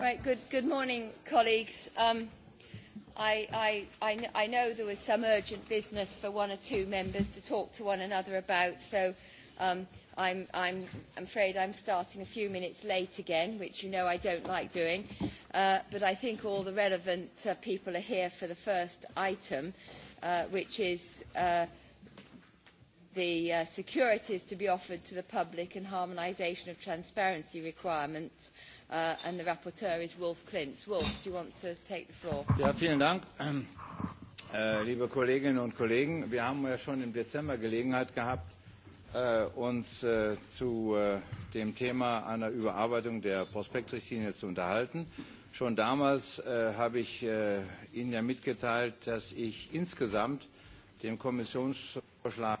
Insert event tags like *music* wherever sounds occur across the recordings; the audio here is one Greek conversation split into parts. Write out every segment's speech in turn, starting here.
Right, good, good morning, colleagues. Um, I, I, I know there was some urgent business for one or two members to talk to one another about, so um, I'm, I'm, I'm afraid I'm starting a few minutes late again, which you know I don't like doing, but I think all the relevant people are here for the first item, which is the securities to be offered to the public and harmonisation of transparency requirements and the rapporteur is Wolf Klintz. Wolf, do you want to take the floor? Ja, vielen Dank. Liebe Kolleginnen und Kollegen, wir haben ja schon im Dezember Gelegenheit gehabt, uns zu dem Thema einer Überarbeitung der Prospektrichtlinie zu unterhalten. Schon damals habe ich Ihnen ja mitgeteilt, dass ich insgesamt dem Kommissionsvorschlag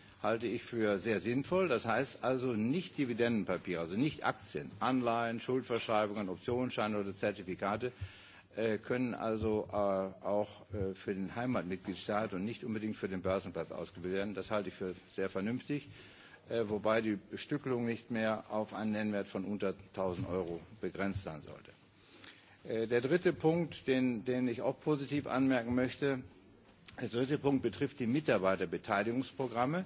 halte ich für sehr sinnvoll. Das heißt also nicht Dividendenpapiere, also nicht Aktien, Anleihen, Schuldverschreibungen, Optionsscheine oder Zertifikate können also auch für den Heimatmitgliedstaat und nicht unbedingt für den Börsenplatz ausgebildet werden. Das halte ich für sehr vernünftig, wobei die Stückelung nicht mehr auf einen Nennwert von unter 1.000 Euro begrenzt sein sollte. Der dritte Punkt, den ich auch positiv anmerken möchte, der dritte Punkt betrifft die Mitarbeiterbeteiligungsprogramme.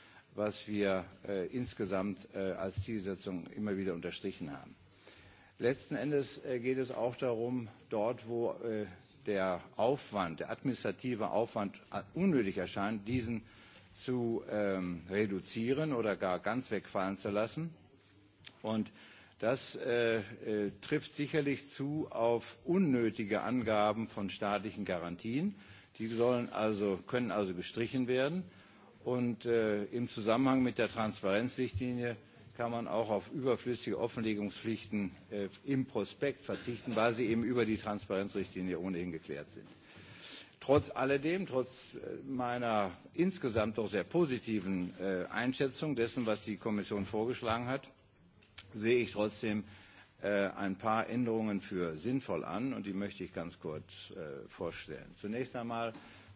was wir insgesamt als Zielsetzung immer wieder unterstrichen haben. Letzten Endes geht es auch darum, dort, wo der Aufwand, der administrative Aufwand unnötig erscheint, diesen zu reduzieren oder gar ganz wegfallen zu lassen. das trifft sicherlich zu auf unnötige Angaben von staatlichen Garantien. Die können also gestrichen werden. Und im Zusammenhang mit der Transparenzrichtlinie kann man auch auf überflüssige Offenlegungspflichten im Prospekt verzichten, weil sie eben über die Transparenzrichtlinie ohnehin geklärt sind. Trotz alledem, trotz meiner insgesamt doch sehr positiven Einschätzung dessen, was die Kommission vorgeschlagen hat, sehe ich trotzdem ein paar Änderungen für sinnvoll an, und die möchte ich ganz kurz vorstellen. Zunächst einmal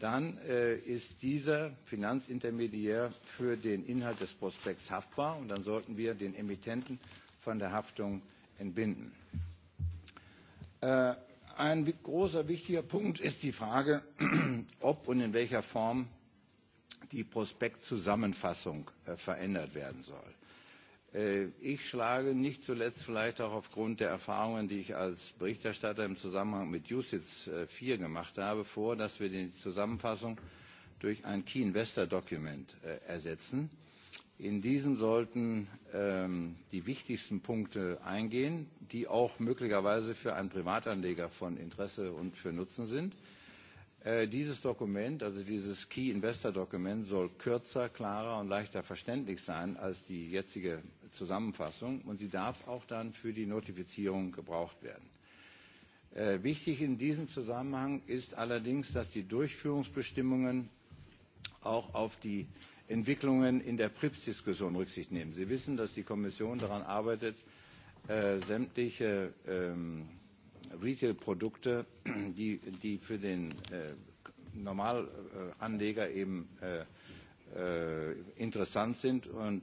dann ist dieser Finanzintermediär für den Inhalt des Prospekts haftbar und dann sollten wir den Emittenten von der Haftung entbinden. Ein großer wichtiger Punkt ist die Frage, ob und in welcher Form die Prospektzusammenfassung verändert werden soll. Ich schlage nicht zuletzt vielleicht auch aufgrund der Erfahrungen, die ich als Berichterstatter im Zusammenhang mit USITS 4 gemacht habe, vor, dass wir die Zusammenfassung durch ein Key Investor Document ersetzen. In diesem sollten die wichtigsten Punkte eingehen, die auch möglicherweise für einen Privatanleger von Interesse und für Nutzen sind. Dieses Dokument, also dieses Key Investor Dokument, soll kürzer, klarer und leichter verständlich sein als die jetzige Zusammenfassung und sie darf auch dann für die Notifizierung gebraucht werden. Wichtig in diesem Zusammenhang ist allerdings, dass die Durchführungsbestimmungen auch auf die Entwicklungen in der PRIPS-Diskussion Rücksicht nehmen. Sie wissen, dass die Kommission daran arbeitet, sämtliche Retail-Produkte, die für den Normalanleger eben interessant sind und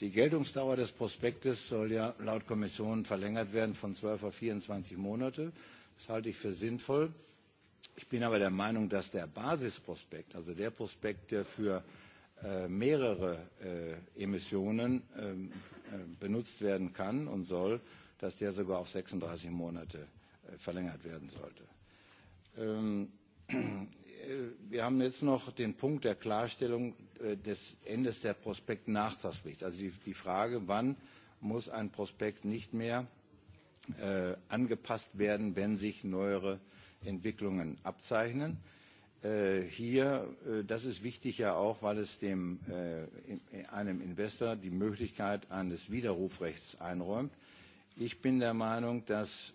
Die Geltungsdauer des Prospektes soll ja laut Kommission verlängert werden von 12 auf 24 Monate. Das halte ich für sinnvoll. Ich bin aber der Meinung, dass der Basisprospekt, also der Prospekt, der für mehrere Emissionen benutzt werden kann und soll, dass der sogar auf 36 Monate verlängert werden sollte wir haben jetzt noch den Punkt der Klarstellung des Endes der Prospektnachtragspflicht. Also die Frage, wann muss ein Prospekt nicht mehr angepasst werden, wenn sich neuere Entwicklungen abzeichnen. Hier, das ist wichtig ja auch, weil es einem Investor die Möglichkeit eines Widerrufrechts einräumt. Ich bin der Meinung, dass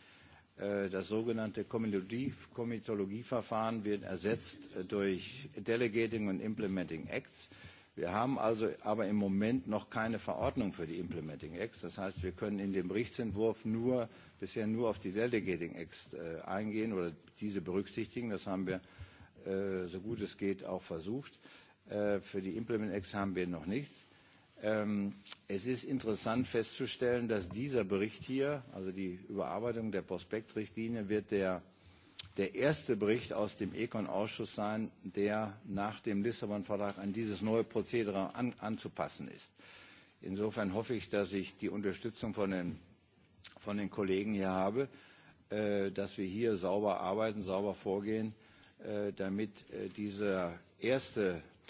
Das sogenannte Komitologieverfahren wird ersetzt durch Delegating und Implementing Acts. Wir haben also aber im Moment noch keine Verordnung für die Implementing Acts. Das heißt, wir können in dem Berichtsentwurf nur, bisher nur auf die Delegating Acts eingehen oder diese berücksichtigen. Das haben wir, so gut es geht, auch versucht. Für die implement Acts haben wir noch nichts. Es ist interessant festzustellen, dass dieser Bericht hier, also die Überarbeitung der Prospektrichtlinie, wird der erste Bericht aus dem Econ-Ausschuss sein, der nach dem Lissabon-Vertrag an dieses neue Prozedere anzupassen ist. Insofern hoffe ich, dass ich die Unterstützung von den Kollegen hier habe, dass wir hier sauber arbeiten, sauber vorgehen, damit dieser erste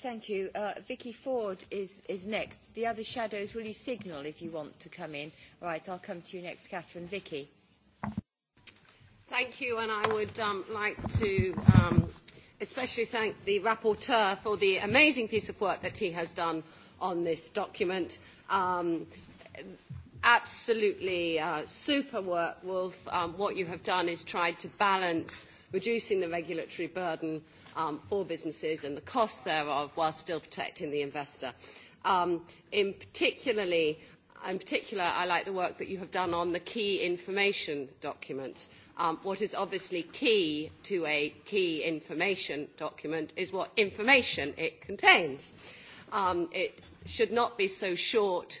Thank you. Vicky Ford is is next. The other shadows, will you signal if you want to come in? All right, I'll come to you next, Catherine. Vicky. Thank you, and I would like to especially thank the rapporteur for the amazing piece of work that he has done on this document. Absolutely super work, Wolf. What you have done is tried to balance reducing the regulatory burden for businesses and the costs thereof while still protecting the investor. In particular, I like the work that you have done on the key information document. What is obviously key to a key information document is what information it contains. It should not be so short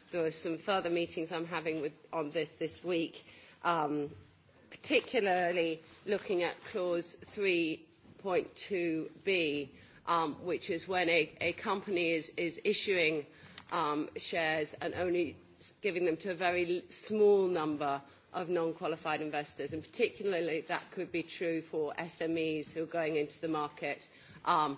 There are some further meetings I'm having with, on this this week, um, particularly looking at clause 3.2b, um, which is when a, company is, is issuing um, shares and only giving them to a very small number of non-qualified investors, and particularly that could be true for SMEs who are going into the market um,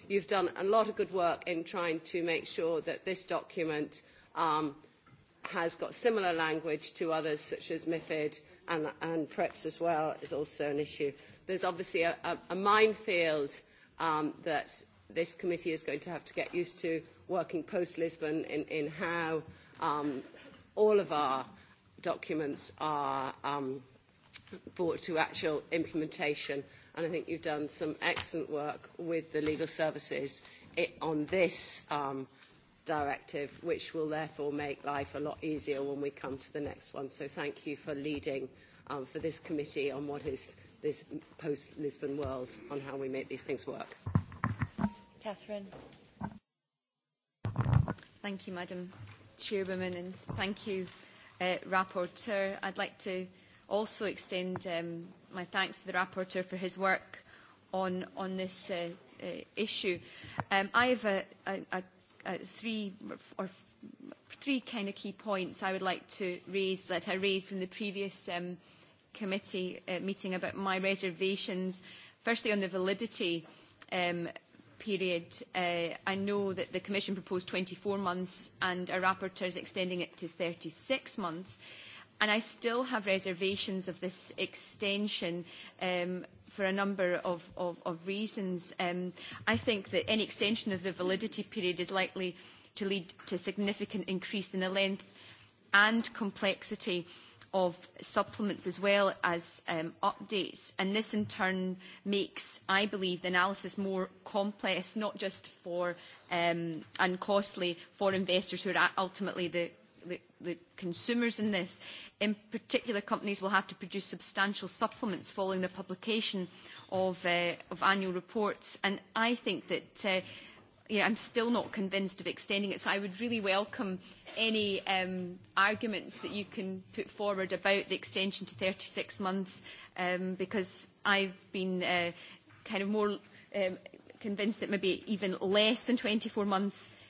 you've done a lot of good work in trying to make sure that this document has got similar language to others such as MIFID and PREPS as well is also an issue. There's obviously a minefield that this committee is going to have to get used to working post-Lisbon in how all of our documents are brought to actual implementation and I think you've done some excellent work with the legal services on this directive, which will therefore make life a lot easier when we come to the next one. So thank you for leading for this committee on what is this post-Lisbon world, on how we make these things work. Catherine. Thank you, Madam Chairwoman, and thank you, Rapporteur. I'd like to also extend my thanks to the rapporteur for his work on on this issue. I have three or three kind of key points I would like to raise that I raised in the previous committee meeting about my reservations. Firstly, on the validity period, I know that the Commission proposed 24 months and our rapporteur is extending it to 36 months and I still have reservations of this extension for a number of reasons. I think that any extension of the validity period is likely to lead to significant increase in the length and complexity of supplements as well as updates. And this in turn makes, I believe, the analysis more complex, not just for and costly for investors who are ultimately the the consumers in this. In particular, companies will have to produce substantial supplements following the publication of annual reports. And I think that I'm still not convinced of extending it. So I would really welcome any arguments that you can put forward about the extension to 36 months, because I've been kind of more convinced that maybe even less than 24 months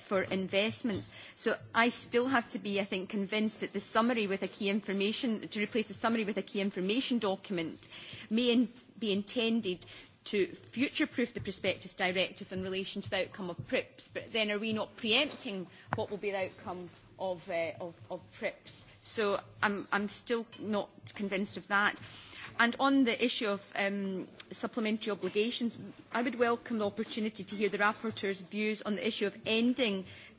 for investments. So I still have to be, I think, convinced that the summary with a key information, to replace the summary with a key information document may be intended to future-proof the prospectus directive in relation to the outcome of PRIPs, but then are we not preempting what will be the outcome of PRIPs? So I'm still not convinced of that. And on the issue of supplementary obligations, I would welcome the opportunity to hear the rapporteur's views on the issue of ending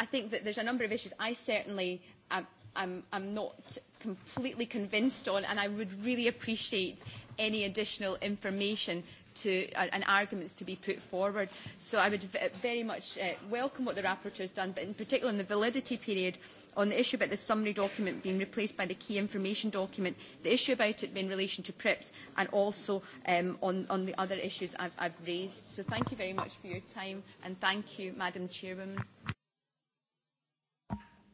I think that there's a number of issues I certainly am not completely convinced on, and I would really appreciate any additional information and arguments to be put forward. So I would very much welcome what the rapporteur has done, but in particular on the validity period, on the issue about the summary document being replaced by the key information document, the issue about it in relation to PRIPS, and also on the other issues I've raised. So thank you very much for your time, and thank you, Madam Chairwoman.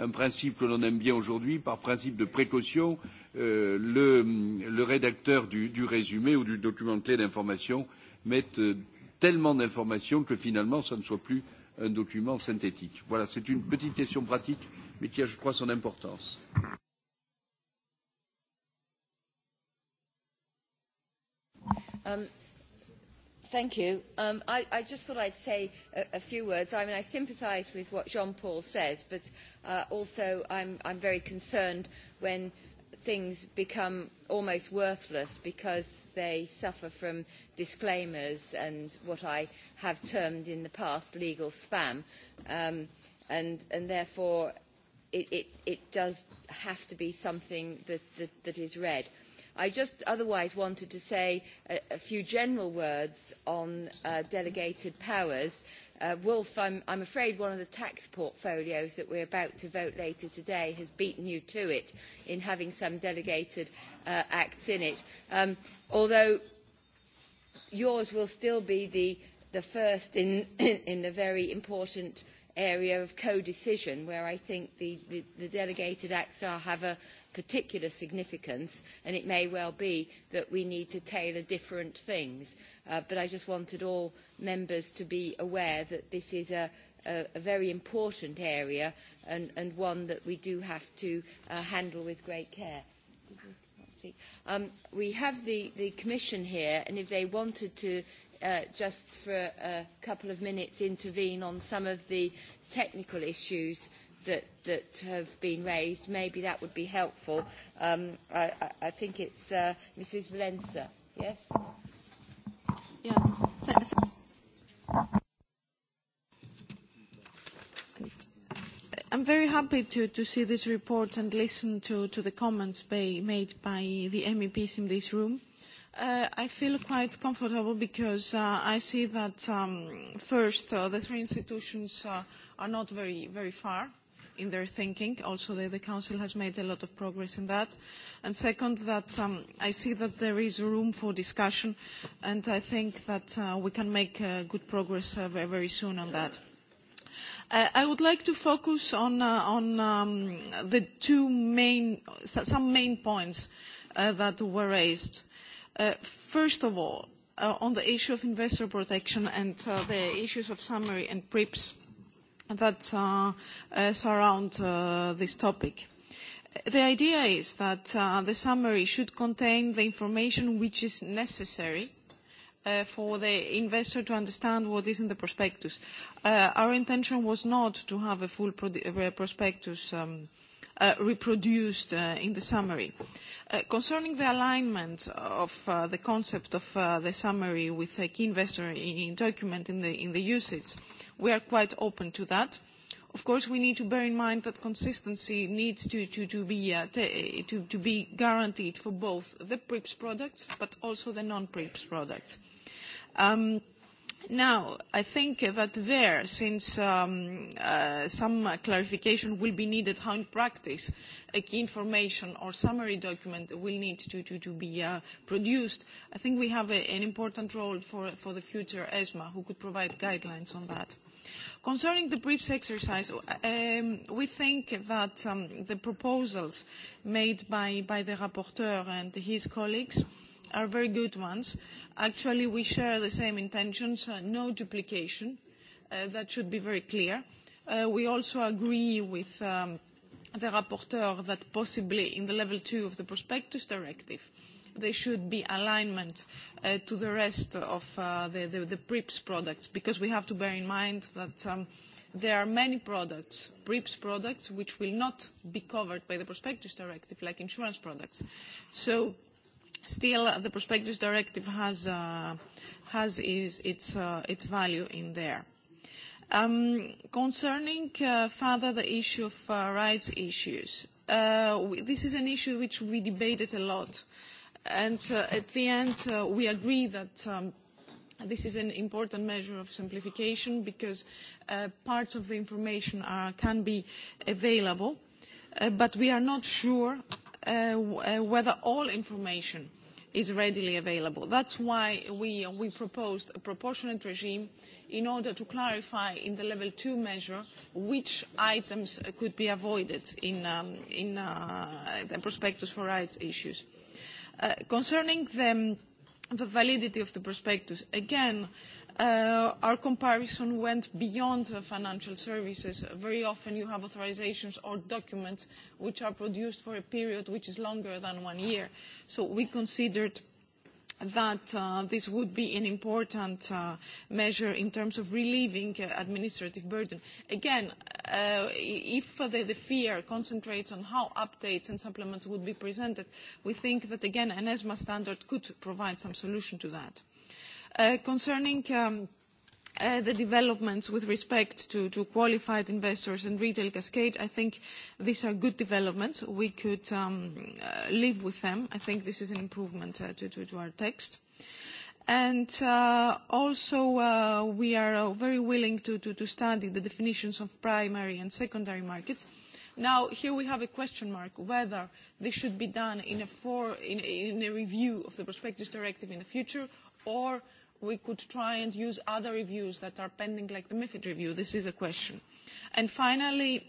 un principe que l'on aime bien aujourd'hui par principe de précaution le rédacteur du résumé ou du document clé d'information met tellement d'informations que finalement ce ne soit plus un document synthétique. voilà c'est une petite question pratique mais qui a je crois son importance. Thank you. I just thought I'd say a few words. I mean, I sympathise with what Jean-Paul says, but also I'm very concerned when things become almost worthless because they suffer from disclaimers and what I have termed in the past legal spam, and therefore it does have to be something that is read. I just otherwise wanted to say a few general words on delegated powers. Wolf, I'm afraid one of the tax portfolios that we're about to vote later today has beaten you to it in having some delegated acts in it, although yours will still be the first in the very important area of co-decision where I think the delegated acts have a particular significance and it may well be that we need to tailor different things but i just wanted all members to be aware that this is a very important area and one that we do have to handle with great care we have the the commission here and if they wanted to just for a couple of minutes intervene on some of the technical issues that that have been raised. Maybe that would be helpful. I think it's Mrs. Valenza. Yes. Yeah. I'm very happy to to see this report and listen to to the comments made by the MEPs in this room. I feel quite comfortable because I see that first the three institutions are not very very far in their thinking. Also, the Council has made a lot of progress in that. And second, that I see that there is room for discussion, and I think that we can make good progress very soon on that. I would like to focus on the two main, some main points that were raised. First of all, on the issue of investor protection and the issues of summary and PRIPS that surround this topic. The idea is that the summary should contain the information which is necessary for the investor to understand what is in the prospectus. Our intention was not to have a full prospectus reproduced in the summary. Concerning the alignment of the concept of the summary with a key investor document in the usage, we are quite open to that. Of course, we need to bear in mind that consistency needs to be guaranteed for both the PRIPS products, but also the non-PRIPS products. Now, I think that there, since some clarification will be needed how in practice a key information or summary document will need to be produced, I think we have an important role for the future ESMA, who could provide guidelines on that. Concerning the briefs exercise, we think that the proposals made by the rapporteur and his colleagues are very good ones. Actually, we share the same intentions, no duplication. That should be very clear. We also agree with the rapporteur that possibly in the level two of the prospectus directive, they should be alignment to the rest of the PRIPS products, because we have to bear in mind that there are many products, PRIPS products, which will not be covered by the prospectus directive, like insurance products. So still, the prospectus directive has its value in there. Concerning further the issue of rights issues, this is an issue which we debated a lot And at the end, we agree that this is an important measure of simplification because parts of the information can be available, but we are not sure whether all information is readily available. That's why we proposed a proportionate regime in order to clarify in the level two measure which items could be avoided in the prospectus for rights issues. Concerning the validity of the prospectus, again, our comparison went beyond financial services. Very often you have authorizations or documents which are produced for a period which is longer than one year. So we considered that this would be an important measure in terms of relieving administrative burden. Again, if the fear concentrates on how updates and supplements would be presented, we think that, again, an ESMA standard could provide some solution to that. Concerning the developments with respect to qualified investors and retail cascade, I think these are good developments. We could live with them. I think this is an improvement to our text. And also we are very willing to study the definitions of primary and secondary markets. Now, here we have a question mark whether this should be done in a review of the prospectus directive in the future or we could try and use other reviews that are pending, like the MIFID review. This is a question. And finally,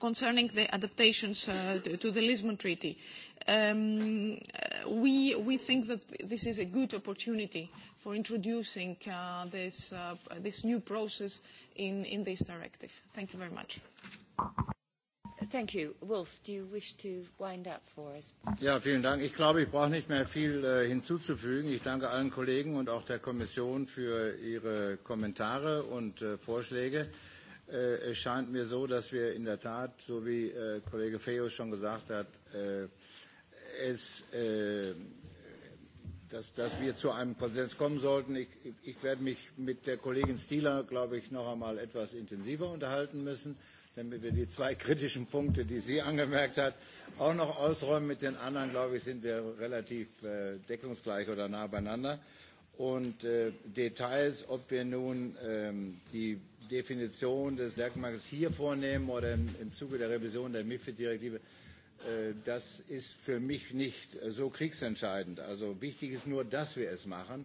concerning the adaptations to the Lisbon Treaty, we think that this is a good opportunity for introducing this new process in this directive. Thank you very much. Thank do you wish to wind up for us? vielen Dank. Ich glaube, ich brauche nicht mehr viel hinzuzufügen. Ich danke allen Kollegen und auch der Kommission für ihre Kommentare und Vorschläge. Es scheint mir so, dass wir in der Tat, so wie Kollege Feo schon gesagt hat, dass wir zu einem Konsens kommen sollten. Ich werde mich mit der Kollegin Stieler, glaube ich, noch einmal etwas intensiver unterhalten müssen damit wir die zwei kritischen Punkte, die sie angemerkt hat, auch noch ausräumen. Mit den anderen, glaube ich, sind wir relativ deckungsgleich oder nah beieinander. Und Details, ob wir nun die Definition des Werkmarktes hier vornehmen oder im Zuge der Revision der MIFID-Direktive, das ist für mich nicht so kriegsentscheidend. Also wichtig ist nur, dass wir es machen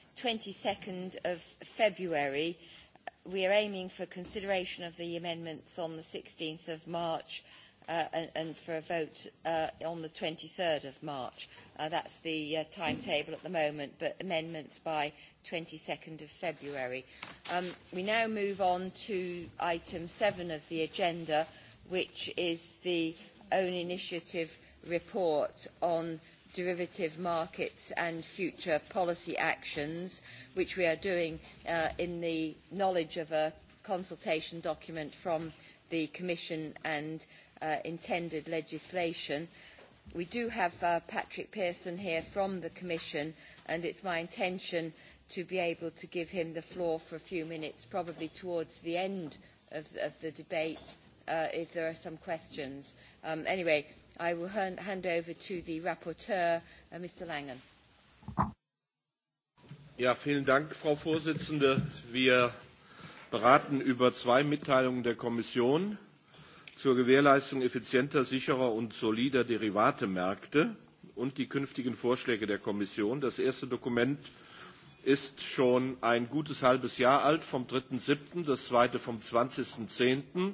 22nd of February. We are aiming for consideration of the amendments on the 16th of March and for a vote on the 23rd of March. That's the timetable at the moment, but amendments by 22nd of February. We now move on to item 7 of the agenda, which is the own initiative report on derivative markets and future policy actions, which we are doing in the knowledge of a consultation document from the Commission and intended legislation. We do have Patrick Pearson here from the Commission, and it's my intention to be able to give him the floor for a few minutes, probably towards the end of the debate, if there are some questions. Anyway, I will hand over to the rapporteur, Mr. Langen. vielen Dank, Frau Vorsitzende. Wir beraten über zwei Mitteilungen der Kommission zur Gewährleistung effizienter, sicherer und solider Derivatemärkte und die künftigen Vorschläge der Kommission. Das erste Dokument ist schon ein gutes halbes Jahr alt, vom 3.7., das zweite vom 20.10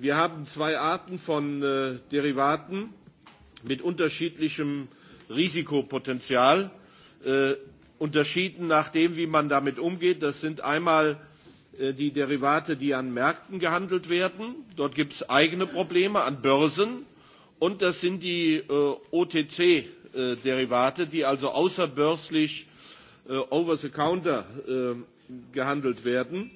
Wir haben zwei Arten von Derivaten mit unterschiedlichem Risikopotenzial, unterschieden nach dem, wie man damit umgeht. Das sind einmal die Derivate, die an Märkten gehandelt werden. Dort gibt es eigene Probleme an Börsen. Und das sind die OTC-Derivate, die also außerbörslich over the counter gehandelt werden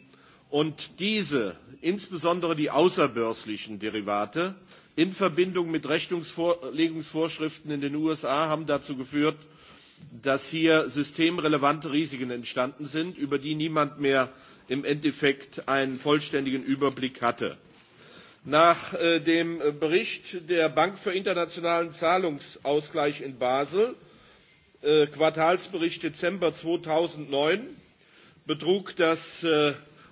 und diese insbesondere die außerbörslichen derivate in verbindung mit Rechnungsvorlegungsvorschriften in den usa haben dazu geführt dass hier systemrelevante risiken entstanden sind über die niemand mehr im endeffekt einen vollständigen überblick hatte. nach dem bericht der bank für internationalen zahlungsausgleich in basel quartalsbericht dezember 2009 betrug das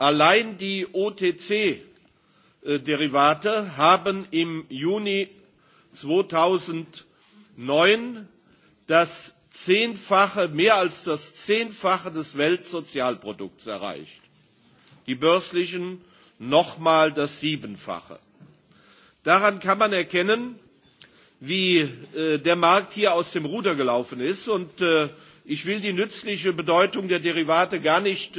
Allein die OTC-Derivate haben im Juni 2009 das Zehnfache, mehr als das Zehnfache des Weltsozialprodukts erreicht. Die börslichen nochmal das Siebenfache. Daran kann man erkennen, wie der Markt hier aus dem Ruder gelaufen ist. Und ich will die nützliche Bedeutung der Derivate gar nicht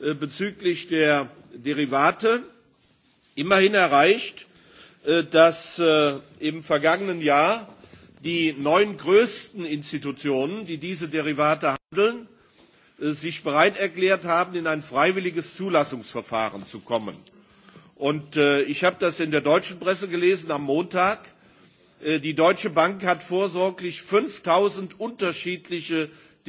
bezüglich der Derivate immerhin erreicht, dass im vergangenen Jahr die neun größten Institutionen, die diese Derivate handeln, sich bereit erklärt haben, in ein freiwilliges Zulassungsverfahren zu kommen. ich habe das in der deutschen Presse gelesen am Montag. Die Deutsche Bank hat vorsorglich 5000 unterschiedliche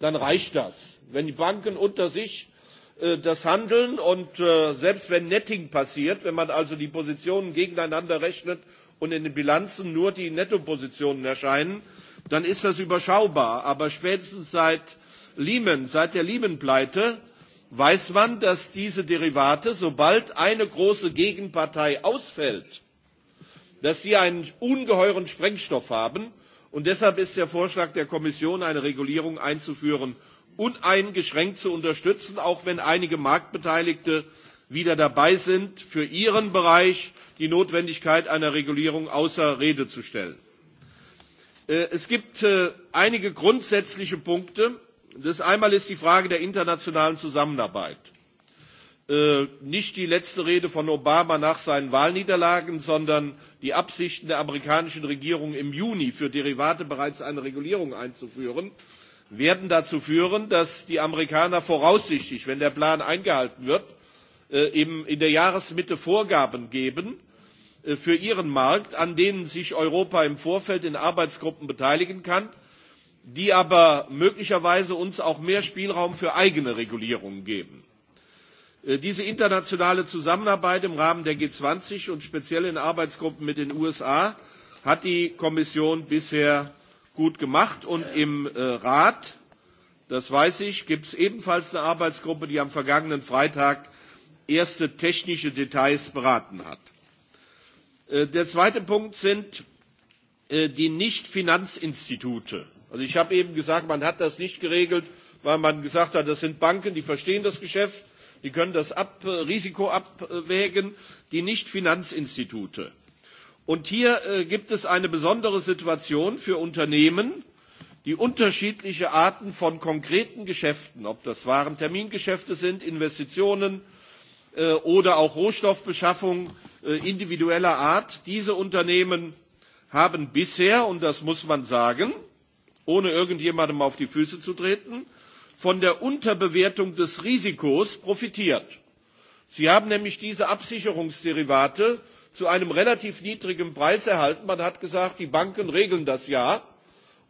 dann reicht das. Wenn die Banken unter sich das handeln und selbst wenn Netting passiert, wenn man also die Positionen gegeneinander rechnet und in den Bilanzen nur die Nettopositionen erscheinen, dann ist das überschaubar. Aber spätestens seit Lehman, seit der Lehman-Pleite, weiß man, dass diese Derivate, sobald eine große Gegenpartei ausfällt, dass sie einen ungeheuren Sprengstoff haben und deshalb ist der vorschlag der kommission eine regulierung einzuführen uneingeschränkt zu unterstützen auch wenn einige marktbeteiligte wieder dabei sind für ihren bereich die notwendigkeit einer regulierung außer rede zu stellen. es gibt einige grundsätzliche punkte das einmal ist die frage der internationalen zusammenarbeit nicht die letzte Rede von Obama nach seinen Wahlniederlagen, sondern die Absichten der amerikanischen Regierung im Juni für Derivate bereits eine Regulierung einzuführen, werden dazu führen, dass die Amerikaner voraussichtlich, wenn der Plan eingehalten wird, in der Jahresmitte Vorgaben geben für ihren Markt, an denen sich Europa im Vorfeld in Arbeitsgruppen beteiligen kann, die aber möglicherweise uns auch mehr Spielraum für eigene Regulierungen geben. Diese internationale Zusammenarbeit im Rahmen der G20 und speziell in Arbeitsgruppen mit den USA hat die Kommission bisher gut gemacht. Und im Rat, das weiß ich, gibt es ebenfalls eine Arbeitsgruppe, die am vergangenen Freitag erste technische Details beraten hat. Der zweite Punkt sind die Nichtfinanzinstitute. ich habe eben gesagt, man hat das nicht geregelt, weil man gesagt hat, das sind Banken, die verstehen das Geschäft die können das risiko abwägen die nichtfinanzinstitute. und hier gibt es eine besondere situation für unternehmen die unterschiedliche arten von konkreten geschäften ob das warentermingeschäfte sind investitionen oder auch rohstoffbeschaffung individueller art diese unternehmen haben bisher und das muss man sagen ohne irgendjemandem auf die füße zu treten von der Unterbewertung des Risikos profitiert. Sie haben nämlich diese Absicherungsderivate zu einem relativ niedrigen Preis erhalten. Man hat gesagt, die Banken regeln das ja.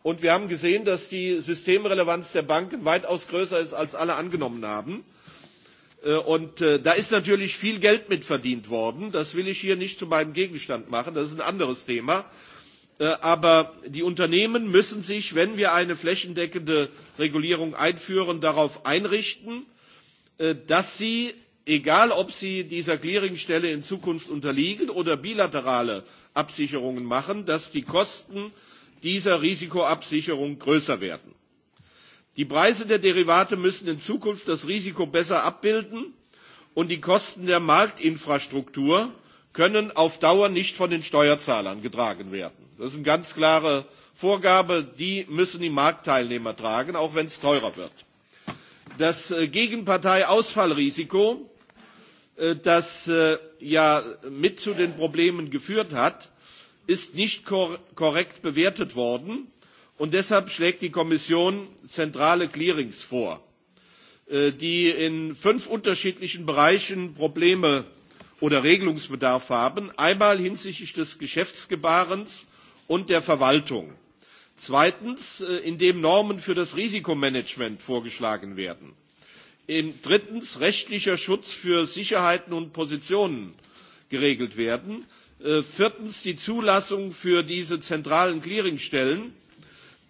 Und wir haben gesehen, dass die Systemrelevanz der Banken weitaus größer ist, als alle angenommen haben. da ist natürlich viel Geld mitverdient worden. Das will ich hier nicht zu meinem Gegenstand machen. Das ist ein anderes Thema aber die unternehmen müssen sich wenn wir eine flächendeckende regulierung einführen darauf einrichten dass sie egal ob sie dieser clearingstelle in zukunft unterliegen oder bilaterale absicherungen machen dass die kosten dieser risikoabsicherung größer werden. die preise der derivate müssen in zukunft das risiko besser abbilden und die kosten der marktinfrastruktur können auf dauer nicht von den steuerzahlern getragen werden. Das ist eine ganz klare Vorgabe, die müssen die Marktteilnehmer tragen, auch wenn es teurer wird. Das Gegenparteiausfallrisiko, das ja mit zu den Problemen geführt hat, ist nicht korrekt bewertet worden, und deshalb schlägt die Kommission zentrale Clearings vor, die in fünf unterschiedlichen Bereichen Probleme oder Regelungsbedarf haben einmal hinsichtlich des Geschäftsgebarens und der Verwaltung. Zweitens, indem Normen für das Risikomanagement vorgeschlagen werden. Drittens, rechtlicher Schutz für Sicherheiten und Positionen geregelt werden. Viertens, die Zulassung für diese zentralen Clearingstellen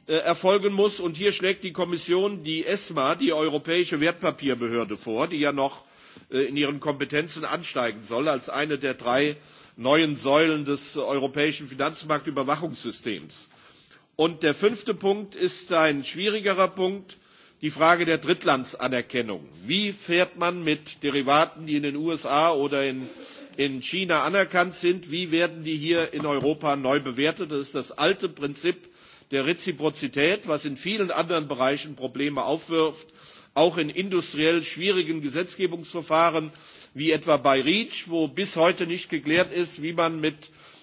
erfolgen muss. Und hier schlägt die Kommission die ESMA, die Europäische Wertpapierbehörde, vor, die ja noch in ihren Kompetenzen ansteigen soll als eine der drei neuen Säulen des europäischen Finanzmarktüberwachungssystems. Und der fünfte Punkt ist ein schwierigerer Punkt, die Frage der Drittlandsanerkennung. Wie fährt man mit Derivaten, die in den USA oder in China anerkannt sind, wie werden die hier in Europa neu bewertet? Das ist das alte Prinzip der Reziprozität, was in vielen anderen Bereichen Probleme aufwirft auch in industriell schwierigen Gesetzgebungsverfahren wie etwa bei REACH, wo bis heute nicht geklärt ist, wie man mit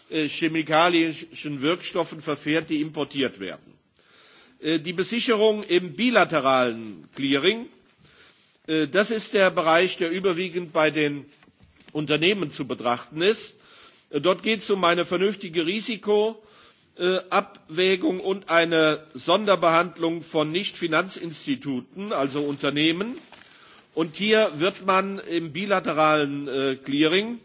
chemikalischen Wirkstoffen verfährt, die importiert werden. Die Besicherung im bilateralen Clearing, das ist der Bereich, der überwiegend bei den Unternehmen zu betrachten ist. Dort geht es um eine vernünftige Risiko- Abwägung und eine Sonderbehandlung von Nichtfinanzinstituten, also Unternehmen. Und hier wird man im bilateralen Clearing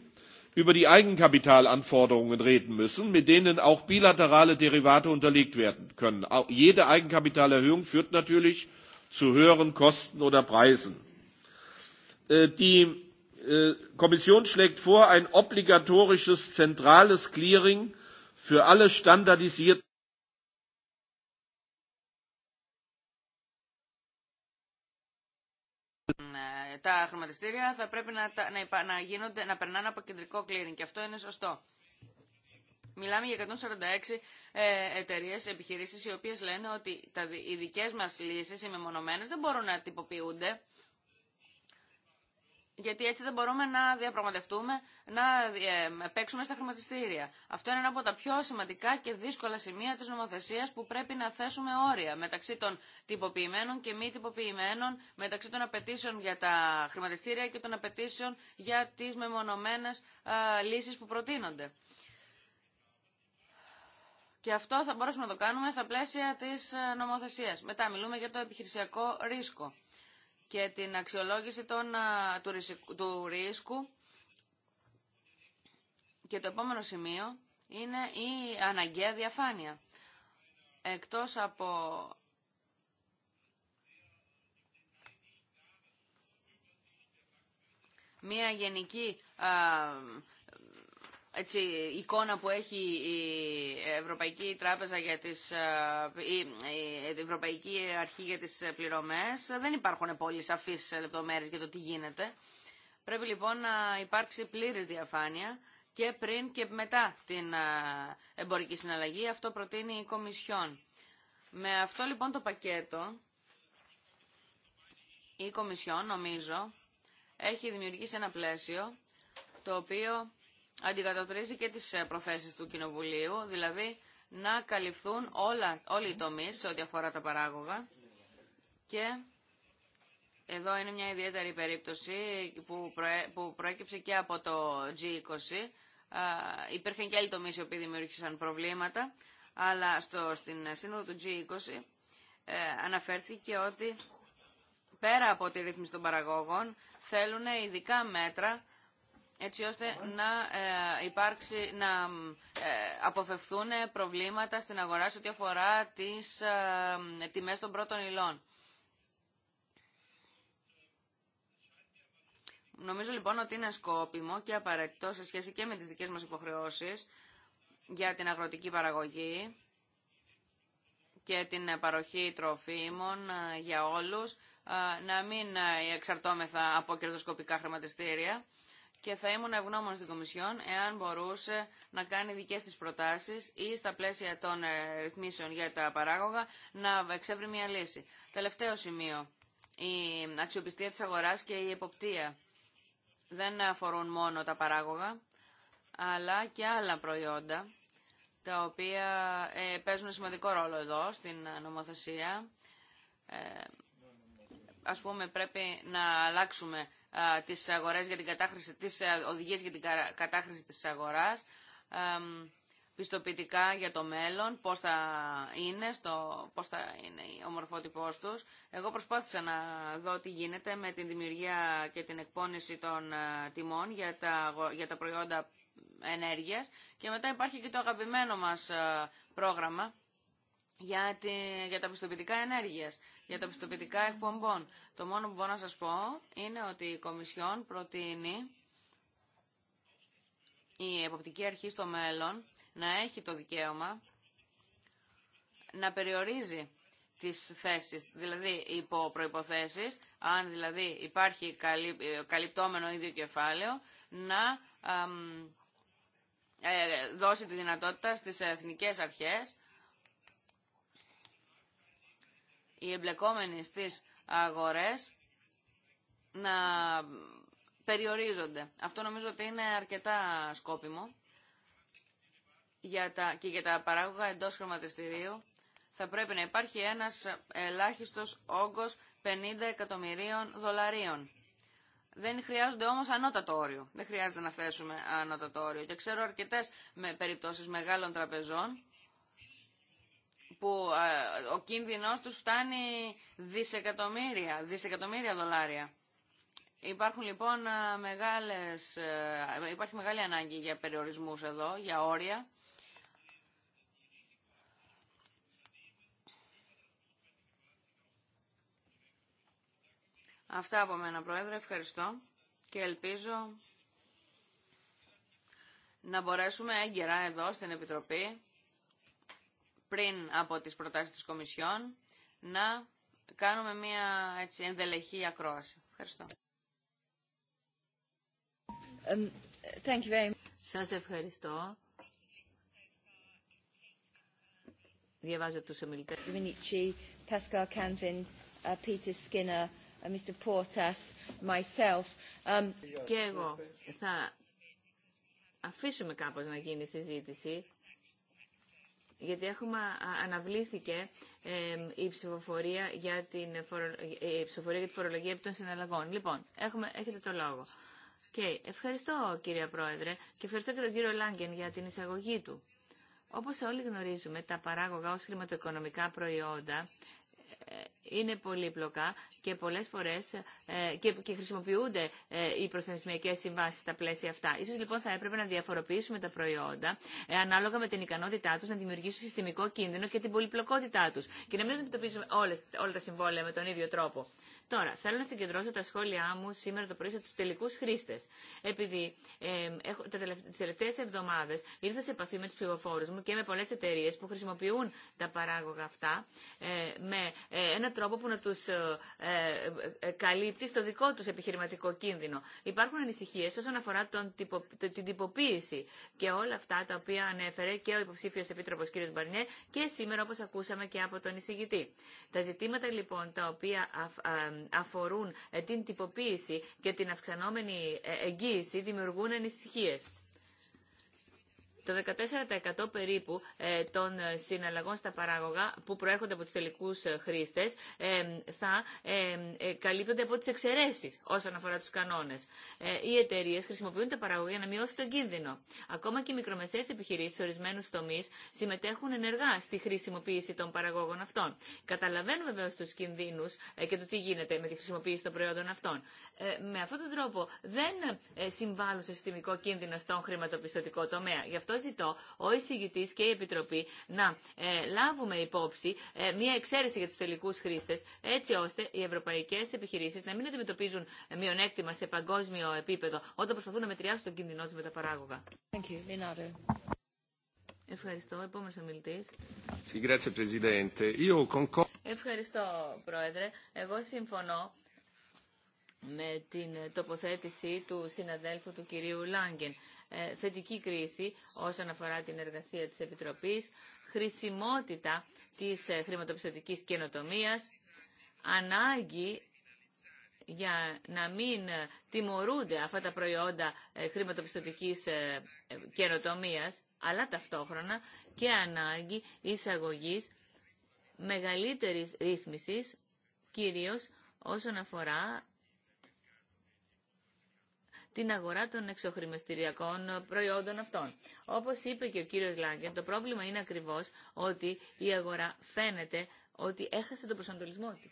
über die Eigenkapitalanforderungen reden müssen, mit denen auch bilaterale Derivate unterlegt werden können. Jede Eigenkapitalerhöhung führt natürlich zu höheren Kosten oder Preisen. Die Kommission schlägt vor, ein obligatorisches zentrales Clearing für alle ναι, τα χρηματιστήρια θα πρέπει να, να, γίνονται, να περνάνε από κεντρικό clearing και αυτό είναι σωστό. Μιλάμε για 146 ε, εταιρείε, επιχειρήσει, οι οποίε λένε ότι τα, οι δικέ μα λύσει, οι μεμονωμένε, δεν μπορούν να τυποποιούνται γιατί έτσι δεν μπορούμε να διαπραγματευτούμε, να ε, παίξουμε στα χρηματιστήρια. Αυτό είναι ένα από τα πιο σημαντικά και δύσκολα σημεία της νομοθεσίας που πρέπει να θέσουμε όρια μεταξύ των τυποποιημένων και μη τυποποιημένων, μεταξύ των απαιτήσεων για τα χρηματιστήρια και των απαιτήσεων για τις μεμονωμένες λύσεις που προτείνονται. Και αυτό θα μπορέσουμε να το κάνουμε στα πλαίσια της ε, νομοθεσίας. Μετά μιλούμε για το επιχειρησιακό ρίσκο και την αξιολόγηση των, του, ρίσκου, του ρίσκου. Και το επόμενο σημείο είναι η αναγκαία διαφάνεια. Εκτός από μία γενική έτσι, εικόνα που έχει η Ευρωπαϊκή Τράπεζα για τις, ε, η Ευρωπαϊκή Αρχή για τις Πληρωμές, δεν υπάρχουν πολύ σαφείς λεπτομέρειες για το τι γίνεται. Πρέπει λοιπόν να υπάρξει πλήρης διαφάνεια και πριν και μετά την ε, εμπορική συναλλαγή. Αυτό προτείνει η Κομισιόν. Με αυτό λοιπόν το πακέτο, η Κομισιόν νομίζω έχει δημιουργήσει ένα πλαίσιο το οποίο αντικατοπτρίζει και τις ε, προθέσεις του Κοινοβουλίου, δηλαδή να καλυφθούν όλα, όλοι οι τομείς σε ό,τι αφορά τα παράγωγα και εδώ είναι μια ιδιαίτερη περίπτωση που, προέκυψε και από το G20. Υπήρχαν και άλλοι τομείς οι οποίοι δημιούργησαν προβλήματα, αλλά στο, στην σύνοδο του G20 ε, αναφέρθηκε ότι πέρα από τη ρύθμιση των παραγώγων θέλουν ειδικά μέτρα έτσι ώστε να ε, να ε, αποφευθούν προβλήματα στην αγορά σε ό,τι αφορά τις ε, τιμές των πρώτων υλών. Νομίζω λοιπόν ότι είναι σκόπιμο και απαραίτητο σε σχέση και με τις δικές μας υποχρεώσεις για την αγροτική παραγωγή και την παροχή τροφίμων ε, για όλους, ε, να μην εξαρτώμεθα από κερδοσκοπικά χρηματιστήρια και θα ήμουν ευγνώμων στην Κομισιόν εάν μπορούσε να κάνει δικέ τη προτάσει ή στα πλαίσια των ε, ρυθμίσεων για τα παράγωγα να εξεύρει μια λύση. Τελευταίο σημείο. Η αξιοπιστία τη αγορά και η εποπτεία δεν αφορούν μόνο τα παράγωγα, αλλά και άλλα προϊόντα, τα οποία ε, παίζουν σημαντικό ρόλο εδώ στην νομοθεσία. Ε, ας πούμε πρέπει να αλλάξουμε τις αγορές για την κατάχρηση, τις οδηγίες για την κατάχρηση της αγοράς, πιστοποιητικά για το μέλλον, πώς θα είναι, στο, πώς θα είναι ο μορφότυπός τους. Εγώ προσπάθησα να δω τι γίνεται με την δημιουργία και την εκπόνηση των τιμών για τα, για τα προϊόντα ενέργειας και μετά υπάρχει και το αγαπημένο μας πρόγραμμα για, για τα πιστοποιητικά ενέργειας, για τα πιστοποιητικά εκπομπών. Το μόνο που μπορώ να σας πω είναι ότι η Κομισιόν προτείνει η Εποπτική Αρχή στο μέλλον να έχει το δικαίωμα να περιορίζει τις θέσεις, δηλαδή υπό προϋποθέσεις, αν δηλαδή υπάρχει ε, καλυπτόμενο ίδιο κεφάλαιο, να ε, δώσει τη δυνατότητα στις εθνικές αρχές οι εμπλεκόμενοι στις αγορές να περιορίζονται. Αυτό νομίζω ότι είναι αρκετά σκόπιμο για τα, και για τα παράγωγα εντός χρηματιστηρίου θα πρέπει να υπάρχει ένας ελάχιστος όγκος 50 εκατομμυρίων δολαρίων. Δεν χρειάζονται όμως ανώτατο όριο. Δεν χρειάζεται να θέσουμε ανώτατο όριο. Και ξέρω αρκετές με περιπτώσεις μεγάλων τραπεζών που ε, ο κίνδυνος τους φτάνει δισεκατομμύρια, δισεκατομμύρια δολάρια. Υπάρχουν λοιπόν ε, μεγάλες, ε, υπάρχει μεγάλη ανάγκη για περιορισμούς εδώ, για όρια. Αυτά από μένα, Πρόεδρε. Ευχαριστώ και ελπίζω να μπορέσουμε έγκαιρα εδώ στην Επιτροπή πριν από τις προτάσεις της Κομισιόν να κάνουμε μια έτσι, ενδελεχή ακρόαση. Ευχαριστώ. Um, thank you very much. Σας ευχαριστώ. Διαβάζω τους ομιλητές. Pascal Canvin, uh, Peter Skinner, uh, um, Και εγώ θα αφήσουμε κάπως να γίνει συζήτηση γιατί έχουμε αναβλήθηκε η ψηφοφορία για την ψηφοφορία για τη φορολογία των συναλλαγών. Λοιπόν, έχουμε, έχετε το λόγο. Okay. Ευχαριστώ κύριε Πρόεδρε και ευχαριστώ και τον κύριο Λάγκεν για την εισαγωγή του. Όπως όλοι γνωρίζουμε, τα παράγωγα ως χρηματοοικονομικά προϊόντα είναι πολύπλοκα και πολλές φορές ε, και, και χρησιμοποιούνται ε, οι προθεσμιακές συμβάσεις στα πλαίσια αυτά. Ίσως λοιπόν θα έπρεπε να διαφοροποιήσουμε τα προϊόντα ε, ανάλογα με την ικανότητά τους να δημιουργήσουν συστημικό κίνδυνο και την πολυπλοκότητά τους και να μην αντιμετωπίζουμε όλα τα συμβόλαια με τον ίδιο τρόπο. Τώρα, θέλω να συγκεντρώσω τα σχόλιά μου σήμερα το πρωί σε του τελικού χρήστε. Επειδή ε, τι τελευταίε εβδομάδε ήρθα σε επαφή με του ψηφοφόρου μου και με πολλέ εταιρείε που χρησιμοποιούν τα παράγωγα αυτά ε, με ε, έναν τρόπο που να του ε, ε, καλύπτει στο δικό του επιχειρηματικό κίνδυνο. Υπάρχουν ανησυχίε όσον αφορά τον την τυποποίηση και όλα αυτά τα οποία ανέφερε και ο υποψήφιο επίτροπο κ. Μπαρνιέ και σήμερα όπω ακούσαμε και από τον εισηγητή. Τα ζητήματα λοιπόν τα οποία αφορούν ε, την τυποποίηση και την αυξανόμενη ε, εγγύηση δημιουργούν ανησυχίες. Το 14% περίπου ε, των ε, συναλλαγών στα παράγωγα που προέρχονται από τους τελικούς ε, χρήστες θα καλύπτονται από τις εξαιρέσεις όσον αφορά τους κανόνες. Οι εταιρείε χρησιμοποιούν τα παράγωγα για να μειώσουν τον κίνδυνο. Ακόμα και οι μικρομεσαίες επιχειρήσεις σε ορισμένους τομείς συμμετέχουν ενεργά στη χρησιμοποίηση των παραγώγων αυτών. Καταλαβαίνουμε βέβαια στους κινδύνους και το τι γίνεται με τη χρησιμοποίηση των προϊόντων αυτών. Με αυτόν τον τρόπο δεν συμβάλλουν σε συστημικό κίνδυνο στον χρηματοπιστωτικό τομέα. Γι' ζητώ ο εισηγητή και η Επιτροπή να ε, λάβουμε υπόψη ε, μια εξαίρεση για του τελικού χρήστε, έτσι ώστε οι ευρωπαϊκέ επιχειρήσει να μην αντιμετωπίζουν μειονέκτημα σε παγκόσμιο επίπεδο όταν προσπαθούν να μετριάσουν τον κίνδυνο του με τα παράγωγα. Ευχαριστώ. ομιλητής. Ευχαριστώ, Πρόεδρε. Εγώ συμφωνώ με την τοποθέτηση του συναδέλφου του κυρίου Λάγκεν. Ε, θετική κρίση όσον αφορά την εργασία της Επιτροπής, χρησιμότητα της ε, χρηματοπιστωτικής καινοτομίας, ανάγκη για να μην ε, τιμωρούνται αυτά τα προϊόντα χρηματοπιστωτικής καινοτομίας, αλλά ταυτόχρονα και ανάγκη εισαγωγής μεγαλύτερης ρύθμισης, κυρίως όσον αφορά την αγορά των εξοχρημεστηριακών προϊόντων αυτών. Όπως είπε και ο κύριος Λάγκεν, το πρόβλημα είναι ακριβώς ότι η αγορά φαίνεται ότι έχασε τον προσανατολισμό τη.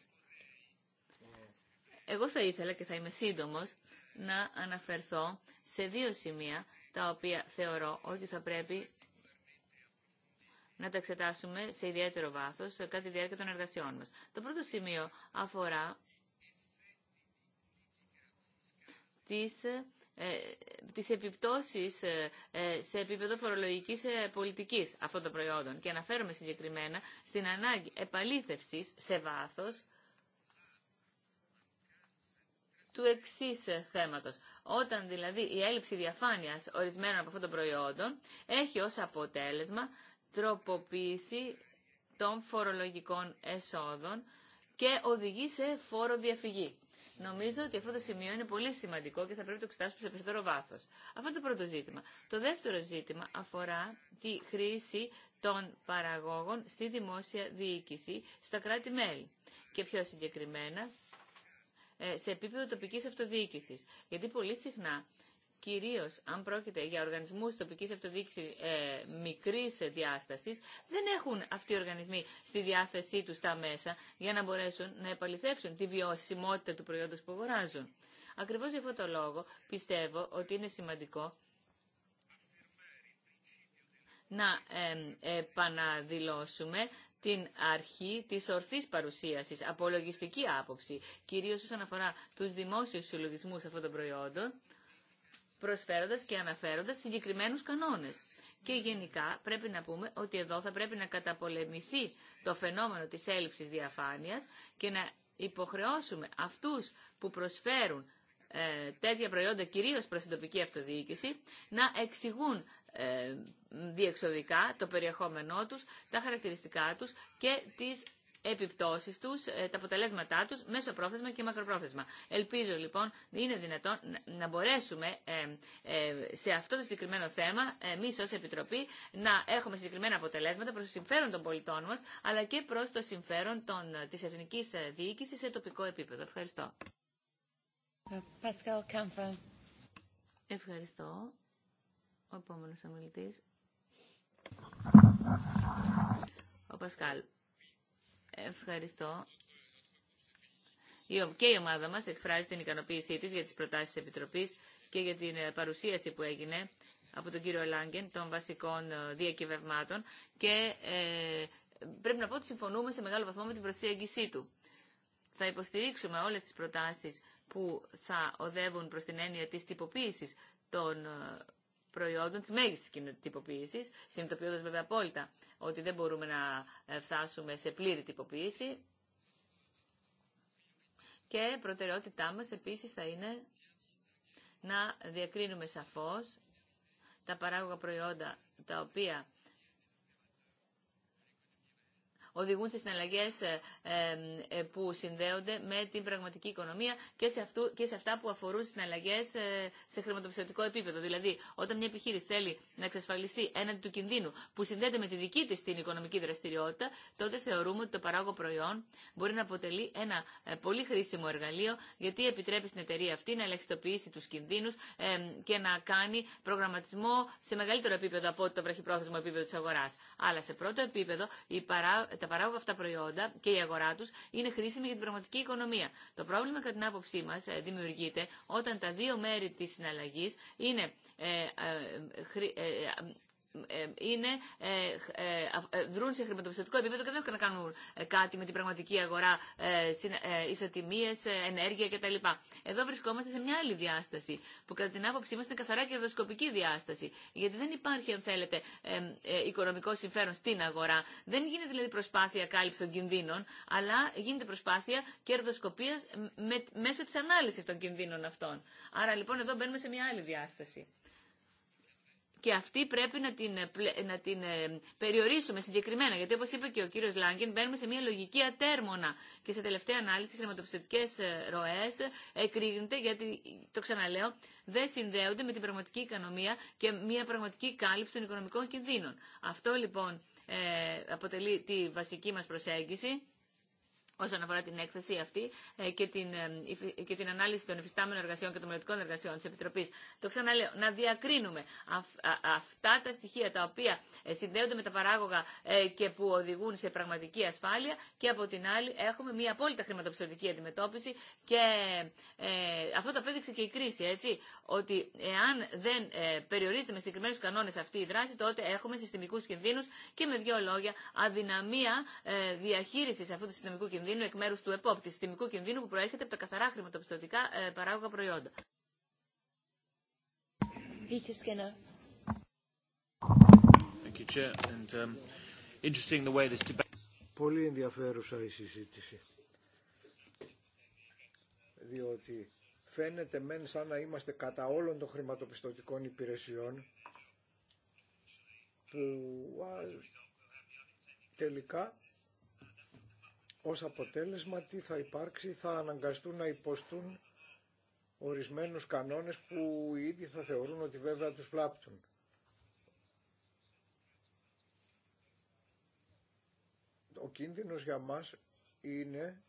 Εγώ θα ήθελα και θα είμαι σύντομο, να αναφερθώ σε δύο σημεία τα οποία θεωρώ ότι θα πρέπει να τα εξετάσουμε σε ιδιαίτερο βάθος κατά τη διάρκεια των εργασιών μας. Το πρώτο σημείο αφορά τις ε, τις επιπτώσεις ε, ε, σε επίπεδο φορολογικής πολιτικής αυτών των προϊόντων. Και αναφέρομαι συγκεκριμένα στην ανάγκη επαλήθευσης σε βάθος του εξή θέματο. Όταν δηλαδή η έλλειψη διαφάνεια ορισμένων από αυτών των προϊόντων έχει ω αποτέλεσμα τροποποίηση των φορολογικών εσόδων και οδηγεί σε φόρο διαφυγή. Νομίζω ότι αυτό το σημείο είναι πολύ σημαντικό και θα πρέπει να το εξετάσουμε σε περισσότερο βάθο. Αυτό είναι το πρώτο ζήτημα. Το δεύτερο ζήτημα αφορά τη χρήση των παραγόγων στη δημόσια διοίκηση, στα κράτη-μέλη. Και πιο συγκεκριμένα ε, σε επίπεδο τοπικής αυτοδιοίκησης. Γιατί πολύ συχνά κυρίως αν πρόκειται για οργανισμούς τοπικής αυτοδιοίκησης ε, μικρής διάστασης, δεν έχουν αυτοί οι οργανισμοί στη διάθεσή τους τα μέσα για να μπορέσουν να επαληθεύσουν τη βιωσιμότητα του προϊόντος που αγοράζουν. Ακριβώς για αυτό το λόγο πιστεύω ότι είναι σημαντικό να επαναδηλώσουμε την αρχή της ορθής παρουσίασης από λογιστική άποψη, κυρίως όσον αφορά τους δημόσιους συλλογισμούς αυτών των προϊόντων, προσφέροντας και αναφέροντας συγκεκριμένους κανόνες. Και γενικά πρέπει να πούμε ότι εδώ θα πρέπει να καταπολεμηθεί το φαινόμενο της έλλειψης διαφάνειας και να υποχρεώσουμε αυτούς που προσφέρουν ε, τέτοια προϊόντα κυρίως προς την τοπική αυτοδιοίκηση να εξηγούν ε, διεξοδικά το περιεχόμενό τους, τα χαρακτηριστικά τους και τις επιπτώσεις τους, ε, τα αποτελέσματά τους, μέσω πρόθεσμα και μακροπρόθεσμα. Ελπίζω λοιπόν είναι δυνατόν να μπορέσουμε ε, ε, σε αυτό το συγκεκριμένο θέμα, εμεί ω Επιτροπή, να έχουμε συγκεκριμένα αποτελέσματα προ το συμφέρον των πολιτών μα, αλλά και προ το συμφέρον τη εθνική διοίκηση σε τοπικό επίπεδο. Ευχαριστώ. Ευχαριστώ. Ο επόμενος ομιλητής. Ο Πασκάλ. Ευχαριστώ. Και η ομάδα μας εκφράζει την ικανοποίησή της για τις προτάσεις της Επιτροπής και για την ε, παρουσίαση που έγινε από τον κύριο Λάγκεν των βασικών ε, διακυβευμάτων και ε, πρέπει να πω ότι συμφωνούμε σε μεγάλο βαθμό με την προσέγγιση του. Θα υποστηρίξουμε όλες τις προτάσεις που θα οδεύουν προς την έννοια της τυποποίησης των ε, προϊόντων τη μέγιστη τυποποίηση, συνειδητοποιώντα βέβαια απόλυτα ότι δεν μπορούμε να ε, φτάσουμε σε πλήρη τυποποίηση. Και προτεραιότητά μας επίσης θα είναι να διακρίνουμε σαφώς τα παράγωγα προϊόντα τα οποία οδηγούν σε συναλλαγέ ε, ε, που συνδέονται με την πραγματική οικονομία και σε, αυτού, και σε αυτά που αφορούν συναλλαγέ ε, σε χρηματοπιστωτικό επίπεδο. Δηλαδή, όταν μια επιχείρηση θέλει να εξασφαλιστεί έναντι του κινδύνου που συνδέεται με τη δική τη την οικονομική δραστηριότητα, τότε θεωρούμε ότι το παράγω προϊόν μπορεί να αποτελεί ένα πολύ χρήσιμο εργαλείο γιατί επιτρέπει στην εταιρεία αυτή να ελαχιστοποιήσει του κινδύνου και να κάνει προγραμματισμό σε μεγαλύτερο επίπεδο από το βραχυπρόθεσμο επίπεδο τη αγορά. Αλλά σε πρώτο επίπεδο, η παρά, τα παράγωγα αυτά προϊόντα και η αγορά του είναι χρήσιμη για την πραγματική οικονομία. Το πρόβλημα, κατά την άποψή μα, ε, δημιουργείται όταν τα δύο μέρη τη συναλλαγή είναι ε, ε, ε, είναι, ε, ε, δρούν σε χρηματοπιστωτικό επίπεδο και δεν έχουν να κάνουν κάτι με την πραγματική αγορά, ισοτιμίε, ενέργεια κτλ. Εδώ βρισκόμαστε σε μια άλλη διάσταση, που κατά την άποψή μα είναι καθαρά κερδοσκοπική διάσταση. Γιατί δεν υπάρχει, αν θέλετε, οικονομικό συμφέρον στην αγορά. Δεν γίνεται δηλαδή προσπάθεια κάλυψη των κινδύνων, αλλά γίνεται προσπάθεια κερδοσκοπία μέσω τη ανάλυση των κινδύνων αυτών. Άρα λοιπόν εδώ μπαίνουμε σε μια άλλη διάσταση και αυτή πρέπει να την, ε, ε, να την ε, περιορίσουμε συγκεκριμένα. Γιατί όπω είπε και ο κύριο Λάγκεν, μπαίνουμε σε μια λογική ατέρμονα. Και σε τελευταία ανάλυση, οι χρηματοπιστωτικέ ροέ εκρήγνεται γιατί, το ξαναλέω, δεν συνδέονται με την πραγματική οικονομία και μια πραγματική κάλυψη των οικονομικών κινδύνων. Αυτό λοιπόν αποτελεί τη βασική μα προσέγγιση όσον αφορά την έκθεση αυτή ε, και την, ε, και την ανάλυση των υφιστάμενων εργασιών και των μελλοντικών εργασιών της Επιτροπής. Το ξαναλέω, να διακρίνουμε αυτά τα στοιχεία τα οποία ε, συνδέονται με τα παράγωγα και που οδηγούν σε πραγματική ασφάλεια και από την άλλη έχουμε μια απόλυτα χρηματοπιστωτική αντιμετώπιση και αυτό το απέδειξε και η κρίση, έτσι, ότι εάν δεν περιορίζεται με συγκεκριμένου κανόνες αυτή η δράση, τότε έχουμε συστημικούς κινδύνους και με δύο λόγια αδυναμία διαχείρισης αυτού του συστημικού κινδύνου κινδύνου εκ μέρου του επόπτη, συστημικού κινδύνου που προέρχεται από τα καθαρά χρηματοπιστωτικά ε, παράγωγα προϊόντα. Um, Πολύ ενδιαφέρουσα η συζήτηση. Διότι φαίνεται μεν σαν να είμαστε κατά όλων των χρηματοπιστωτικών υπηρεσιών που τελικά ως αποτέλεσμα τι θα υπάρξει, θα αναγκαστούν να υποστούν ορισμένους κανόνες που ίδιοι θα θεωρούν ότι βέβαια τους φλάπτουν. Ο κίνδυνος για μας είναι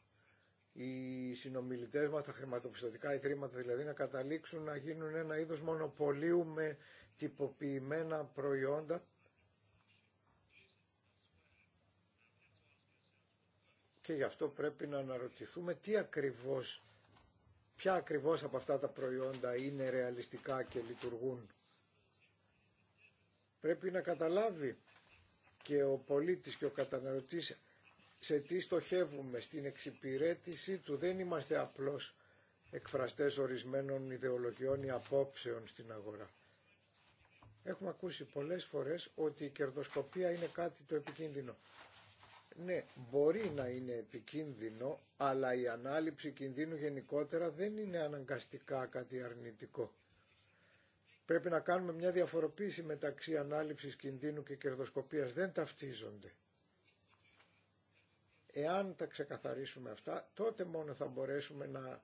οι συνομιλητές μας, τα χρηματοπιστωτικά ιδρύματα δηλαδή, να καταλήξουν να γίνουν ένα είδος μονοπωλίου με τυποποιημένα προϊόντα και γι' αυτό πρέπει να αναρωτηθούμε τι ακριβώς, ποια ακριβώς από αυτά τα προϊόντα είναι ρεαλιστικά και λειτουργούν. Πρέπει να καταλάβει και ο πολίτης και ο καταναλωτής σε τι στοχεύουμε, στην εξυπηρέτησή του. Δεν είμαστε απλώς εκφραστές ορισμένων ιδεολογιών ή απόψεων στην αγορά. Έχουμε ακούσει πολλές φορές ότι η κερδοσκοπία είναι κάτι το επικίνδυνο ναι, μπορεί να είναι επικίνδυνο, αλλά η ανάληψη κινδύνου γενικότερα δεν είναι αναγκαστικά κάτι αρνητικό. Πρέπει να κάνουμε μια διαφοροποίηση μεταξύ ανάληψης κινδύνου και κερδοσκοπίας. Δεν ταυτίζονται. Εάν τα ξεκαθαρίσουμε αυτά, τότε μόνο θα μπορέσουμε να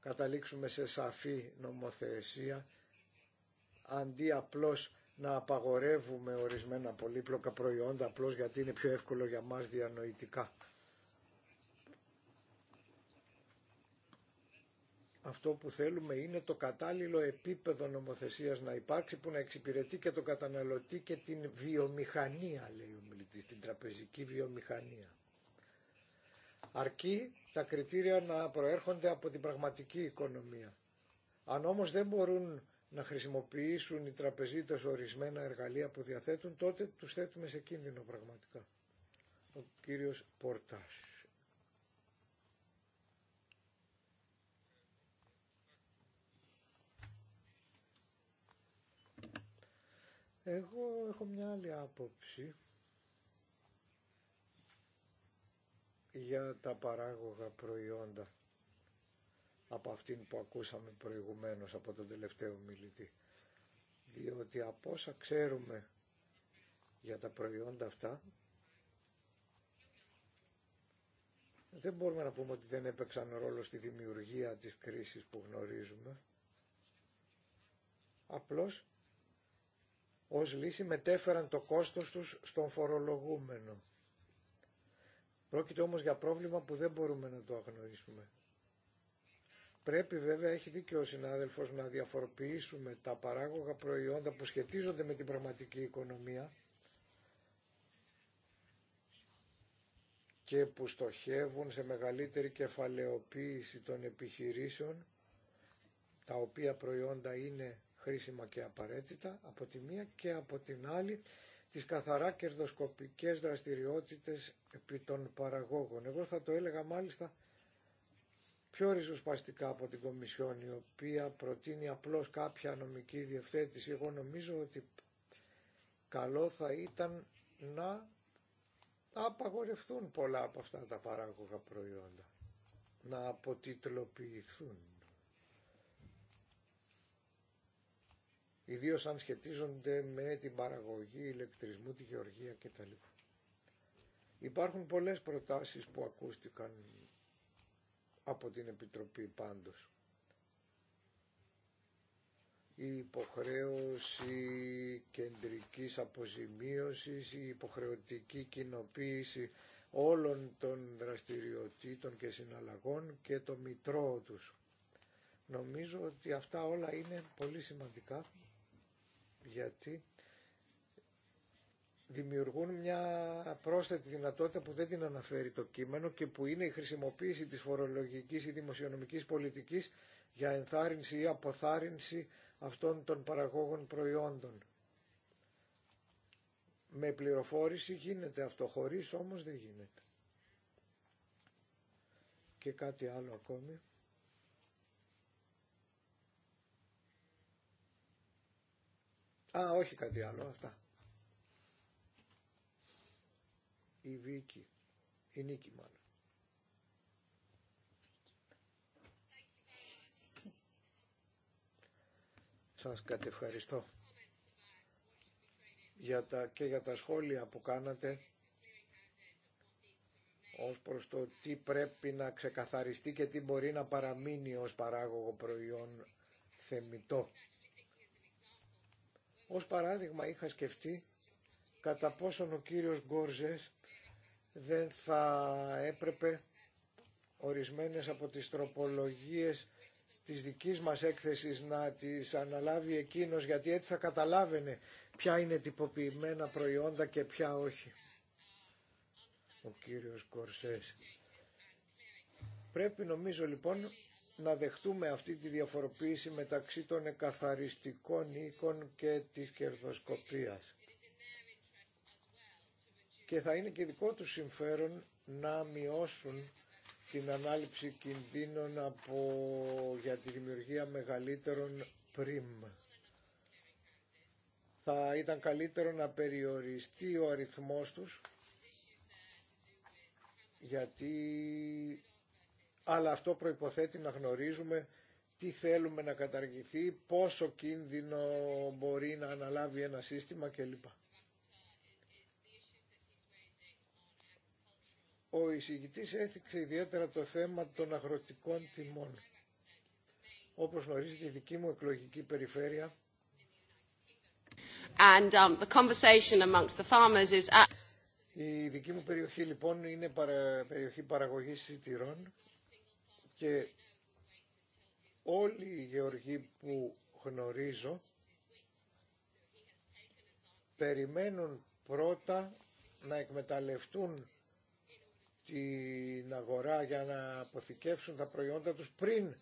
καταλήξουμε σε σαφή νομοθεσία, αντί απλώς να απαγορεύουμε ορισμένα πολύπλοκα προϊόντα απλώς γιατί είναι πιο εύκολο για μας διανοητικά. Αυτό που θέλουμε είναι το κατάλληλο επίπεδο νομοθεσίας να υπάρξει που να εξυπηρετεί και τον καταναλωτή και την βιομηχανία, λέει ο μιλητής, την τραπεζική βιομηχανία. Αρκεί τα κριτήρια να προέρχονται από την πραγματική οικονομία. Αν όμως δεν μπορούν να χρησιμοποιήσουν οι τραπεζίτες ορισμένα εργαλεία που διαθέτουν, τότε τους θέτουμε σε κίνδυνο πραγματικά. Ο κύριος Πορτάς. Εγώ έχω μια άλλη άποψη για τα παράγωγα προϊόντα από αυτήν που ακούσαμε προηγουμένως από τον τελευταίο μιλητή. Διότι από όσα ξέρουμε για τα προϊόντα αυτά, δεν μπορούμε να πούμε ότι δεν έπαιξαν ρόλο στη δημιουργία της κρίσης που γνωρίζουμε. Απλώς ως λύση μετέφεραν το κόστος τους στον φορολογούμενο. Πρόκειται όμως για πρόβλημα που δεν μπορούμε να το αγνοήσουμε. Πρέπει βέβαια, έχει δίκιο ο συνάδελφος, να διαφοροποιήσουμε τα παράγωγα προϊόντα που σχετίζονται με την πραγματική οικονομία και που στοχεύουν σε μεγαλύτερη κεφαλαιοποίηση των επιχειρήσεων, τα οποία προϊόντα είναι χρήσιμα και απαραίτητα, από τη μία και από την άλλη τις καθαρά κερδοσκοπικές δραστηριότητες επί των παραγόγων. Εγώ θα το έλεγα μάλιστα πιο ριζοσπαστικά από την Κομισιόν η οποία προτείνει απλώς κάποια νομική διευθέτηση. Εγώ νομίζω ότι καλό θα ήταν να απαγορευτούν πολλά από αυτά τα παράγωγα προϊόντα, να αποτιτλοποιηθούν. Ιδίως αν σχετίζονται με την παραγωγή ηλεκτρισμού, τη γεωργία κτλ. Υπάρχουν πολλές προτάσεις που ακούστηκαν από την Επιτροπή πάντως. Η υποχρέωση κεντρικής αποζημίωσης, η υποχρεωτική κοινοποίηση όλων των δραστηριοτήτων και συναλλαγών και το μητρό τους. Νομίζω ότι αυτά όλα είναι πολύ σημαντικά γιατί δημιουργούν μια πρόσθετη δυνατότητα που δεν την αναφέρει το κείμενο και που είναι η χρησιμοποίηση της φορολογικής ή δημοσιονομικής πολιτικής για ενθάρρυνση ή αποθάρρυνση αυτών των παραγόγων προϊόντων. Με πληροφόρηση γίνεται αυτό, χωρίς όμως δεν γίνεται. Και κάτι άλλο ακόμη. Α, όχι κάτι άλλο, αυτά. η Βίκη, η Νίκη μάλλον. Σας κατευχαριστώ για τα, και για τα σχόλια που κάνατε ως προς το τι πρέπει να ξεκαθαριστεί και τι μπορεί να παραμείνει ως παράγωγο προϊόν θεμητό. Ως παράδειγμα είχα σκεφτεί κατά πόσον ο κύριος Γκόρζες δεν θα έπρεπε ορισμένες από τις τροπολογίες της δικής μας έκθεσης να τις αναλάβει εκείνος γιατί έτσι θα καταλάβαινε ποια είναι τυποποιημένα προϊόντα και ποια όχι. Ο κύριος Κορσές. Πρέπει νομίζω λοιπόν να δεχτούμε αυτή τη διαφοροποίηση μεταξύ των εκαθαριστικών οίκων και της κερδοσκοπίας και θα είναι και δικό τους συμφέρον να μειώσουν την ανάληψη κινδύνων από, για τη δημιουργία μεγαλύτερων πριμ. Θα ήταν καλύτερο να περιοριστεί ο αριθμός τους γιατί αλλά αυτό προϋποθέτει να γνωρίζουμε τι θέλουμε να καταργηθεί, πόσο κίνδυνο μπορεί να αναλάβει ένα σύστημα κλπ. Ο εισηγητής έθιξε ιδιαίτερα το θέμα των αγροτικών τιμών. Όπως γνωρίζετε η δική μου εκλογική περιφέρεια And, um, Η δική μου περιοχή λοιπόν είναι περιοχή παραγωγής σιτηρών και όλοι οι γεωργοί που γνωρίζω περιμένουν πρώτα να εκμεταλλευτούν στην αγορά για να αποθηκεύσουν τα προϊόντα τους πριν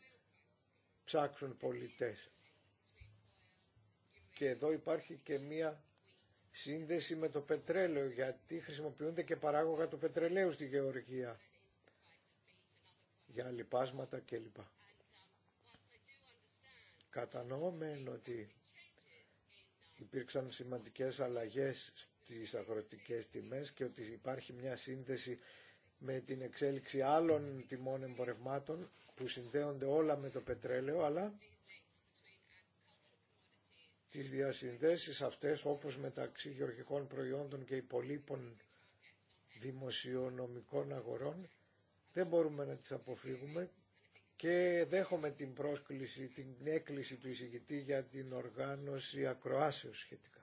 ψάξουν πολιτές. Και εδώ υπάρχει και μία σύνδεση με το πετρέλαιο γιατί χρησιμοποιούνται και παράγωγα του πετρελαίου στη γεωργία για λοιπάσματα κλπ. Κατανοούμε ότι υπήρξαν σημαντικές αλλαγές στις αγροτικές τιμές και ότι υπάρχει μια σύνδεση με την εξέλιξη άλλων τιμών εμπορευμάτων που συνδέονται όλα με το πετρέλαιο, αλλά τις διασυνδέσεις αυτές όπως μεταξύ γεωργικών προϊόντων και υπολείπων δημοσιονομικών αγορών δεν μπορούμε να τις αποφύγουμε και δέχομαι την πρόσκληση, την έκκληση του εισηγητή για την οργάνωση ακροάσεως σχετικά.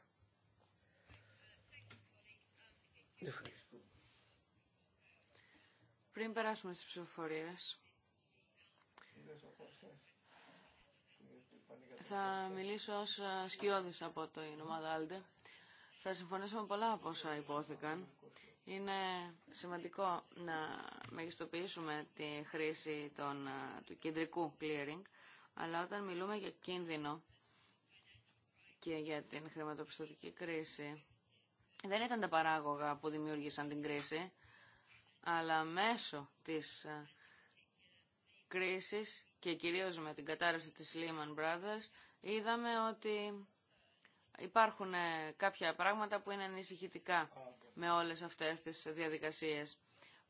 Πριν περάσουμε στις ψηφοφορίες, θα μιλήσω ως ε, σκιώδης από το ομάδα Άλντε. Θα συμφωνήσω με πολλά από όσα υπόθηκαν. Είναι σημαντικό να μεγιστοποιήσουμε τη χρήση των, ε, του κεντρικού clearing, αλλά όταν μιλούμε για κίνδυνο και για την χρηματοπιστωτική κρίση, δεν ήταν τα παράγωγα που δημιούργησαν την κρίση, αλλά μέσω της ε, κρίσης και κυρίως με την κατάρρευση της Lehman Brothers είδαμε ότι υπάρχουν ε, κάποια πράγματα που είναι ανησυχητικά με όλες αυτές τις διαδικασίες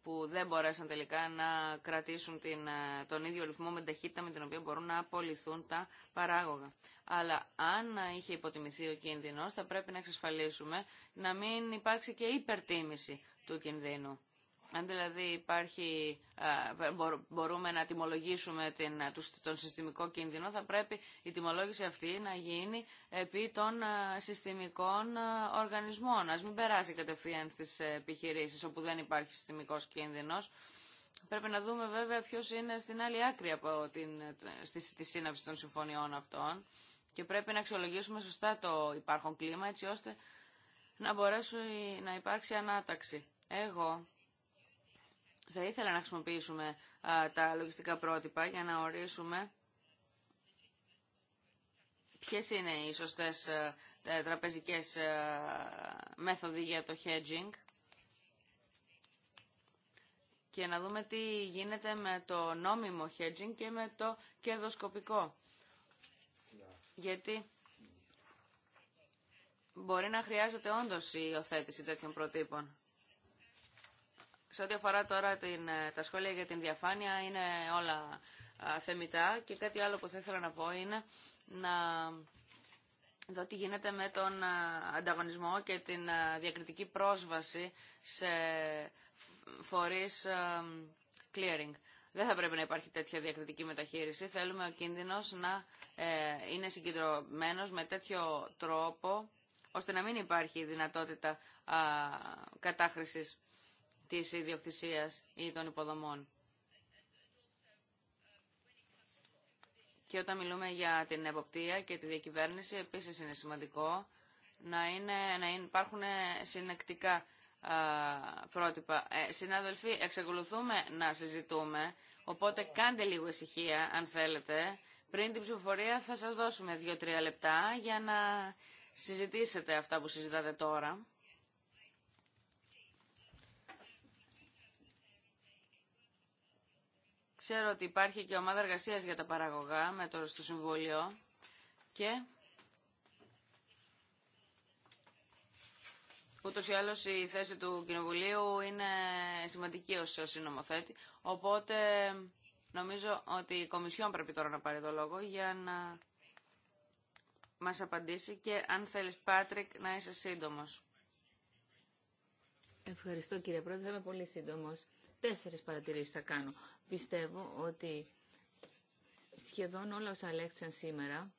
που δεν μπορέσαν τελικά να κρατήσουν την, ε, τον ίδιο ρυθμό με ταχύτητα με την οποία μπορούν να απολυθούν τα παράγωγα. Αλλά αν είχε υποτιμηθεί ο κίνδυνος θα πρέπει να εξασφαλίσουμε να μην υπάρξει και υπερτίμηση του κινδύνου αν δηλαδή υπάρχει, μπορούμε να τιμολογήσουμε την, τον συστημικό κίνδυνο, θα πρέπει η τιμολόγηση αυτή να γίνει επί των συστημικών οργανισμών. Ας μην περάσει κατευθείαν στις ε, επιχειρήσεις όπου δεν υπάρχει συστημικός κίνδυνος. Πρέπει να δούμε βέβαια ποιος είναι στην άλλη άκρη από την, στη, τη σύναψη των συμφωνιών αυτών και πρέπει να αξιολογήσουμε σωστά το υπάρχον κλίμα έτσι ώστε να μπορέσει να υπάρξει ανάταξη. Εγώ θα ήθελα να χρησιμοποιήσουμε τα λογιστικά πρότυπα για να ορίσουμε ποιες είναι οι σωστές τραπεζικές μέθοδοι για το hedging και να δούμε τι γίνεται με το νόμιμο hedging και με το κερδοσκοπικό. Γιατί μπορεί να χρειάζεται όντως η υιοθέτηση τέτοιων προτύπων. Σε ό,τι αφορά τώρα την, ε, τα σχόλια για την διαφάνεια είναι όλα α, θεμητά και κάτι άλλο που θα ήθελα να πω είναι να δω τι γίνεται με τον ανταγωνισμό και την διακριτική πρόσβαση σε φορείς clearing. Δεν θα πρέπει να υπάρχει τέτοια διακριτική μεταχείριση. Θέλουμε ο κίνδυνος να ε, είναι συγκεντρωμένος με τέτοιο τρόπο ώστε να μην υπάρχει δυνατότητα κατάχρησης της ιδιοκτησίας ή των υποδομών. Και όταν μιλούμε για την εποπτεία και τη διακυβέρνηση, επίσης είναι σημαντικό να, είναι, να υπάρχουν συνεκτικά α, πρότυπα. Ε, συνάδελφοι, εξακολουθούμε να συζητούμε, οπότε κάντε λίγο ησυχία αν θέλετε. Πριν την ψηφοφορία θα σας δώσουμε δύο-τρία λεπτά για να συζητήσετε αυτά που συζητάτε τώρα. Ξέρω ότι υπάρχει και ομάδα εργασίας για τα παραγωγά με το στο Συμβούλιο και Ούτως ή άλλως η θέση του Κοινοβουλίου είναι σημαντική ως συνομοθέτη, οπότε νομίζω ότι η Κομισιόν πρέπει τώρα να πάρει το λόγο για να μας απαντήσει και αν θέλεις Πάτρικ να είσαι σύντομος. Ευχαριστώ κύριε Πρόεδρε, θα είμαι πολύ σύντομος. Τέσσερις παρατηρήσεις θα κάνω πιστεύω ότι σχεδόν όλα όσα λέχθησαν σήμερα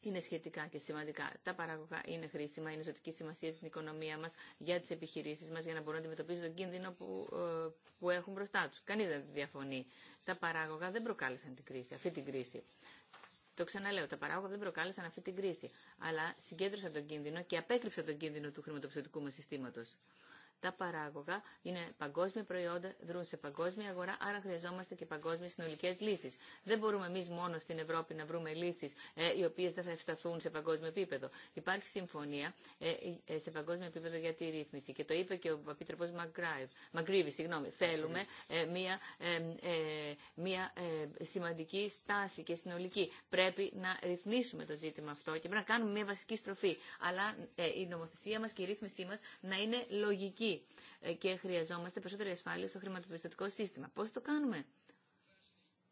είναι σχετικά και σημαντικά. Τα παράγωγα είναι χρήσιμα, είναι ζωτική σημασία στην οικονομία μα, για τι επιχειρήσει μα, για να μπορούν να αντιμετωπίσουν τον κίνδυνο που, ε, που έχουν μπροστά του. Κανεί δεν διαφωνεί. Τα παράγωγα δεν προκάλεσαν την κρίση, αυτή την κρίση. Το ξαναλέω, τα παράγωγα δεν προκάλεσαν αυτή την κρίση, αλλά συγκέντρωσαν τον κίνδυνο και απέκρυψαν τον κίνδυνο του χρηματοπιστωτικού μα συστήματο τα παράγωγα είναι παγκόσμια προϊόντα, δρούν σε παγκόσμια αγορά, άρα χρειαζόμαστε και παγκόσμιε συνολικέ λύσει. Δεν μπορούμε εμεί μόνο στην Ευρώπη να βρούμε λύσει ε, οι οποίε δεν θα ευσταθούν σε παγκόσμιο επίπεδο. Υπάρχει συμφωνία ε, ε, σε παγκόσμιο επίπεδο για τη ρύθμιση και το είπε και ο Επίτροπο Μαγκρίβη. Θέλουμε μια, σημαντική στάση και συνολική. Πρέπει να ρυθμίσουμε το ζήτημα αυτό και πρέπει να κάνουμε μια βασική στροφή. Αλλά η νομοθεσία μα και η ρύθμισή μα να είναι λογική ε, και χρειαζόμαστε περισσότερη ασφάλεια στο χρηματοπιστωτικό σύστημα. Πώς το κάνουμε?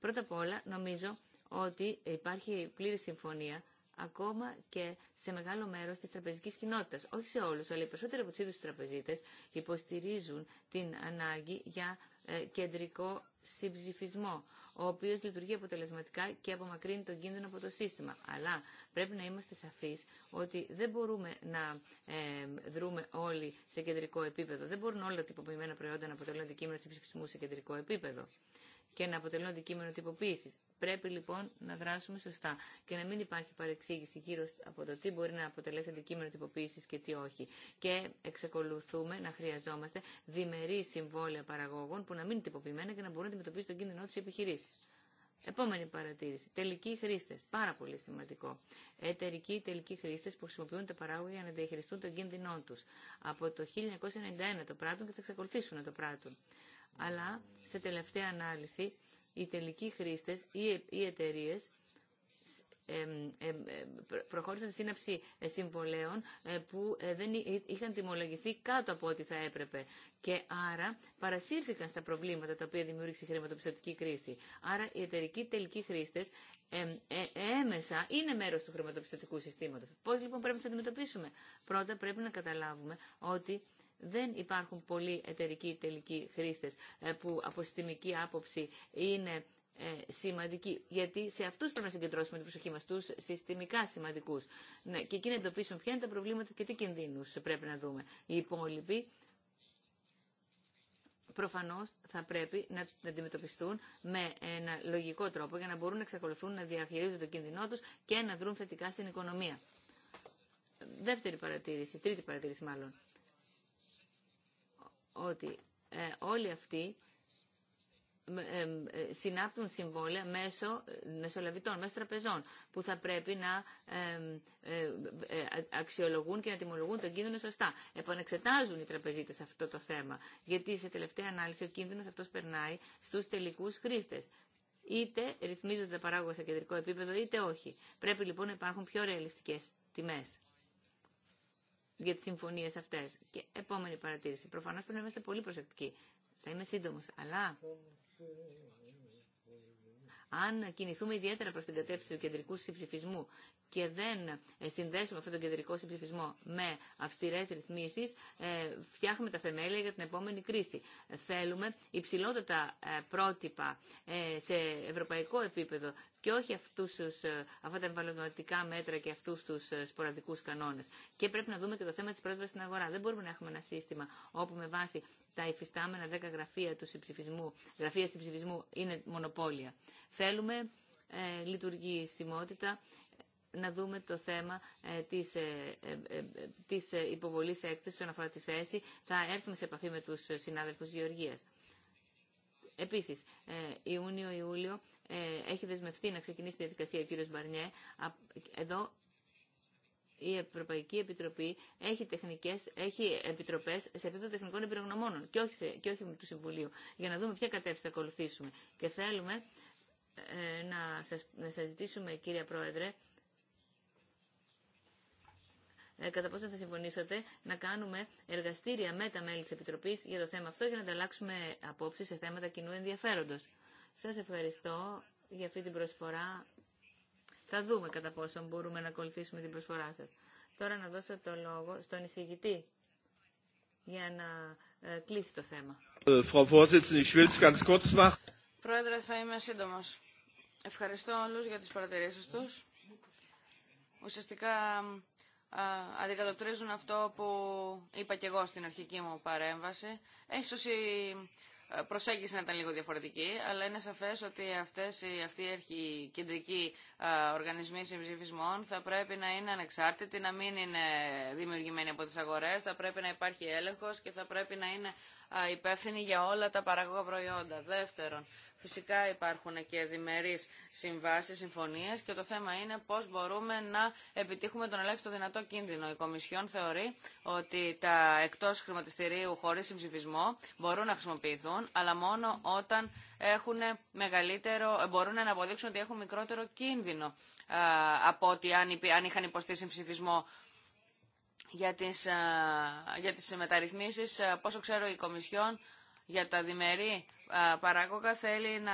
Πρώτα απ' όλα, νομίζω ότι υπάρχει πλήρη συμφωνία ακόμα και σε μεγάλο μέρο τη τραπεζική κοινότητα. Όχι σε όλου, αλλά οι περισσότεροι από του ίδιου τραπεζίτε υποστηρίζουν την ανάγκη για ε, κεντρικό συμψηφισμό, ο οποίο λειτουργεί αποτελεσματικά και απομακρύνει τον κίνδυνο από το σύστημα. Αλλά πρέπει να είμαστε σαφεί ότι δεν μπορούμε να ε, δρούμε όλοι σε κεντρικό επίπεδο. Δεν μπορούν όλα τα τυποποιημένα προϊόντα να αποτελούν αντικείμενο συμψηφισμού σε κεντρικό επίπεδο και να αποτελούν αντικείμενο τυποποίηση. Πρέπει λοιπόν να δράσουμε σωστά και να μην υπάρχει παρεξήγηση γύρω από το τι μπορεί να αποτελέσει αντικείμενο τυποποίηση και τι όχι. Και εξακολουθούμε να χρειαζόμαστε διμερεί συμβόλαια παραγόγων που να μην είναι τυποποιημένα και να μπορούν να αντιμετωπίσουν τον κίνδυνο τη επιχειρήσει. Επόμενη παρατήρηση. Τελικοί χρήστε. Πάρα πολύ σημαντικό. Εταιρικοί τελικοί χρήστε που χρησιμοποιούν τα παράγωγα για να διαχειριστούν τον κίνδυνό του. Από το 1991 το πράττουν και θα εξακολουθήσουν να το πράττουν. Αλλά σε τελευταία ανάλυση οι τελικοί χρήστες ή ε, οι εταιρείε ε, ε, προχώρησαν στη σύναψη συμβολέων που δεν είχαν τιμολογηθεί κάτω από ό,τι θα έπρεπε. Και άρα παρασύρθηκαν στα προβλήματα τα οποία δημιούργησε η χρηματοπιστωτική κρίση. Άρα οι εταιρικοί τελικοί χρήστε έμεσα είναι μέρο του χρηματοπιστωτικού συστήματο. Πώ λοιπόν πρέπει να του αντιμετωπίσουμε. Πρώτα πρέπει να καταλάβουμε ότι δεν υπάρχουν πολλοί εταιρικοί τελικοί χρήστες ε, που από συστημική άποψη είναι ε, σημαντικοί γιατί σε αυτούς πρέπει να συγκεντρώσουμε την προσοχή μας, τους συστημικά σημαντικούς. Ναι, και εκεί να εντοπίσουμε ποια είναι τα προβλήματα και τι κινδύνους πρέπει να δούμε. Οι υπόλοιποι προφανώς θα πρέπει να αντιμετωπιστούν με ένα λογικό τρόπο για να μπορούν να εξακολουθούν να διαχειρίζονται το κίνδυνό τους και να δρουν θετικά στην οικονομία. Δεύτερη παρατήρηση, τρίτη παρατήρηση μάλλον ότι ε, όλοι αυτοί ε, ε, συνάπτουν συμβόλαια μέσω μεσολαβητών, μέσω τραπεζών, που θα πρέπει να αξιολογούν και να τιμολογούν τον κίνδυνο σωστά. Επανεξετάζουν οι τραπεζίτες αυτό το θέμα, γιατί σε τελευταία ανάλυση ο κίνδυνος αυτός περνάει στους τελικούς χρήστες. Είτε ρυθμίζονται τα παράγωγα σε κεντρικό επίπεδο, είτε όχι. Πρέπει λοιπόν να υπάρχουν πιο ρεαλιστικές τιμές για τις συμφωνίες αυτές. Και επόμενη παρατήρηση. Προφανώς πρέπει να είμαστε πολύ προσεκτικοί. Θα είμαι σύντομος, αλλά αν κινηθούμε ιδιαίτερα προς την κατεύθυνση του κεντρικού συμψηφισμού και δεν ε, συνδέσουμε αυτόν τον κεντρικό συμψηφισμό με αυστηρέ ρυθμίσει, ε, φτιάχνουμε τα θεμέλια για την επόμενη κρίση. Θέλουμε υψηλότερα ε, πρότυπα σε ευρωπαϊκό επίπεδο και όχι αυτούς ε, αυτά τα εμβαλωματικά μέτρα και αυτού του ε, σποραδικού κανόνε. Και πρέπει να δούμε και το θέμα τη πρόσβαση στην αγορά. Δεν μπορούμε να έχουμε ένα σύστημα όπου με βάση τα υφιστάμενα 10 γραφεία του συμψηφισμού, γραφεία συμψηφισμού είναι μονοπόλια. Θέλουμε ε, λειτουργησιμότητα, να δούμε το θέμα ε, της, ε, ε, ε της υποβολής έκθεσης όσον αφορά τη θέση. Θα έρθουμε σε επαφή με τους συνάδελφους Γεωργίας. Επίση, ε, Ιούνιο-Ιούλιο ε, έχει δεσμευτεί να ξεκινήσει τη διαδικασία ο κ. Μπαρνιέ. Εδώ η Ευρωπαϊκή Επιτροπή έχει, τεχνικές, έχει επιτροπές σε επίπεδο τεχνικών εμπειρογνωμόνων και όχι, σε, και όχι του Συμβουλίου, για να δούμε ποια κατεύθυνση θα ακολουθήσουμε. Και θέλουμε ε, να, σα να σας ζητήσουμε, κύριε Πρόεδρε, ε, κατά πόσο θα συμφωνήσατε να κάνουμε εργαστήρια με τα μέλη τη Επιτροπή για το θέμα αυτό για να ανταλλάξουμε απόψει σε θέματα κοινού ενδιαφέροντο. Σα ευχαριστώ για αυτή την προσφορά. Θα δούμε κατά πόσο μπορούμε να ακολουθήσουμε την προσφορά σας. Τώρα να δώσω το λόγο στον εισηγητή για να ε, κλείσει το θέμα. Ε, Πρόεδρε, θα είμαι σύντομο. Ευχαριστώ όλους για τις παρατηρήσεις τους. Ουσιαστικά αντικατοπτρίζουν αυτό που είπα και εγώ στην αρχική μου παρέμβαση. Ίσως η ε, προσέγγιση να ήταν λίγο διαφορετική, αλλά είναι σαφές ότι αυτές, αυτοί οι κεντρικοί οργανισμοί συμψηφισμών θα πρέπει να είναι ανεξάρτητοι, να μην είναι δημιουργημένοι από τις αγορές, θα πρέπει να υπάρχει έλεγχος και θα πρέπει να είναι υπεύθυνοι για όλα τα παραγωγικά προϊόντα. Δεύτερον, φυσικά υπάρχουν και διμερείς συμβάσεις, συμφωνίες και το θέμα είναι πώς μπορούμε να επιτύχουμε τον ελάχιστο δυνατό κίνδυνο. Η Κομισιόν θεωρεί ότι τα εκτός χρηματιστηρίου χωρίς συμψηφισμό μπορούν να χρησιμοποιηθούν, αλλά μόνο όταν έχουν μεγαλύτερο, ε, μπορούν να αποδείξουν ότι έχουν μικρότερο κίνδυνο από ότι αν, αν είχαν υποστεί συμψηφισμό για τις, ε, για τις μεταρρυθμίσεις. Ε, πόσο ξέρω η Κομισιόν για τα διμερεί παράγωγα θέλει να,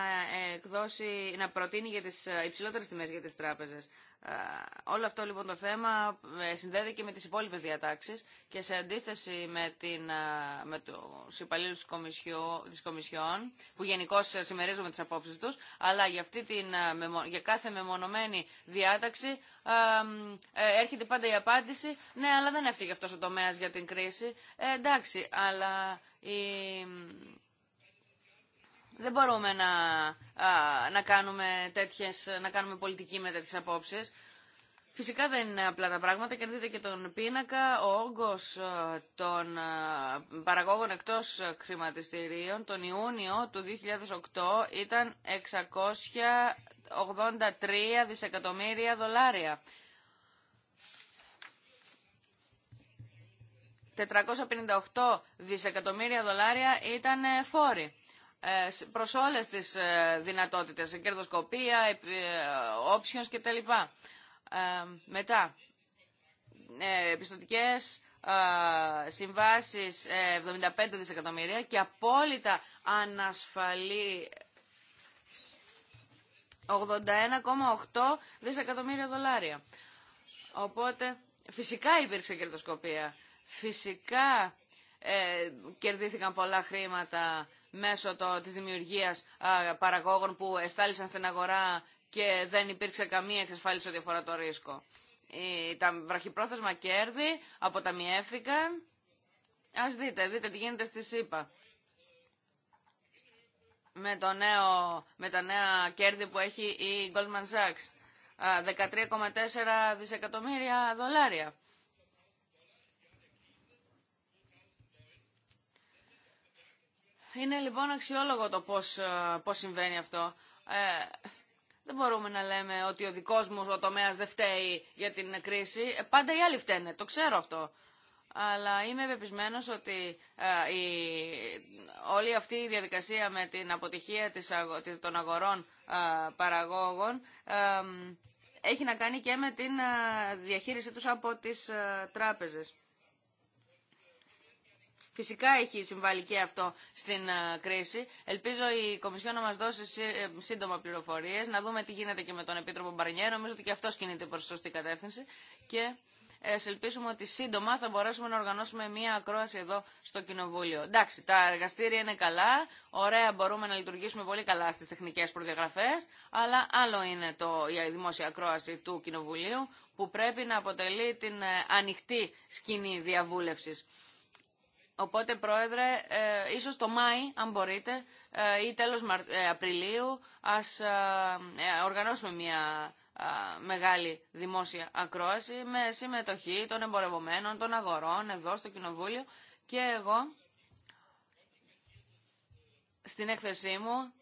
εκδώσει, να προτείνει για τις ε, υψηλότερες τιμές για τις τράπεζες. Ε, όλο αυτό λοιπόν το θέμα ε, συνδέεται και με τις υπόλοιπες διατάξεις και σε αντίθεση με, την, ε, με τους υπαλλήλους της Κομισιόν που γενικώ συμμερίζουμε τις απόψεις τους αλλά για, αυτή την, για κάθε μεμονωμένη διάταξη έρχεται πάντα η απάντηση ναι αλλά δεν έφυγε αυτός ο τομέας για την κρίση ε, εντάξει αλλά δεν μπορούμε να, κάνουμε τέτοιες, να κάνουμε πολιτική με τέτοιες απόψεις. Φυσικά δεν είναι απλά τα πράγματα και δείτε και τον πίνακα, ο όγκος των παραγόγων εκτός χρηματιστηρίων τον Ιούνιο του 2008 ήταν 683 δισεκατομμύρια δολάρια. 458 δισεκατομμύρια δολάρια ήταν ε, φόροι. Ε, προς όλες τις ε, δυνατότητες, κερδοσκοπία, και ε, κτλ. Μετά, επιστοτικές συμβάσεις 75 δισεκατομμύρια και απόλυτα ανασφαλή 81,8 δισεκατομμύρια δολάρια. Οπότε φυσικά υπήρξε κερδοσκοπία, φυσικά ε, κερδίθηκαν πολλά χρήματα μέσω το, της δημιουργίας παραγόγων που εστάλησαν στην αγορά και δεν υπήρξε καμία εξασφάλιση ό,τι αφορά το ρίσκο. τα βραχυπρόθεσμα κέρδη αποταμιεύθηκαν. Ας δείτε, δείτε τι γίνεται στη ΣΥΠΑ. Με, το νέο, με τα νέα κέρδη που έχει η Goldman Sachs. 13,4 δισεκατομμύρια δολάρια. Είναι λοιπόν αξιόλογο το πώς, ε, πώς συμβαίνει αυτό. Ε, δεν μπορούμε να λέμε ότι ο δικός μου ο τομέας δεν φταίει για την κρίση. Ε, πάντα οι άλλοι φταίνε, το ξέρω αυτό. Αλλά είμαι πεπισμένος ότι ε, η, όλη αυτή η διαδικασία με την αποτυχία της, των αγορών παραγόγων έχει να κάνει και με την διαχείρισή τους από τις τράπεζες. Φυσικά έχει συμβάλει και αυτό στην ε, κρίση. Ελπίζω η Κομισιό να μα δώσει ε, σύντομα πληροφορίε, να δούμε τι γίνεται και με τον Επίτροπο Μπαρνιέ. Νομίζω ότι και αυτό κινείται προ σωστή κατεύθυνση. Και ε, ελπίσουμε ότι σύντομα θα μπορέσουμε να οργανώσουμε μία ακρόαση εδώ στο Κοινοβούλιο. Εντάξει, τα εργαστήρια είναι καλά, ωραία, μπορούμε να λειτουργήσουμε πολύ καλά στι τεχνικέ προδιαγραφέ, αλλά άλλο είναι το, η δημόσια ακρόαση του Κοινοβουλίου που πρέπει να αποτελεί την ανοιχτή σκηνή διαβούλευση. Οπότε, Πρόεδρε, ε, ίσως το Μάη, αν μπορείτε, ε, ή τέλος ε, Απριλίου, ας ε, οργανώσουμε μια μεγάλη δημόσια ακρόαση με συμμετοχή των εμπορευομένων, των αγορών, εδώ στο Κοινοβούλιο. Και εγώ, στην έκθεσή μου,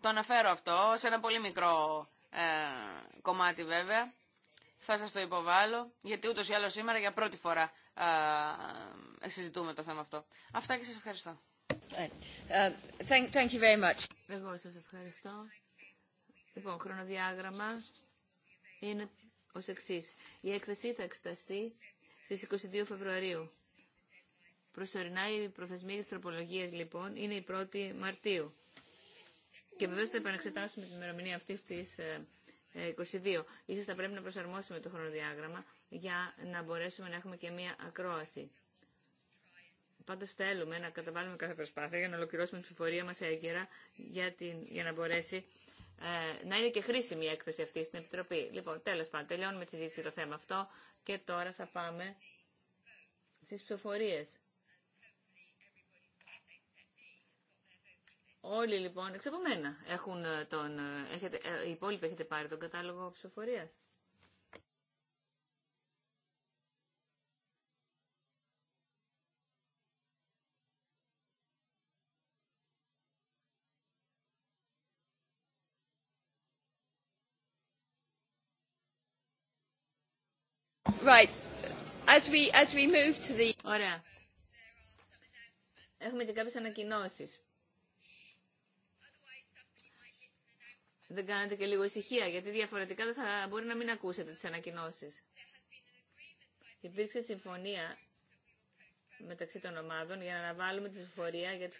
το αναφέρω αυτό, σε ένα πολύ μικρό κομμάτι βέβαια, θα σας το υποβάλω, γιατί ούτως ή άλλως σήμερα για πρώτη φορά συζητούμε το θέμα αυτό. Αυτά και σας ευχαριστώ. Thank, you very much. Εγώ σας ευχαριστώ. Λοιπόν, χρονοδιάγραμμα είναι ως εξής. Η έκθεση θα εξεταστεί στις 22 Φεβρουαρίου. Προσωρινά η προθεσμία της τροπολογίας, λοιπόν, είναι η 1η Μαρτίου. Και βεβαίως θα επαναξετάσουμε την ημερομηνία αυτή στις 22. Ε, Ίσως θα πρέπει να προσαρμόσουμε το χρονοδιάγραμμα για να μπορέσουμε να έχουμε και μία ακρόαση. Πάντω θέλουμε να καταβάλουμε κάθε προσπάθεια για να ολοκληρώσουμε την ψηφορία μα έγκαιρα για, την, για να μπορέσει ε, να είναι και χρήσιμη η έκθεση αυτή στην Επιτροπή. Λοιπόν, τέλο πάντων, τελειώνουμε τη συζήτηση για το θέμα αυτό και τώρα θα πάμε στι ψηφορίε. Όλοι λοιπόν, εξ από έχουν τον, έχετε, ε, οι υπόλοιποι έχετε πάρει τον κατάλογο ψηφοφορίας. Right. As we, as we move to the... Ωραία. Έχουμε και κάποιες ανακοινώσεις. Δεν κάνετε και λίγο ησυχία, γιατί διαφορετικά δεν θα μπορεί να μην ακούσετε τις ανακοινώσεις. Υπήρξε συμφωνία μεταξύ των ομάδων για να αναβάλουμε την ψηφορία για,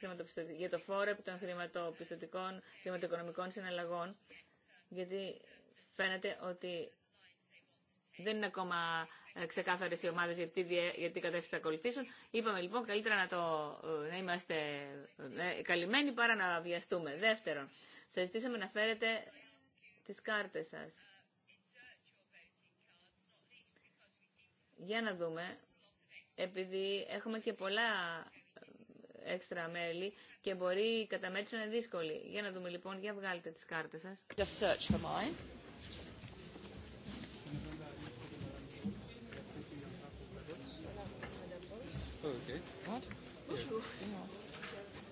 για το φόρο επί των χρηματοπιστωτικών, χρηματοοικονομικών συναλλαγών, γιατί φαίνεται ότι δεν είναι ακόμα ε, ξεκάθαρε οι ομάδε για τι κατεύθυνση θα ακολουθήσουν. Είπαμε λοιπόν καλύτερα να, το, ε, να είμαστε ε, καλυμμένοι παρά να βιαστούμε. Δεύτερον, σα ζητήσαμε να φέρετε τι κάρτε σα. Για να δούμε, επειδή έχουμε και πολλά έξτρα μέλη και μπορεί κατά καταμέτρηση να είναι δύσκολη. Για να δούμε λοιπόν, για βγάλετε τις κάρτες σας. Just search for mine. ok. Bonjour.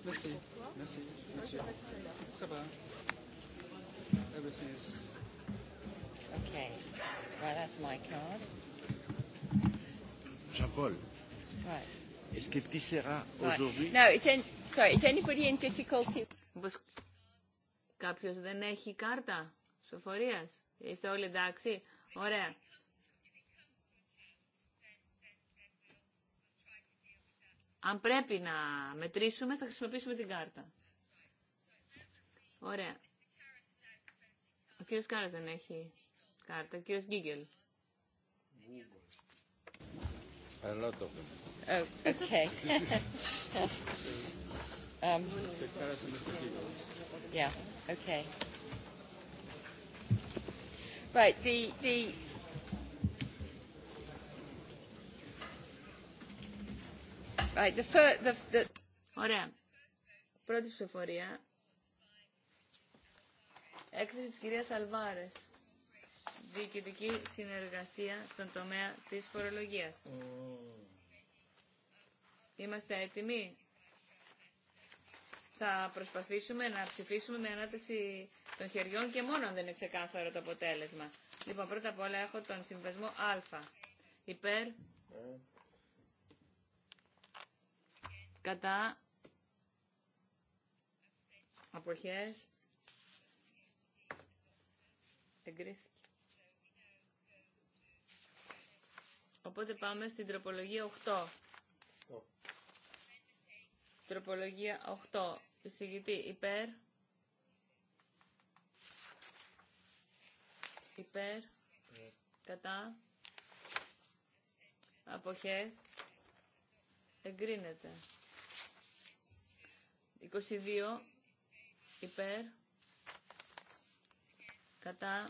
Merci. Merci. Merci. Ça va. Everything is... Okay. Right, that's my card. Jean-Paul. Right. Est-ce que tu seras aujourd'hui... No, it's in... Sorry, is anybody in difficulty? Κάποιος δεν έχει κάρτα σοφορίας. Είστε όλοι εντάξει. Ωραία. Αν πρέπει να μετρήσουμε, θα χρησιμοποιήσουμε την κάρτα. Ωραία. Ο κύριος Κάρας δεν έχει κάρτα. Ο κύριος Γκίγκελ. A lot oh, *laughs* um, yeah, okay. Right, the, the Ωραία. Πρώτη ψηφοφορία. Έκθεση της κυρίας Αλβάρες. Διοικητική συνεργασία στον τομέα της φορολογίας. Είμαστε έτοιμοι. Θα προσπαθήσουμε να ψηφίσουμε με ανάταση των χεριών και μόνο αν δεν είναι ξεκάθαρο το αποτέλεσμα. Λοιπόν, πρώτα απ' όλα έχω τον συμβασμό Α. Υπέρ. Ε κατά αποχές εγκρίθηκε. Οπότε πάμε στην τροπολογία 8. Τροπολογία 8. Εισηγητή υπέρ. Υπέρ. Κατά. Αποχές. Εγκρίνεται. 22 υπέρ κατά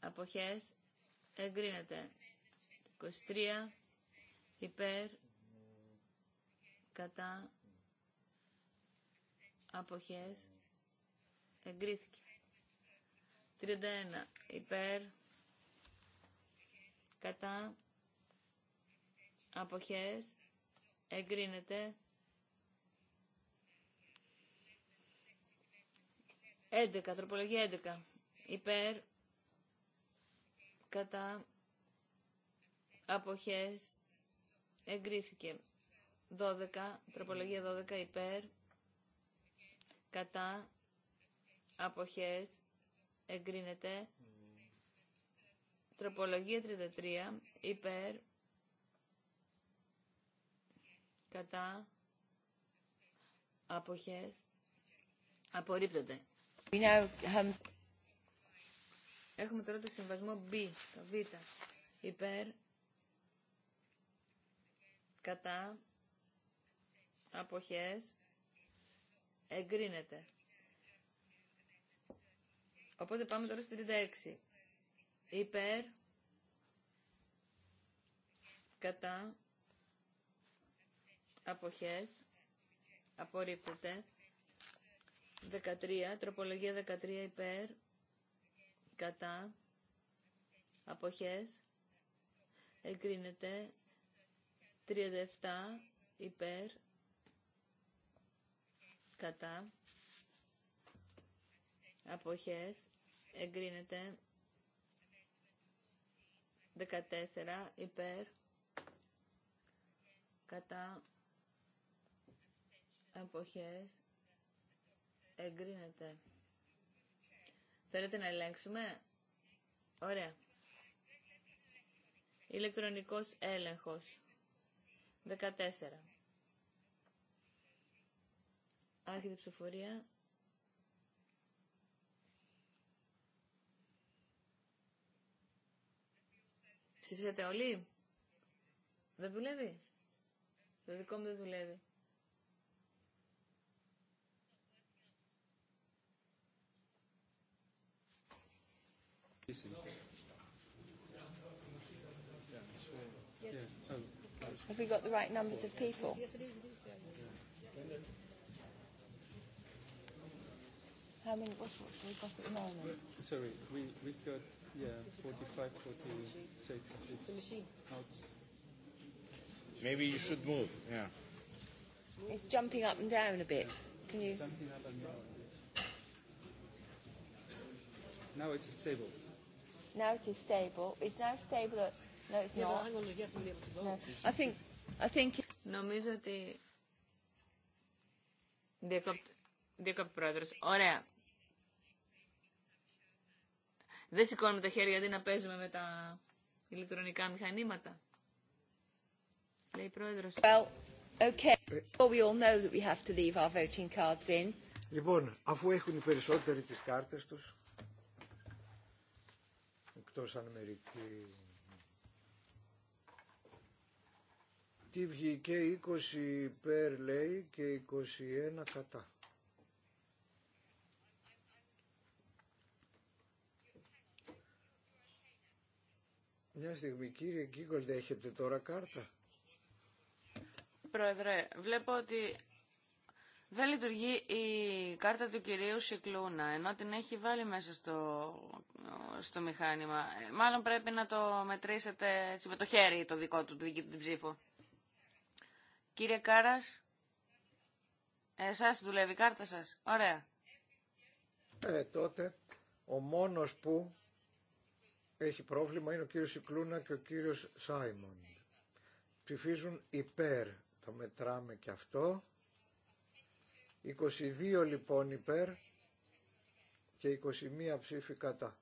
αποχές εγκρίνεται 23 υπέρ κατά αποχές εγκρίθηκε 31 υπέρ κατά αποχές εγκρίνεται 11, τροπολογία 11. Υπέρ, κατά, αποχές, εγκρίθηκε. 12, τροπολογία 12, υπέρ, κατά, αποχές, εγκρίνεται. Τροπολογία 33, υπέρ, κατά, αποχές, απορρίπτεται. Έχουμε τώρα το συμβασμό B, το Β, υπέρ, κατά, αποχές, εγκρίνεται. Οπότε πάμε τώρα στη 36. Υπέρ, κατά, αποχές, απορρίπτεται. 13, τροπολογία 13 υπέρ, κατά, αποχές, εγκρίνεται, 37 υπέρ, κατά, αποχές, εγκρίνεται, 14 υπέρ, κατά, αποχές, Εγκρίνεται. Θέλετε να ελέγξουμε. Ωραία. Ηλεκτρονικός έλεγχος. 14. Άρχεται ψηφοφορία. Ψηφίσατε όλοι. Δεν δουλεύει. Το δικό μου δεν δουλεύει. Have we got the right numbers of people? How many what we got at the moment? Sorry, we we've got yeah, 45, 46. It's the machine. Out. Maybe you should move. Yeah. It's jumping up and down a bit. Can you? Now it's stable. Νομίζω ότι... Διακόπτη πρόεδρος. Ωραία. Δεν σηκώνουμε τα χέρια γιατί να παίζουμε με τα ηλεκτρονικά μηχανήματα. Λέει η Well, okay. Ε, we all know that we have to leave our voting cards in. Λοιπόν, αφού έχουν οι περισσότεροι τις κάρτες τους, εκτός αν μερικοί τι βγήκε 20 υπέρ λέει και 21 κατά Μια στιγμή κύριε έχετε τώρα κάρτα. Πρόεδρε, βλέπω ότι δεν λειτουργεί η κάρτα του κυρίου Σικλούνα, ενώ την έχει βάλει μέσα στο, στο μηχάνημα. Μάλλον πρέπει να το μετρήσετε έτσι, με το χέρι το δικό του, τη δική του την ψήφο. Κύριε Κάρας, εσάς δουλεύει η κάρτα σας. Ωραία. Ε, τότε ο μόνος που έχει πρόβλημα είναι ο κύριος Σικλούνα και ο κύριος Σάιμον. Ψηφίζουν υπέρ. Το μετράμε και αυτό. 22 λοιπόν υπέρ και 21 ψήφι κατά.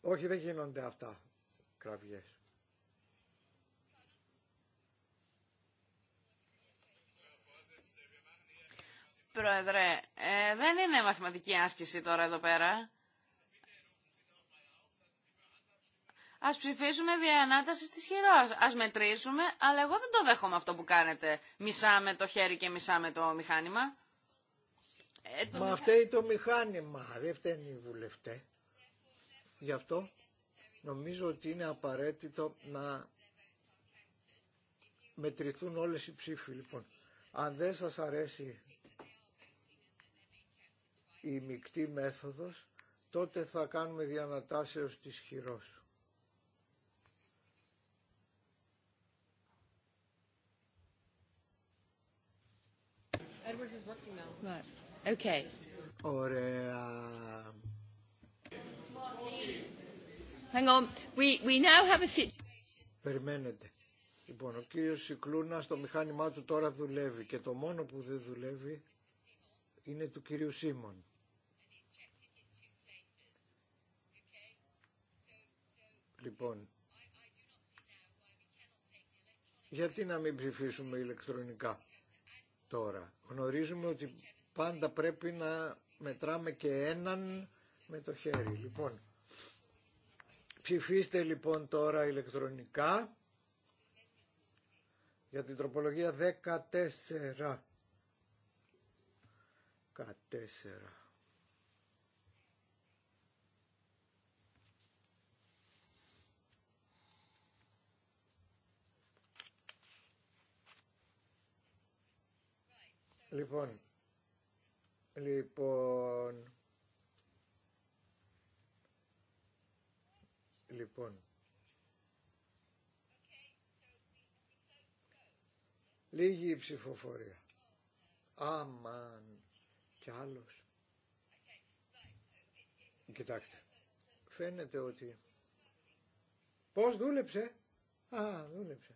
Όχι δεν γίνονται αυτά κραυγές. Πρόεδρε, ε, δεν είναι μαθηματική άσκηση τώρα εδώ πέρα. Α ψηφίσουμε δια ανάταση τη χειρό. Α μετρήσουμε, αλλά εγώ δεν το δέχομαι αυτό που κάνετε. Μισά με το χέρι και μισά με το μηχάνημα. Ε, Μα αυτό φταίει το μηχάνημα, δεν φταίνει οι βουλευτέ. Γι' αυτό νομίζω ότι είναι απαραίτητο να μετρηθούν όλες οι ψήφοι. Λοιπόν, αν δεν σας αρέσει η μεικτή μέθοδος, τότε θα κάνουμε διανατάσεως της χειρός. Okay. Ωραία. Hang on. We, we now have a Περιμένετε. Λοιπόν, ο κύριος Σικλούνα στο μηχάνημά του τώρα δουλεύει και το μόνο που δεν δουλεύει είναι του κύριου Σίμων. Λοιπόν, γιατί να μην ψηφίσουμε ηλεκτρονικά τώρα. Γνωρίζουμε ότι πάντα πρέπει να μετράμε και έναν με το χέρι. Λοιπόν, ψηφίστε λοιπόν τώρα ηλεκτρονικά για την τροπολογία 14. 14. Λοιπόν, λοιπόν, λοιπόν. Λίγη η ψηφοφορία. Αμάν. Κι άλλος. Κοιτάξτε. Φαίνεται ότι... Πώς δούλεψε. Α, δούλεψε.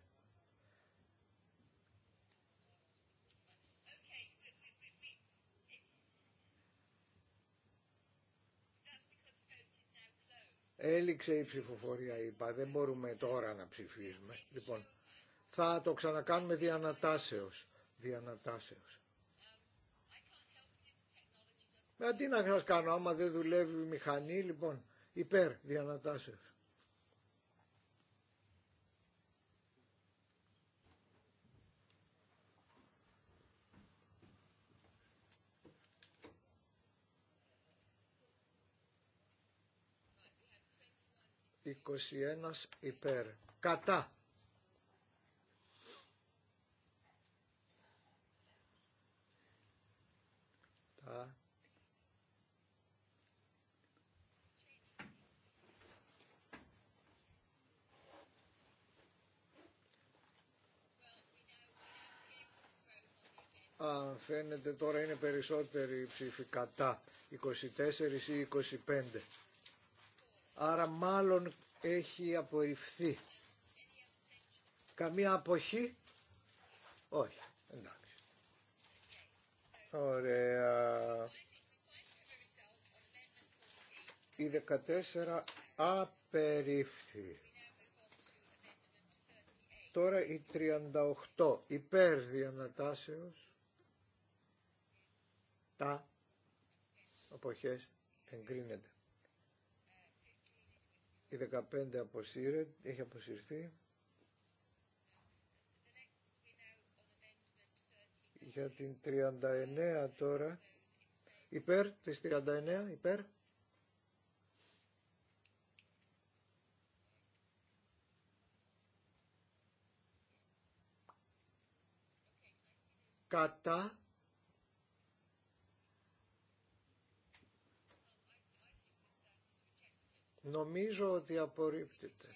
Έληξε η ψηφοφορία, είπα. Δεν μπορούμε τώρα να ψηφίσουμε. Λοιπόν, θα το ξανακάνουμε διανατάσεως. Διανατάσεως. Ε, αντί να κάνω, άμα δεν δουλεύει η μηχανή, λοιπόν, υπέρ διανατάσεως. 21 υπέρ. Κατά. Τα. Α, φαίνεται τώρα είναι περισσότεροι ψήφοι κατά 24 ή 25. Άρα μάλλον έχει απορριφθεί. Καμία αποχή. Όχι. Εντάξει. Ωραία. Η 14 απερίφθη. Τώρα η 38 υπέρ διανατάσεως. Τα αποχές εγκρίνεται. Η 15 αποσύρε, έχει αποσυρθεί. Για την 39 τώρα. Υπέρ της 39, υπέρ. Κατά Νομίζω ότι απορρίπτεται.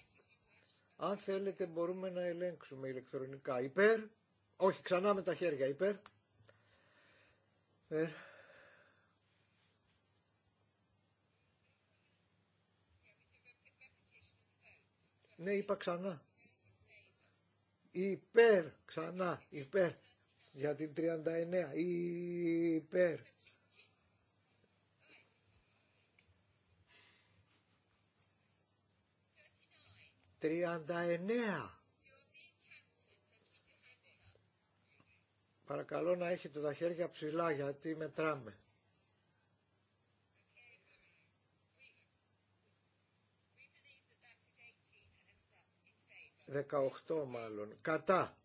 Αν θέλετε μπορούμε να ελέγξουμε ηλεκτρονικά. Υπέρ. Όχι, ξανά με τα χέρια. Υπέρ. Υπέρ. Ναι, είπα ξανά. Υπέρ, ξανά, υπέρ. Για την 39, υπέρ. 39. Παρακαλώ να έχετε τα χέρια ψηλά γιατί μετράμε. Δεκαοχτώ μάλλον. Κατά.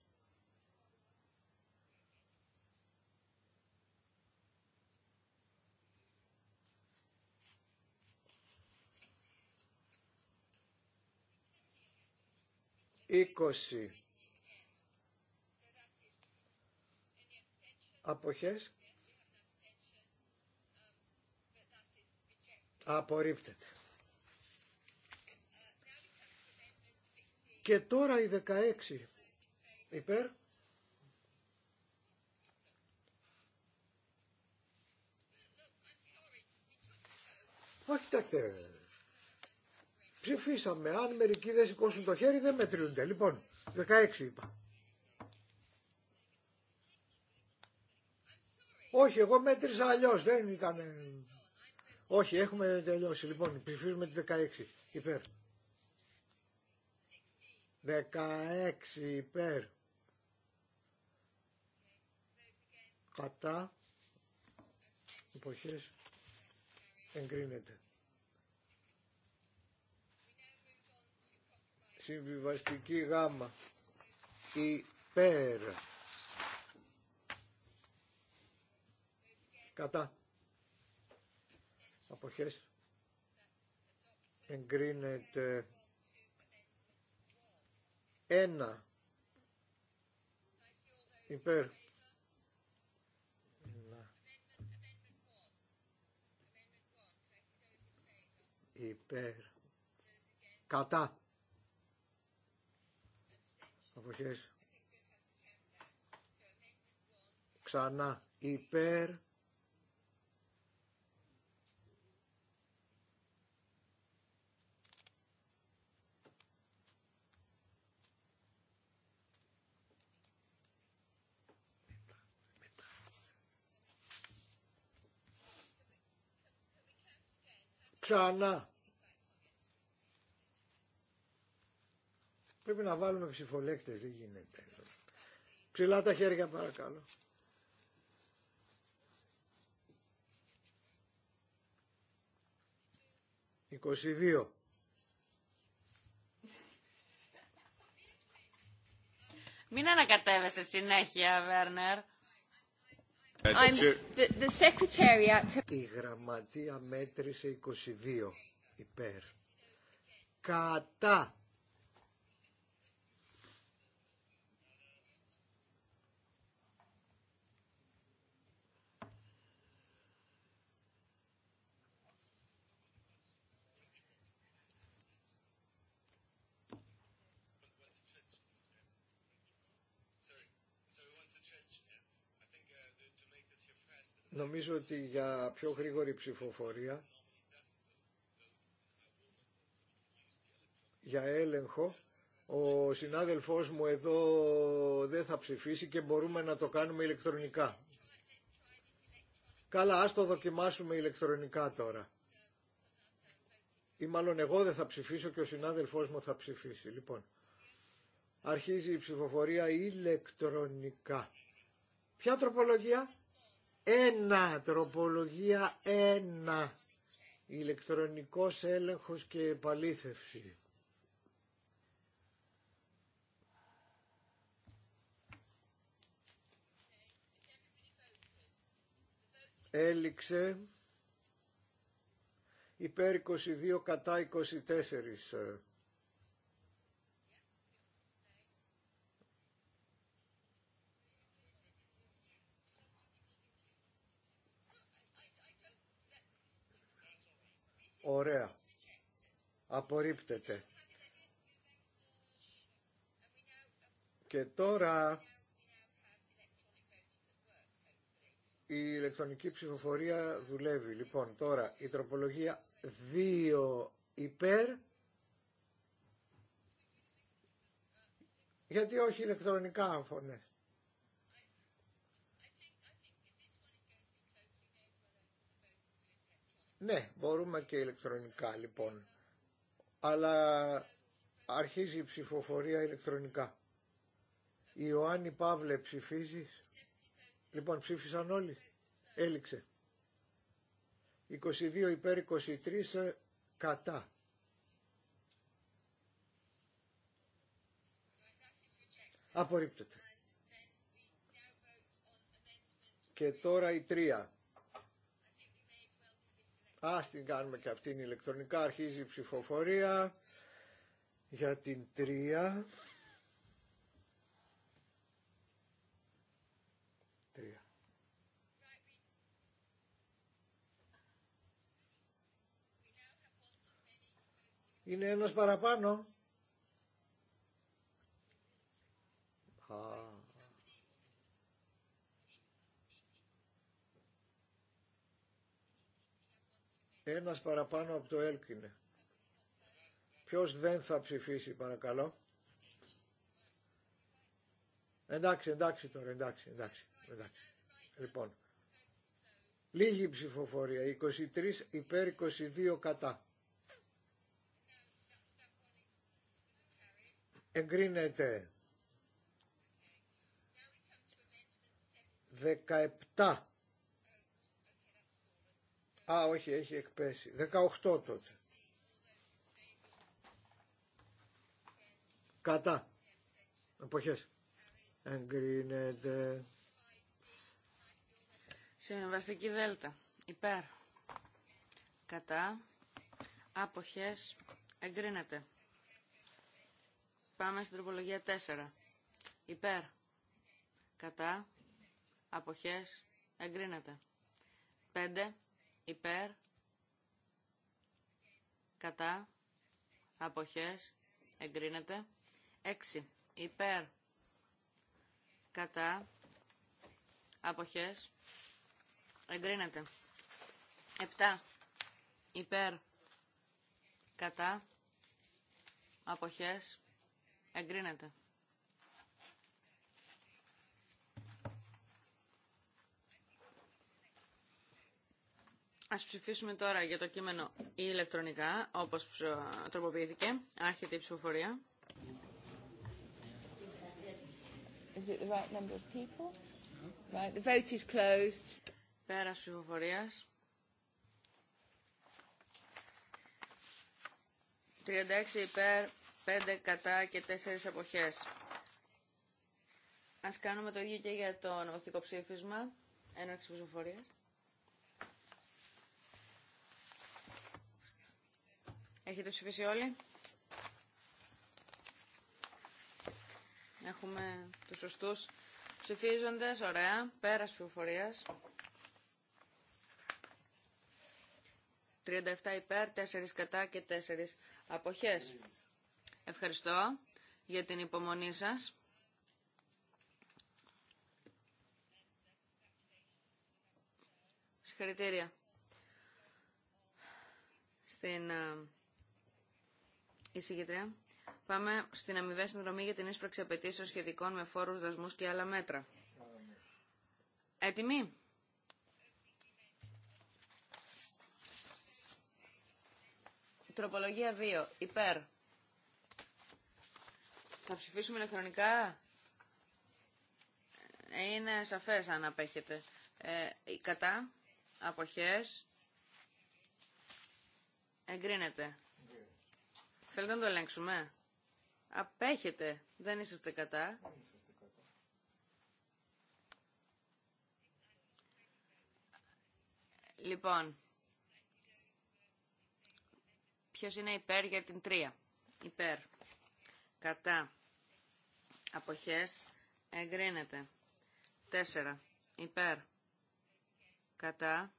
20 αποχές απορρίπτεται. Και τώρα η 16 υπέρ Όχι, κοιτάξτε, Ψηφίσαμε. Αν μερικοί δεν σηκώσουν το χέρι δεν μετρούνται. Λοιπόν, 16 είπα. Όχι, εγώ μέτρησα αλλιώ. Δεν ήταν. Όχι, έχουμε τελειώσει. Λοιπόν, ψηφίζουμε τη 16 υπέρ. 16 υπέρ. Κατά. Εποχές. Εγκρίνεται. Συμβιβαστική γάμα. Υπέρ. Κατά. Αποχές. Εγκρίνεται. Ένα. Υπέρ. Υπέρ. Κατά αποχές ξανά υπέρ Ξανά Πρέπει να βάλουμε ψηφολέκτες, δεν γίνεται. Ψηλά τα χέρια παρακαλώ. 22. Μην ανακατεύεσαι συνέχεια, Βέρνερ. Η γραμματεία μέτρησε 22 υπέρ. Κατά Νομίζω ότι για πιο γρήγορη ψηφοφορία, για έλεγχο, ο συνάδελφός μου εδώ δεν θα ψηφίσει και μπορούμε να το κάνουμε ηλεκτρονικά. Καλά, ας το δοκιμάσουμε ηλεκτρονικά τώρα. Ή μάλλον εγώ δεν θα ψηφίσω και ο συνάδελφός μου θα ψηφίσει. Λοιπόν, αρχίζει η ψηφοφορία ηλεκτρονικά. Ποια τροπολογία? Ένα, τροπολογία ένα, ηλεκτρονικός έλεγχος και επαλήθευση. Έληξε υπέρ 22 κατά 24. Ωραία. Απορρίπτεται. Και τώρα η ηλεκτρονική ψηφοφορία δουλεύει. Λοιπόν, τώρα η τροπολογία 2 υπέρ. Γιατί όχι ηλεκτρονικά, αν Ναι, μπορούμε και ηλεκτρονικά λοιπόν. Αλλά αρχίζει η ψηφοφορία ηλεκτρονικά. Η Ιωάννη Παύλε ψηφίζει. Λοιπόν, ψήφισαν όλοι. Έληξε. 22 υπέρ 23 ε, κατά. Απορρίπτεται. Και τώρα η τρία. Ας την κάνουμε και αυτήν ηλεκτρονικά. Αρχίζει η ψηφοφορία για την τρία. Είναι ένας παραπάνω. Α, Ένας παραπάνω από το έλκυνε. Ποιος δεν θα ψηφίσει παρακαλώ. Εντάξει, εντάξει τώρα, εντάξει, εντάξει, εντάξει. Λοιπόν, λίγη ψηφοφορία, 23 υπέρ 22 κατά. Εγκρίνεται 17 Α, όχι, έχει εκπέσει. 18 τότε. Κατά. Εποχές. Εγκρίνεται. Συμβαστική δέλτα. Υπέρ. Κατά. Αποχές. Εγκρίνεται. Πάμε στην τροπολογία 4. Υπέρ. Κατά. Αποχές. Εγκρίνεται. 5 υπέρ, κατά, αποχές, εγκρίνεται. 6. Υπέρ, κατά, αποχές, εγκρίνεται. 7. Υπέρ, κατά, αποχές, εγκρίνεται. Ας ψηφίσουμε τώρα για το κείμενο ή ηλεκτρονικά, όπως ε, τροποποιήθηκε. Άρχεται η ψηφοφορία. Πέρας ψηφοφορίας. 36 υπέρ, 5 κατά και 4 αποχές. Ας κάνουμε το ίδιο και για το νομοθετικό ψήφισμα. Έναρξη ψηφοφορίας. Έχετε ψηφίσει όλοι. Έχουμε τους σωστούς ψηφίζοντες. Ωραία. Πέρας ψηφοφορίας. 37 υπέρ, 4 κατά και 4 αποχές. Ευχαριστώ για την υπομονή σας. Συγχαρητήρια στην ε, Εισηγητρία. Πάμε στην αμοιβαία συνδρομή για την ίσπραξη απαιτήσεων σχετικών με φόρους, δασμούς και άλλα μέτρα. Έτοιμοι. Τροπολογία 2. Υπέρ. Θα ψηφίσουμε ηλεκτρονικά. Είναι σαφές αν απέχετε. κατά. Αποχές. Εγκρίνεται. Θέλετε να το ελέγξουμε. Απέχετε. Δεν είσαστε κατά. Λοιπόν, ποιος είναι υπέρ για την τρία. Υπέρ. Κατά. Αποχές. Εγκρίνεται. Τέσσερα. Υπέρ. Κατά.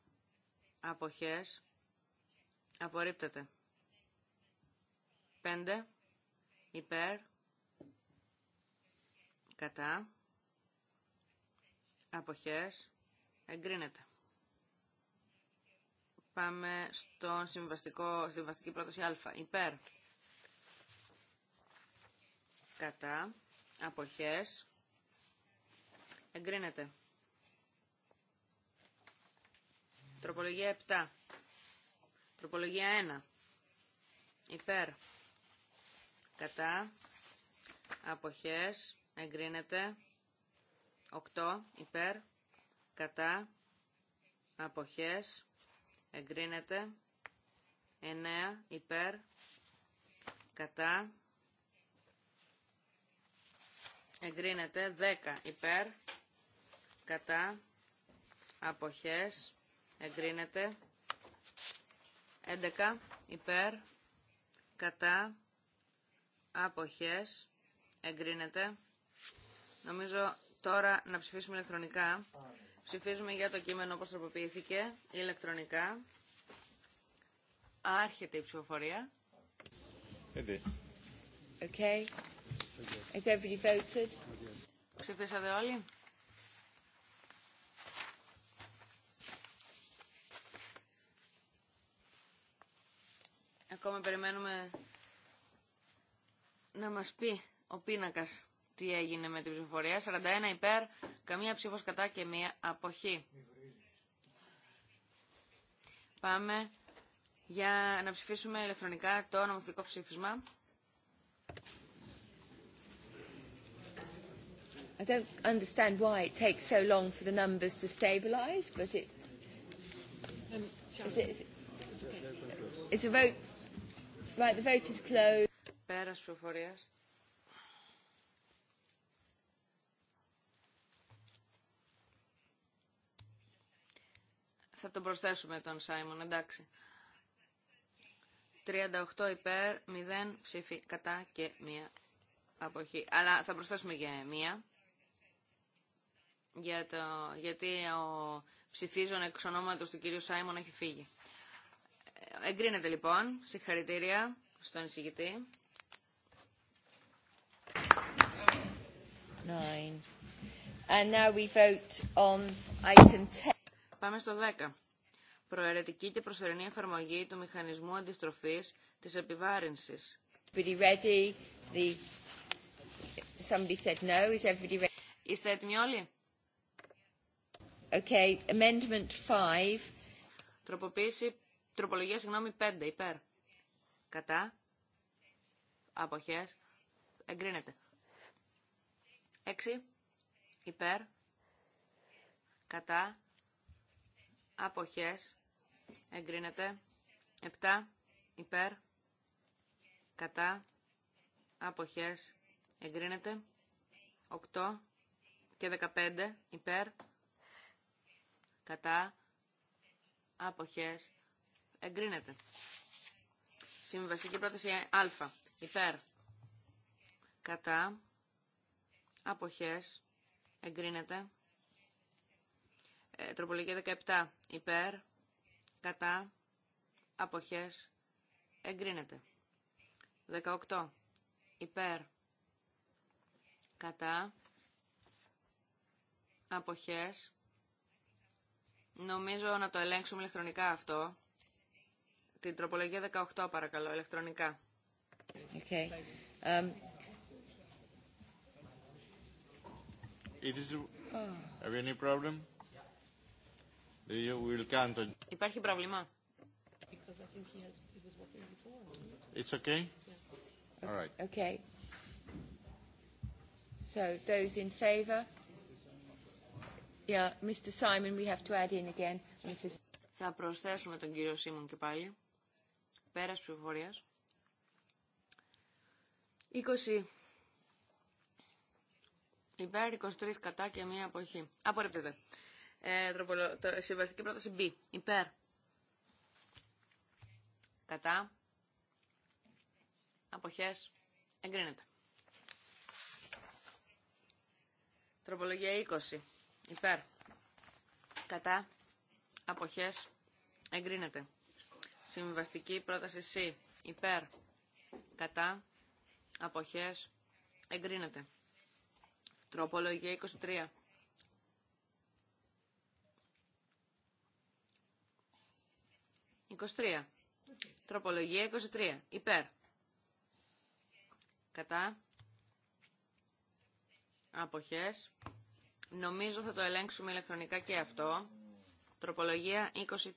Αποχές. Απορρίπτεται. 5 υπέρ κατά αποχές εγκρίνεται. Πάμε στον συμβαστικό, συμβαστική πρόταση α. Υπέρ. Κατά. Αποχές. Εγκρίνεται. Τροπολογία 7. Τροπολογία 1. Υπέρ κατά, αποχές, εγκρίνεται. 8 υπέρ, κατά, αποχές, εγκρίνεται. 9 υπέρ, κατά, εγκρίνεται. 10 υπέρ, κατά, αποχές, εγκρίνεται. 11 υπέρ, κατά, αποχές εγκρίνεται. Νομίζω τώρα να ψηφίσουμε ηλεκτρονικά. Ψηφίζουμε για το κείμενο όπως τροποποιήθηκε ηλεκτρονικά. Άρχεται η ψηφοφορία. It Okay. everybody voted? Ψηφίσατε όλοι. Ακόμα περιμένουμε να μας πει ο πίνακας τι έγινε με την ψηφοφορία. 41 υπέρ, καμία ψήφος κατά και μία αποχή. Πάμε για να ψηφίσουμε ηλεκτρονικά το νομοθετικό ψήφισμα. I don't understand why it takes so long for the numbers to stabilise, but it... Um, is it, is it, it's a vote... Right, the vote is closed. Πέρας Θα τον προσθέσουμε τον Σάιμον, εντάξει. 38 υπέρ, 0 ψήφι κατά και μία αποχή. Αλλά θα προσθέσουμε και μία. Για το, γιατί ο ψηφίζων εξ ονόματος του κυρίου Σάιμον έχει φύγει. Ε, εγκρίνεται λοιπόν. Συγχαρητήρια στον εισηγητή. Nine. And now we vote on item 10. Πάμε στο 10. Προαιρετική και προσωρινή εφαρμογή του μηχανισμού αντιστροφής της επιβάρυνσης. Ready? The... Somebody said no. Is everybody ready? Είστε έτοιμοι όλοι? Okay. Amendment 5. Τροποποίηση, τροπολογία, συγγνώμη, 5. Υπέρ. Κατά. Αποχές. Εγκρίνεται. 6 υπέρ κατά αποχές εγκρίνεται 7 υπέρ κατά αποχές εγκρίνεται 8 και 15 υπέρ κατά αποχές εγκρίνεται συμβαστική πρόταση α υπέρ κατά, αποχές, εγκρίνεται. Ε, τροπολογία 17, υπέρ, κατά, αποχές, εγκρίνεται. 18, υπέρ, κατά, αποχές, νομίζω να το ελέγξουμε ηλεκτρονικά αυτό. Την τροπολογία 18 παρακαλώ, ηλεκτρονικά. Um, is... Have any problem? You will count Υπάρχει πρόβλημα. It's okay? Yeah. All right. Okay. So those in favor? Yeah, Mr. Simon, we have to add in again. Mrs. Θα προσθέσουμε τον κύριο Σίμων και πάλι. Πέρας ψηφοφορίας. 20 Υπέρ 23 κατά και μία αποχή. Απορρίπτεται. Ε, το... Ε, συμβαστική πρόταση B. Υπέρ. Κατά. Αποχές. Εγκρίνεται. Τροπολογία 20. Υπέρ. Κατά. Αποχές. Εγκρίνεται. Συμβαστική πρόταση C. Υπέρ. Κατά. Αποχές. Εγκρίνεται. Τροπολογία 23. 23. Τροπολογία 23. Υπέρ. Κατά. Αποχές. Νομίζω θα το ελέγξουμε ηλεκτρονικά και αυτό. Τροπολογία 23. Okay, yeah.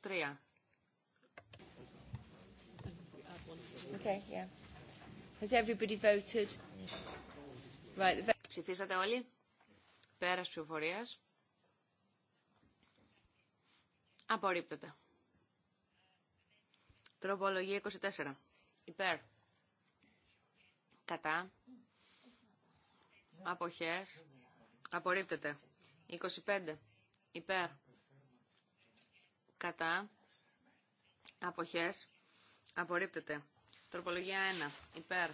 Has everybody voted? Right, Ψηφίσατε όλοι. Πέρας ψηφοφορίας. Απορρίπτεται. Τροπολογία 24. Υπέρ. Κατά. Αποχές. Απορρίπτεται. 25. Υπέρ. Κατά. Αποχές. Απορρίπτεται. Τροπολογία 1. Υπέρ.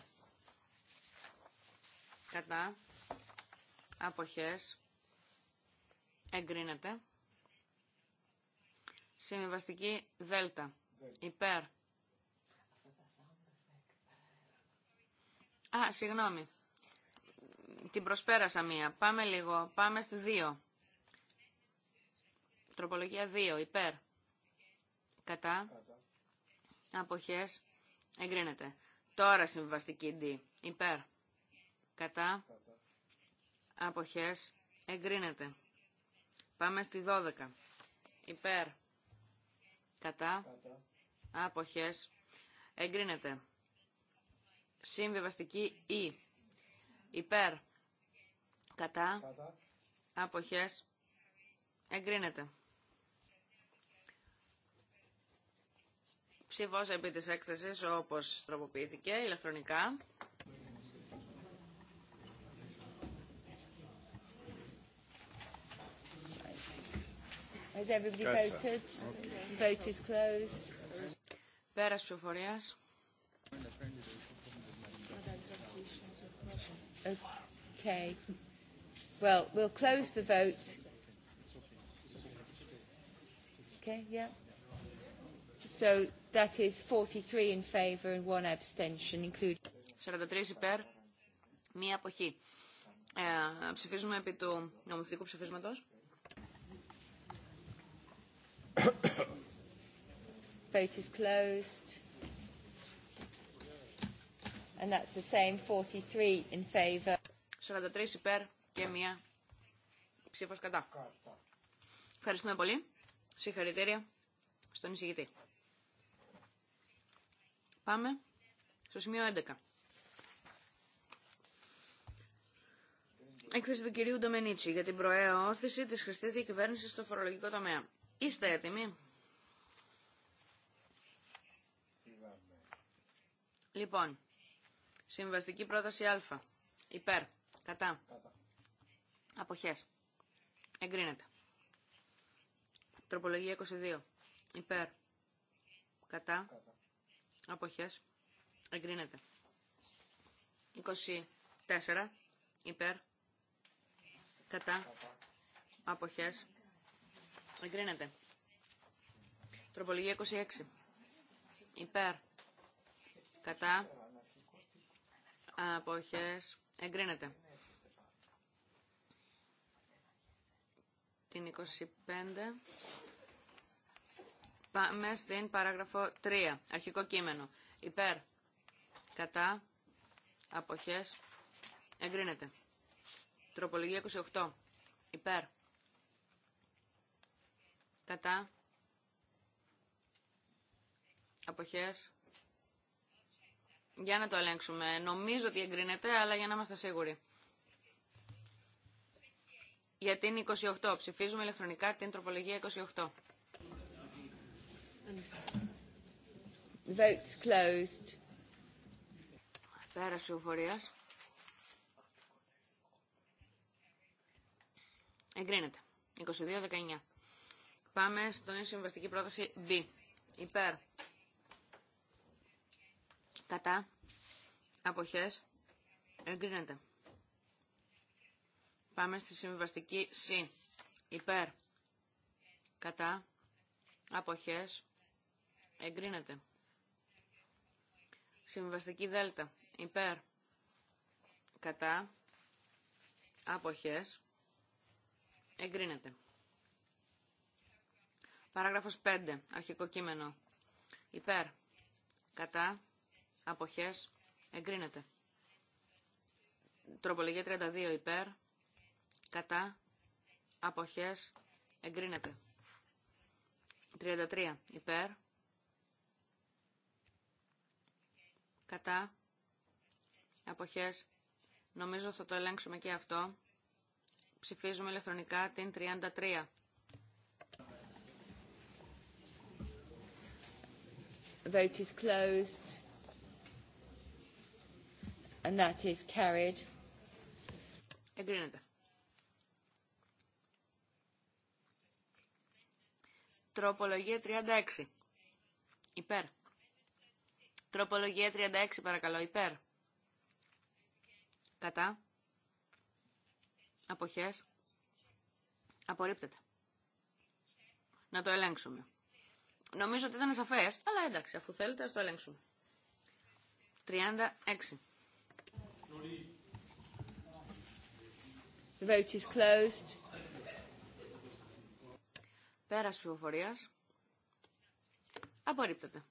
Κατά αποχές εγκρίνεται. Συμβιβαστική δέλτα. Υπέρ. Α, συγγνώμη. Την προσπέρασα μία. Πάμε λίγο. Πάμε στη 2. Τροπολογία δύο. Υπέρ. Κατά. Αποχές. Εγκρίνεται. Τώρα συμβιβαστική D. Υπέρ. Κατά αποχές εγκρίνεται. Πάμε στη 12. Υπέρ, κατά, αποχές εγκρίνεται. Συμβιβαστική Ή. E. Υπέρ, κατά, αποχές εγκρίνεται. Ψηφός επί της έκθεσης όπως τροποποιήθηκε ηλεκτρονικά. Has everybody voted? Vote is closed. Πέρας ψηφοφορίας. Okay. Well, we'll close the vote. Okay, yeah. So that is 43 in favor and one abstention, including... 43 υπέρ, μία αποχή. Ε, ψηφίζουμε επί του νομοθετικού ψηφίσματος. Vote is closed. And that's the same, 43 υπέρ και μία ψήφος κατά. Ευχαριστούμε πολύ. Συγχαρητήρια στον εισηγητή. Πάμε στο σημείο 11. Έκθεση του κυρίου Ντομενίτσι για την προαιώθηση της χρηστής διακυβέρνησης στο φορολογικό τομέα. Είστε έτοιμοι. Λοιπόν, συμβαστική πρόταση α. Υπέρ. Κατά. Κατά. Αποχές. Εγκρίνεται. Τροπολογία 22. Υπέρ. Κατά. Κατά. Αποχές. Εγκρίνεται. 24. Υπέρ. Κατά. Κατά. Εγκρίνεται. Τροπολογία 26. Υπέρ. Κατά. Αποχές. Εγκρίνεται. Την 25. Πάμε στην παράγραφο 3. Αρχικό κείμενο. Υπέρ. Κατά. Αποχές. Εγκρίνεται. Τροπολογία 28. Υπέρ κατά αποχές για να το ελέγξουμε. Νομίζω ότι εγκρίνεται, αλλά για να είμαστε σίγουροι. Για την 28. Ψηφίζουμε ηλεκτρονικά την τροπολογία 28. Votes closed. περασε ψηφοφορίας. Εγκρίνεται. 22-19. Πάμε στον συμβαστική πρόταση B. Υπέρ. Κατά. Αποχές. Εγκρίνεται. Πάμε στη συμβαστική C. Υπέρ. Κατά. Αποχές. Εγκρίνεται. Συμβαστική δ. Υπέρ. Κατά. Αποχές. Εγκρίνεται. Παράγραφος 5. Αρχικό κείμενο. Υπέρ. Κατά. Αποχές. Εγκρίνεται. Τροπολογία 32. Υπέρ. Κατά. Αποχές. Εγκρίνεται. 33. Υπέρ. Κατά. Αποχές. Νομίζω θα το ελέγξουμε και αυτό. Ψηφίζουμε ηλεκτρονικά την 33. Vote is closed. And that is carried. Εγκρίνεται. Τροπολογία 36. Υπέρ. Τροπολογία 36 παρακαλώ. Υπέρ. Κατά. Αποχές. Απορρίπτεται. Να το ελέγξουμε. Νομίζω ότι ήταν σαφές, αλλά εντάξει, αφού θέλετε ας το ελέγξουμε. 36. The vote is closed. Πέρας ψηφοφορίας. Απορρίπτεται.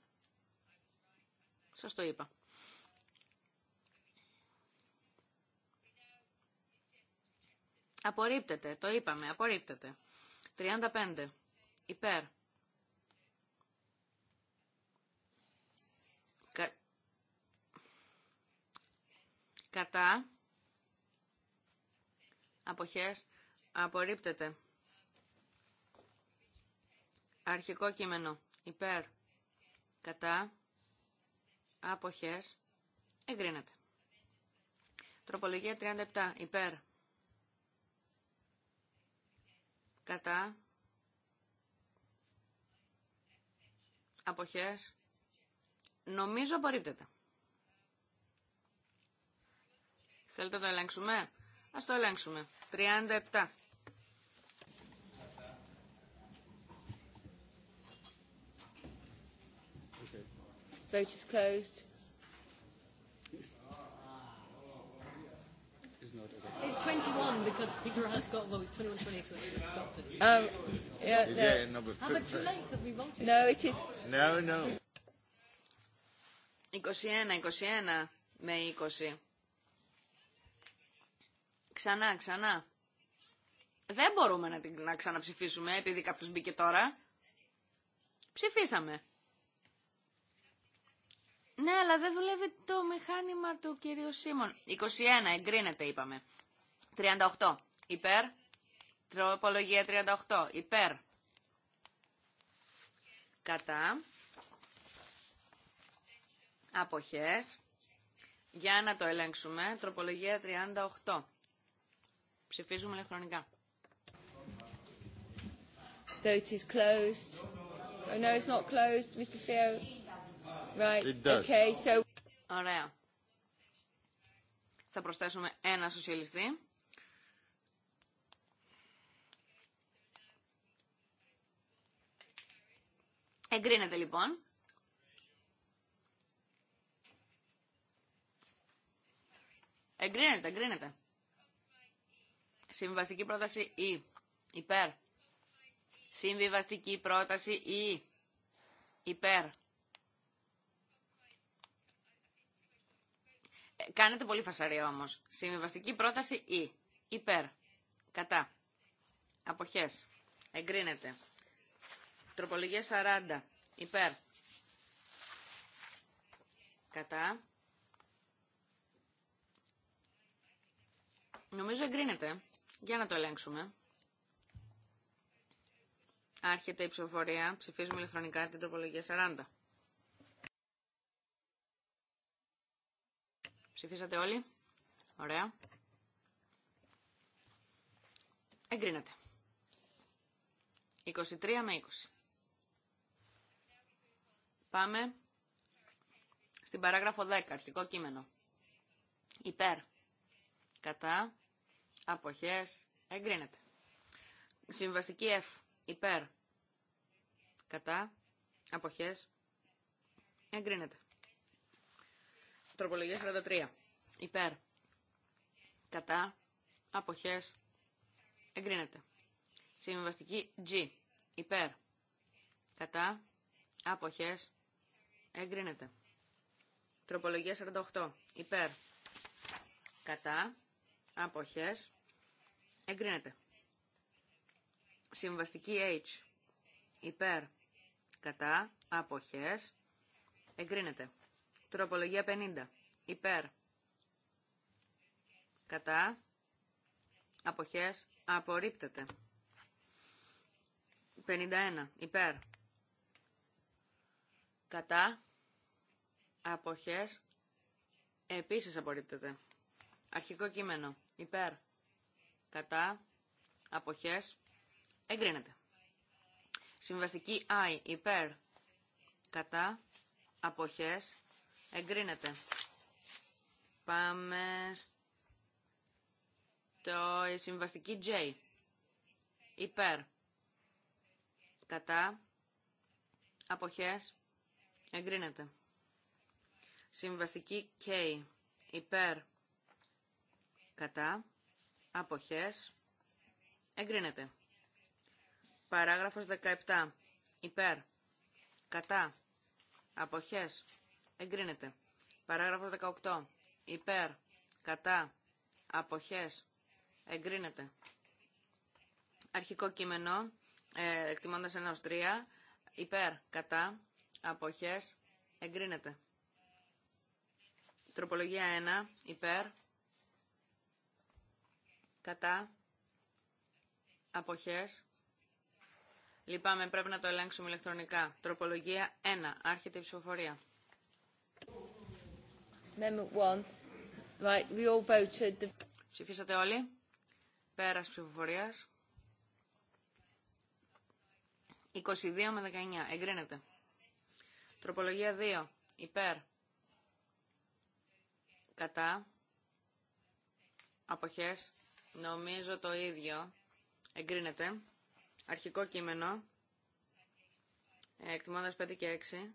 Σας το είπα. Απορρίπτεται, το είπαμε, απορρίπτεται. 35. Υπέρ. κατά, αποχές, απορρίπτεται. Αρχικό κείμενο, υπέρ, κατά, αποχές, εγκρίνεται. Τροπολογία 37, υπέρ, κατά, αποχές, νομίζω απορρίπτεται. Θέλετε να το ελέγξουμε. Ας το ελέγξουμε. 37. Vote is closed. It's 21 because Peter has got well, it's 21, 20, so it's adopted. Um, yeah, yeah, no. How too late because we voted? No, it is. No, no. 21, 21 May 20. Ξανά, ξανά. Δεν μπορούμε να, την, ξαναψηφίσουμε επειδή κάποιο μπήκε τώρα. Ψηφίσαμε. Ναι, αλλά δεν δουλεύει το μηχάνημα του κυρίου Σίμων. 21, εγκρίνεται είπαμε. 38, υπέρ. Τροπολογία 38, υπέρ. Κατά. Αποχές. Για να το ελέγξουμε. Τροπολογία 38. Ψηφίζουμε ηλεκτρονικά. is closed. Oh, no, it's not closed, Mr. Right. It does. Okay, so... Ωραία. Θα προσθέσουμε ένα σοσιαλιστή. Εγκρίνεται λοιπόν. Εγκρίνεται, εγκρίνεται. Συμβιβαστική πρόταση Ή. Υπέρ. Συμβιβαστική πρόταση Ή. Υπέρ. Ε, κάνετε πολύ φασαρία όμως. Συμβιβαστική πρόταση Ή. Υπέρ. Κατά. Αποχές. Εγκρίνεται. Τροπολογία 40. Υπέρ. Κατά. Νομίζω εγκρίνεται. Για να το ελέγξουμε. Άρχεται η ψηφοφορία. Ψηφίζουμε ηλεκτρονικά την τροπολογία 40. Ψηφίσατε όλοι. Ωραία. Εγκρίνεται. 23 με 20. Πάμε στην παράγραφο 10, αρχικό κείμενο. Υπέρ. Κατά αποχές, εγκρίνεται. Συμβαστική F, υπέρ, κατά, αποχές, εγκρίνεται. Τροπολογία 43, υπέρ, κατά, αποχές, εγκρίνεται. Συμβαστική G, υπέρ, κατά, αποχές, εγκρίνεται. Τροπολογία 48, υπέρ, κατά, αποχές, Εγκρίνεται. Συμβαστική H. Υπέρ. Κατά. Αποχές. Εγκρίνεται. Τροπολογία 50. Υπέρ. Κατά. Αποχές. Απορρίπτεται. 51. Υπέρ. Κατά. Αποχές. Επίσης απορρίπτεται. Αρχικό κείμενο. Υπέρ κατά, αποχές, εγκρίνεται. Συμβαστική I, υπέρ, κατά, αποχές, εγκρίνεται. Πάμε στο συμβαστική J, υπέρ, κατά, αποχές, εγκρίνεται. Συμβαστική K, υπέρ, κατά, αποχές, εγκρίνεται. Παράγραφος 17. Υπέρ, κατά, αποχές, εγκρίνεται. Παράγραφος 18. Υπέρ, κατά, αποχές, εγκρίνεται. Αρχικό κείμενο, ε, εκτιμώντας 1 ως 3, υπέρ, κατά, αποχές, εγκρίνεται. Τροπολογία 1, υπέρ, Κατά. Αποχές. Λυπάμαι, πρέπει να το ελέγξουμε ηλεκτρονικά. Τροπολογία 1. Άρχεται η ψηφοφορία. Right, we all voted. Ψηφίσατε όλοι. Πέρας ψηφοφορίας. 22 με 19. Εγκρίνεται. Τροπολογία 2. Υπέρ. Κατά. Αποχές. Νομίζω το ίδιο. Εγκρίνεται. Αρχικό κείμενο. Εκτιμώντας 5 και 6.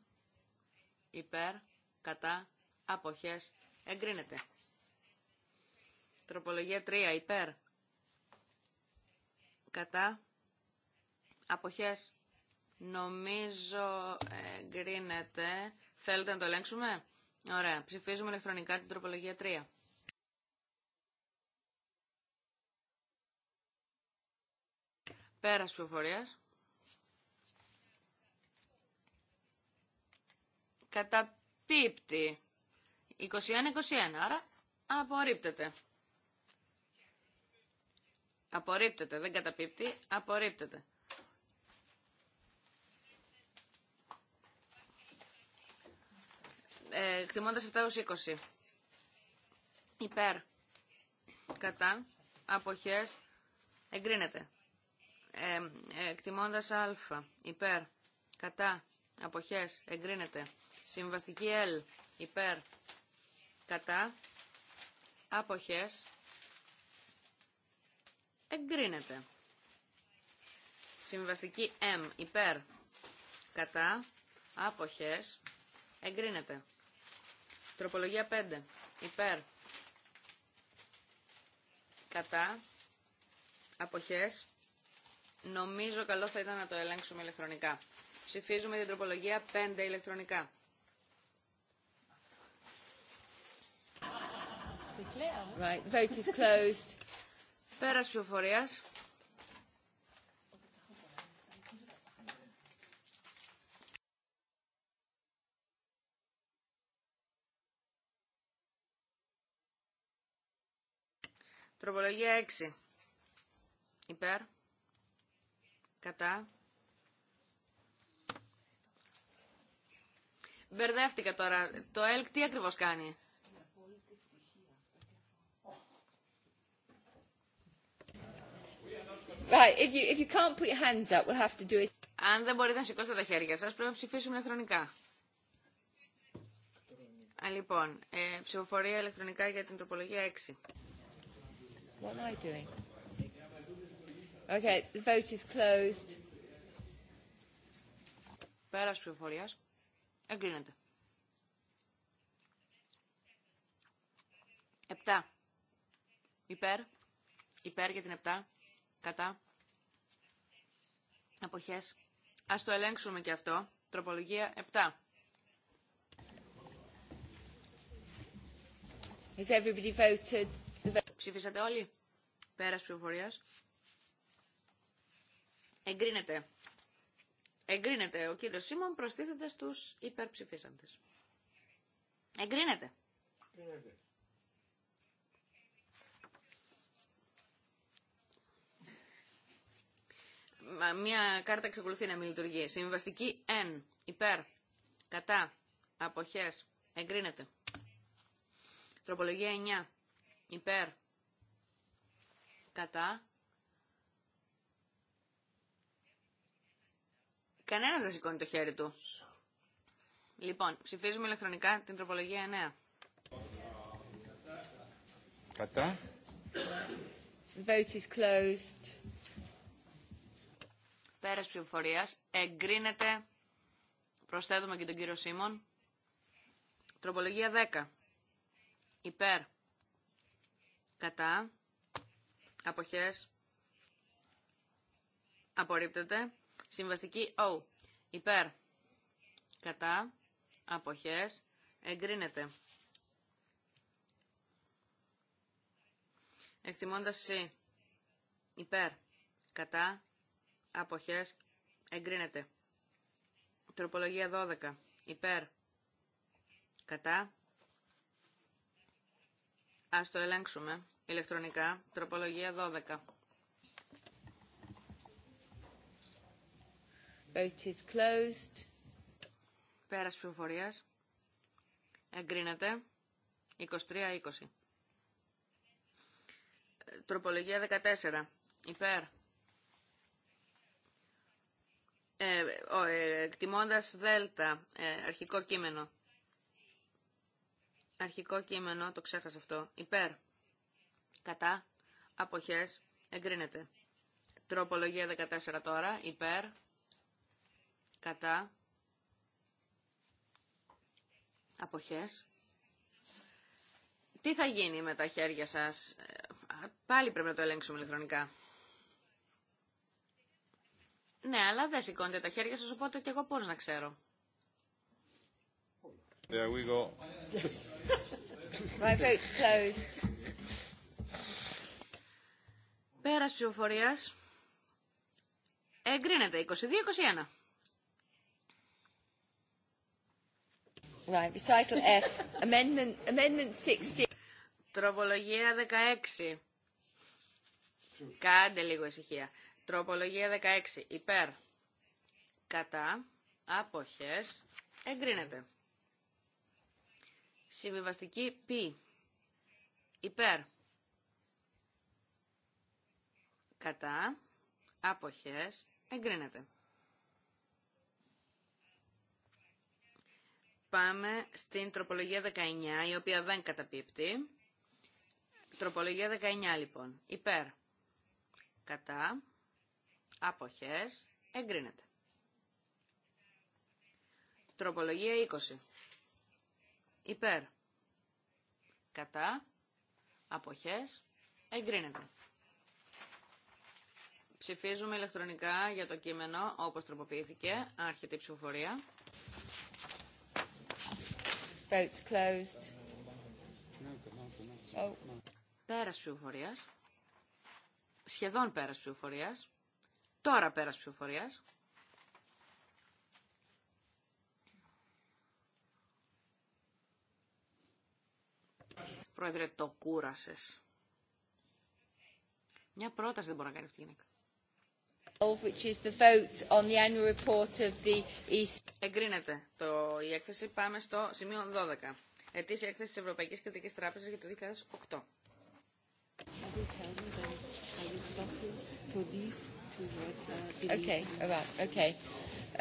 Υπέρ, κατά, αποχές. Εγκρίνεται. Τροπολογία 3. Υπέρ. Κατά. Αποχές. Νομίζω εγκρίνεται. Θέλετε να το ελέγξουμε. Ωραία. Ψηφίζουμε ηλεκτρονικά την τροπολογία 3. περας πληροφορια ψηφοφορίας. Καταπίπτει. 21-21, άρα απορρίπτεται. Απορρίπτεται, δεν καταπίπτει, απορρίπτεται. ε, 7 7-20. Υπέρ. Κατά. Αποχές. Εγκρίνεται. Ε, εκτιμώντας α, υπέρ, κατά, αποχές, εγκρίνεται. Συμβαστική L, υπέρ, κατά, αποχές, εγκρίνεται. Συμβαστική M, υπέρ, κατά, άποχες, εγκρίνεται. Τροπολογία 5, υπέρ, κατά, αποχές, Νομίζω καλό θα ήταν να το ελέγξουμε ηλεκτρονικά. Ψηφίζουμε την τροπολογία 5 ηλεκτρονικά. Right, vote is closed. Πέρας ψηφοφορίας. Τροπολογία 6. Υπέρ. Κατά. Μπερδεύτηκα τώρα. Το ΕΛΚ τι ακριβώς κάνει. Right, if you, if you can't put your hands up, we'll have to do it. Αν δεν μπορείτε να σηκώσετε τα χέρια σας, πρέπει να ψηφίσουμε ηλεκτρονικά. Α, λοιπόν, ε, ψηφοφορία ηλεκτρονικά για την τροπολογία 6. What am I doing? Okay, the vote is closed. Πέρας ψηφοφορίας. Εγκρίνεται. Επτά. Υπέρ. Υπέρ για την επτά. Κατά. Αποχές. Ας το ελέγξουμε και αυτό. Τροπολογία Έπτα. Has everybody voted? Ψήφισατε όλοι. Πέρας ψηφοφορίας. Εγκρίνεται. Εγκρίνεται. Ο κύριος Σίμων προστίθεται στους υπερψηφίσαντες. Εγκρίνεται. Εγκρίνεται. Μία κάρτα εξακολουθεί να μην λειτουργεί. Συμβαστική N. Υπέρ. Κατά. Αποχές. Εγκρίνεται. Τροπολογία 9. Υπέρ. Κατά. Κανένα δεν σηκώνει το χέρι του. Λοιπόν, ψηφίζουμε ηλεκτρονικά την τροπολογία 9. Κατά. Vote is closed. Πέρας ψηφοφορίας. Εγκρίνεται. Προσθέτουμε και τον κύριο Σίμων. Τροπολογία 10. Υπέρ. Κατά. Αποχές. Απορρίπτεται. Συμβαστική O. Υπέρ. Κατά. Αποχές. Εγκρίνεται. Εκτιμώντας C. Υπέρ. Κατά. Αποχές. Εγκρίνεται. Τροπολογία 12. Υπέρ. Κατά. Ας το ελέγξουμε ηλεκτρονικά. Τροπολογία 12. Vote περας πληροφοριας ψηφοφορίας. Εγκρίνεται. 23-20. Τροπολογία 14. Υπέρ. Ε, ο, ε, εκτιμώντας δέλτα, ε, αρχικό κείμενο. Αρχικό κείμενο, το ξέχασα αυτό. Υπέρ. Κατά. Αποχές. Εγκρίνεται. Τροπολογία 14 τώρα. Υπέρ κατά αποχές. Τι θα γίνει με τα χέρια σας, πάλι πρέπει να το ελέγξουμε ηλεκτρονικά. Ναι, αλλά δεν σηκώνετε τα χέρια σας, οπότε και εγώ πώς να ξέρω. There we go. My vote's closed. Πέρας ψηφοφορίας. Εγκρίνεται 22-21. Τροπολογία 16. Κάντε λίγο ησυχία. Τροπολογία 16. Υπέρ. Κατά. Αποχές. Εγκρίνεται. Συμβιβαστική π. Υπέρ. Κατά. Αποχές. Εγκρίνεται. Πάμε στην τροπολογία 19, η οποία δεν καταπίπτει. Τροπολογία 19, λοιπόν. Υπέρ. Κατά. Αποχές. Εγκρίνεται. Τροπολογία 20. Υπέρ. Κατά. Αποχές. Εγκρίνεται. Ψηφίζουμε ηλεκτρονικά για το κείμενο όπως τροποποιήθηκε. Άρχεται η ψηφοφορία. Votes closed. Oh. Πέρας ψηφοφορίας. Σχεδόν πέρας ψηφοφορίας. Τώρα πέρας ψηφοφορίας. Πρόεδρε, το κούρασες. Μια πρόταση δεν μπορεί να κάνει αυτή η γυναίκα. Εγκρίνεται το, η έκθεση. Πάμε στο σημείο 12. Ετήσια έκθεση της Ευρωπαϊκής Κεντρικής Τράπεζας για το 2008. Okay, all right, okay.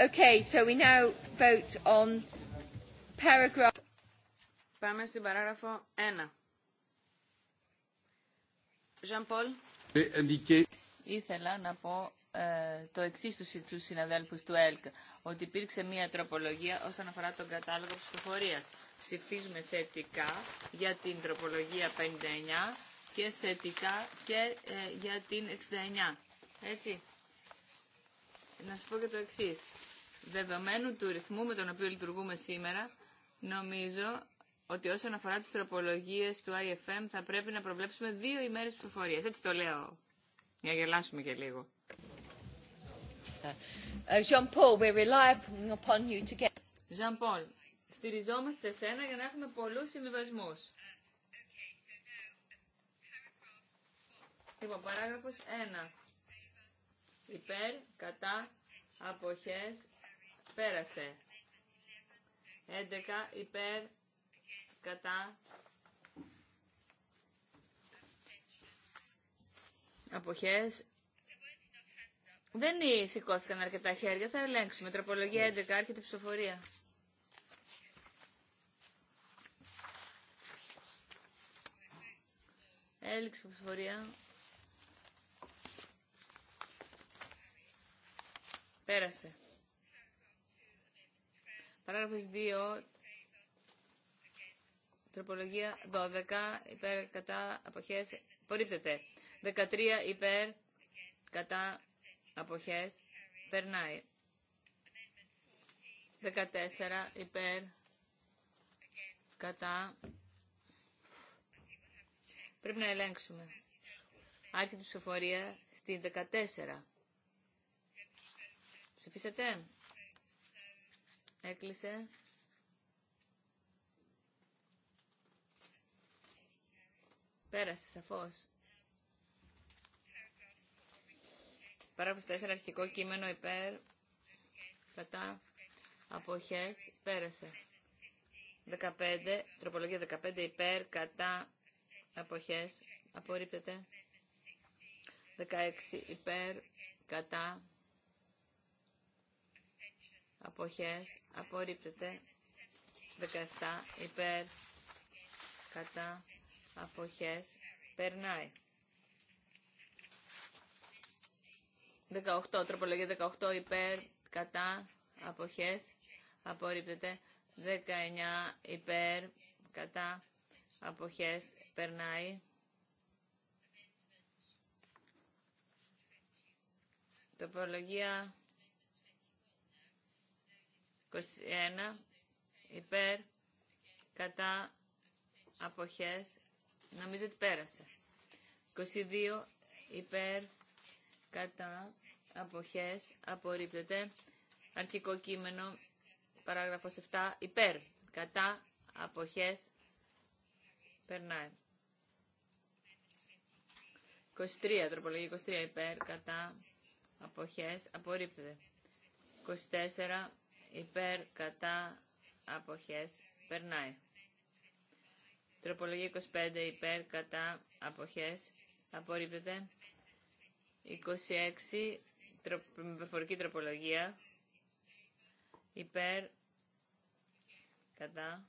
Okay, so we now vote on paragraph... Πάμε στην παράγραφο 1. Jean-Paul. Ε, Ήθελα να πω ε, το εξή του συναδέλφου του ΕΛΚ, ότι υπήρξε μία τροπολογία όσον αφορά τον κατάλογο ψηφοφορία. Ψηφίζουμε θετικά για την τροπολογία 59 και θετικά και ε, για την 69. Έτσι. Να σα πω και το εξή. Δεδομένου του ρυθμού με τον οποίο λειτουργούμε σήμερα, νομίζω ότι όσον αφορά τις τροπολογίες του IFM θα πρέπει να προβλέψουμε δύο ημέρες ψηφοφορίας. Έτσι το λέω, για γελάσουμε και λίγο. Ζαν ε, Jean Paul, upon you to get. Jean Paul, στηριζόμαστε σε σένα για να έχουμε πολλούς συμβιβασμούς. Λοιπόν, παράγραφος 1. Υπέρ, κατά, αποχές, πέρασε. 11. Υπέρ, κατά, αποχές, δεν σηκώθηκαν αρκετά χέρια. Θα ελέγξουμε. Τροπολογία 11. Άρχεται η ψηφοφορία. Έληξε η ψηφοφορία. Πέρασε. Παράγραφος 2. Τροπολογία 12. Υπέρ κατά αποχές. Απορρίπτεται. 13. Υπέρ κατά αποχές, περνάει. 14 υπέρ, κατά, πρέπει να ελέγξουμε. Άρχη του ψηφοφορία στη 14. Ψηφίσατε. Έκλεισε. Πέρασε σαφώ. Παράγραφος 4 αρχικό κείμενο υπέρ κατά αποχές πέρασε. 15, τροπολογία 15 υπέρ κατά αποχές απορρίπτεται. 16 υπέρ κατά αποχές απορρίπτεται. 17 υπέρ κατά αποχές περνάει. 18, τροπολογία 18 υπέρ, κατά, αποχές, απορρίπτεται. 19 υπέρ, κατά, αποχές, περνάει. Τροπολογία 21 υπέρ, κατά, αποχές, νομίζω ότι πέρασε. 22 υπέρ, κατά, αποχές απορρίπτεται αρχικό κείμενο παράγραφος 7 υπέρ κατά αποχές περνάει 23 τροπολογία 23 υπέρ κατά αποχές απορρίπτεται 24 υπέρ κατά αποχές περνάει τροπολογία 25 υπέρ κατά αποχές απορρίπτεται 26 προφορική τροπολογία υπέρ κατά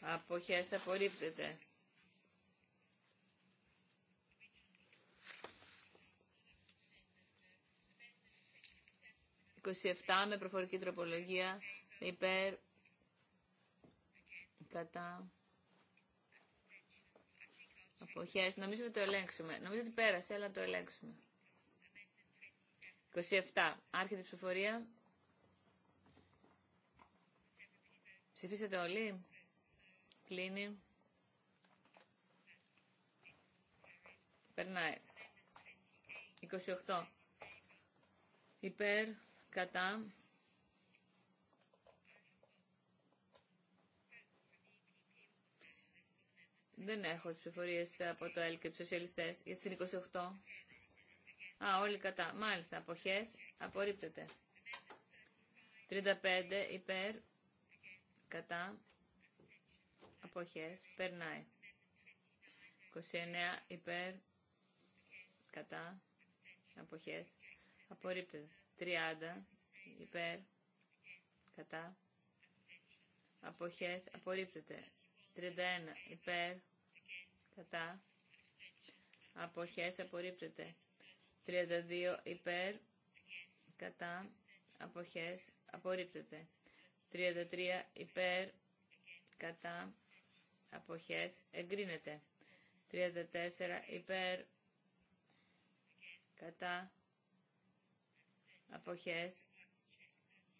αποχές απορρίπτεται. με προφορική τροπολογία υπέρ κατά αποχές. Νομίζω ότι το ελέγξουμε. Νομίζω ότι πέρασε, αλλά το ελέγξουμε. 27. Άρχεται η ψηφοφορία. Ψηφίσατε όλοι. Κλείνει. Περνάει. 28. Υπέρ, κατά. Δεν έχω τις ψηφορίες από το ΕΛ και τους σοσιαλιστές. Για την 28. Α, όλοι κατά. Μάλιστα, αποχές απορρίπτεται. 35 υπέρ κατά αποχές περνάει. 29 υπέρ κατά αποχές απορρίπτεται. 30 υπέρ κατά αποχές απορρίπτεται. 31 υπέρ κατά αποχές απορρίπτεται. 32 υπέρ, κατά, αποχές, απορρίπτεται. 33 υπέρ, κατά, αποχές, εγκρίνεται. 34 υπέρ, κατά, αποχές.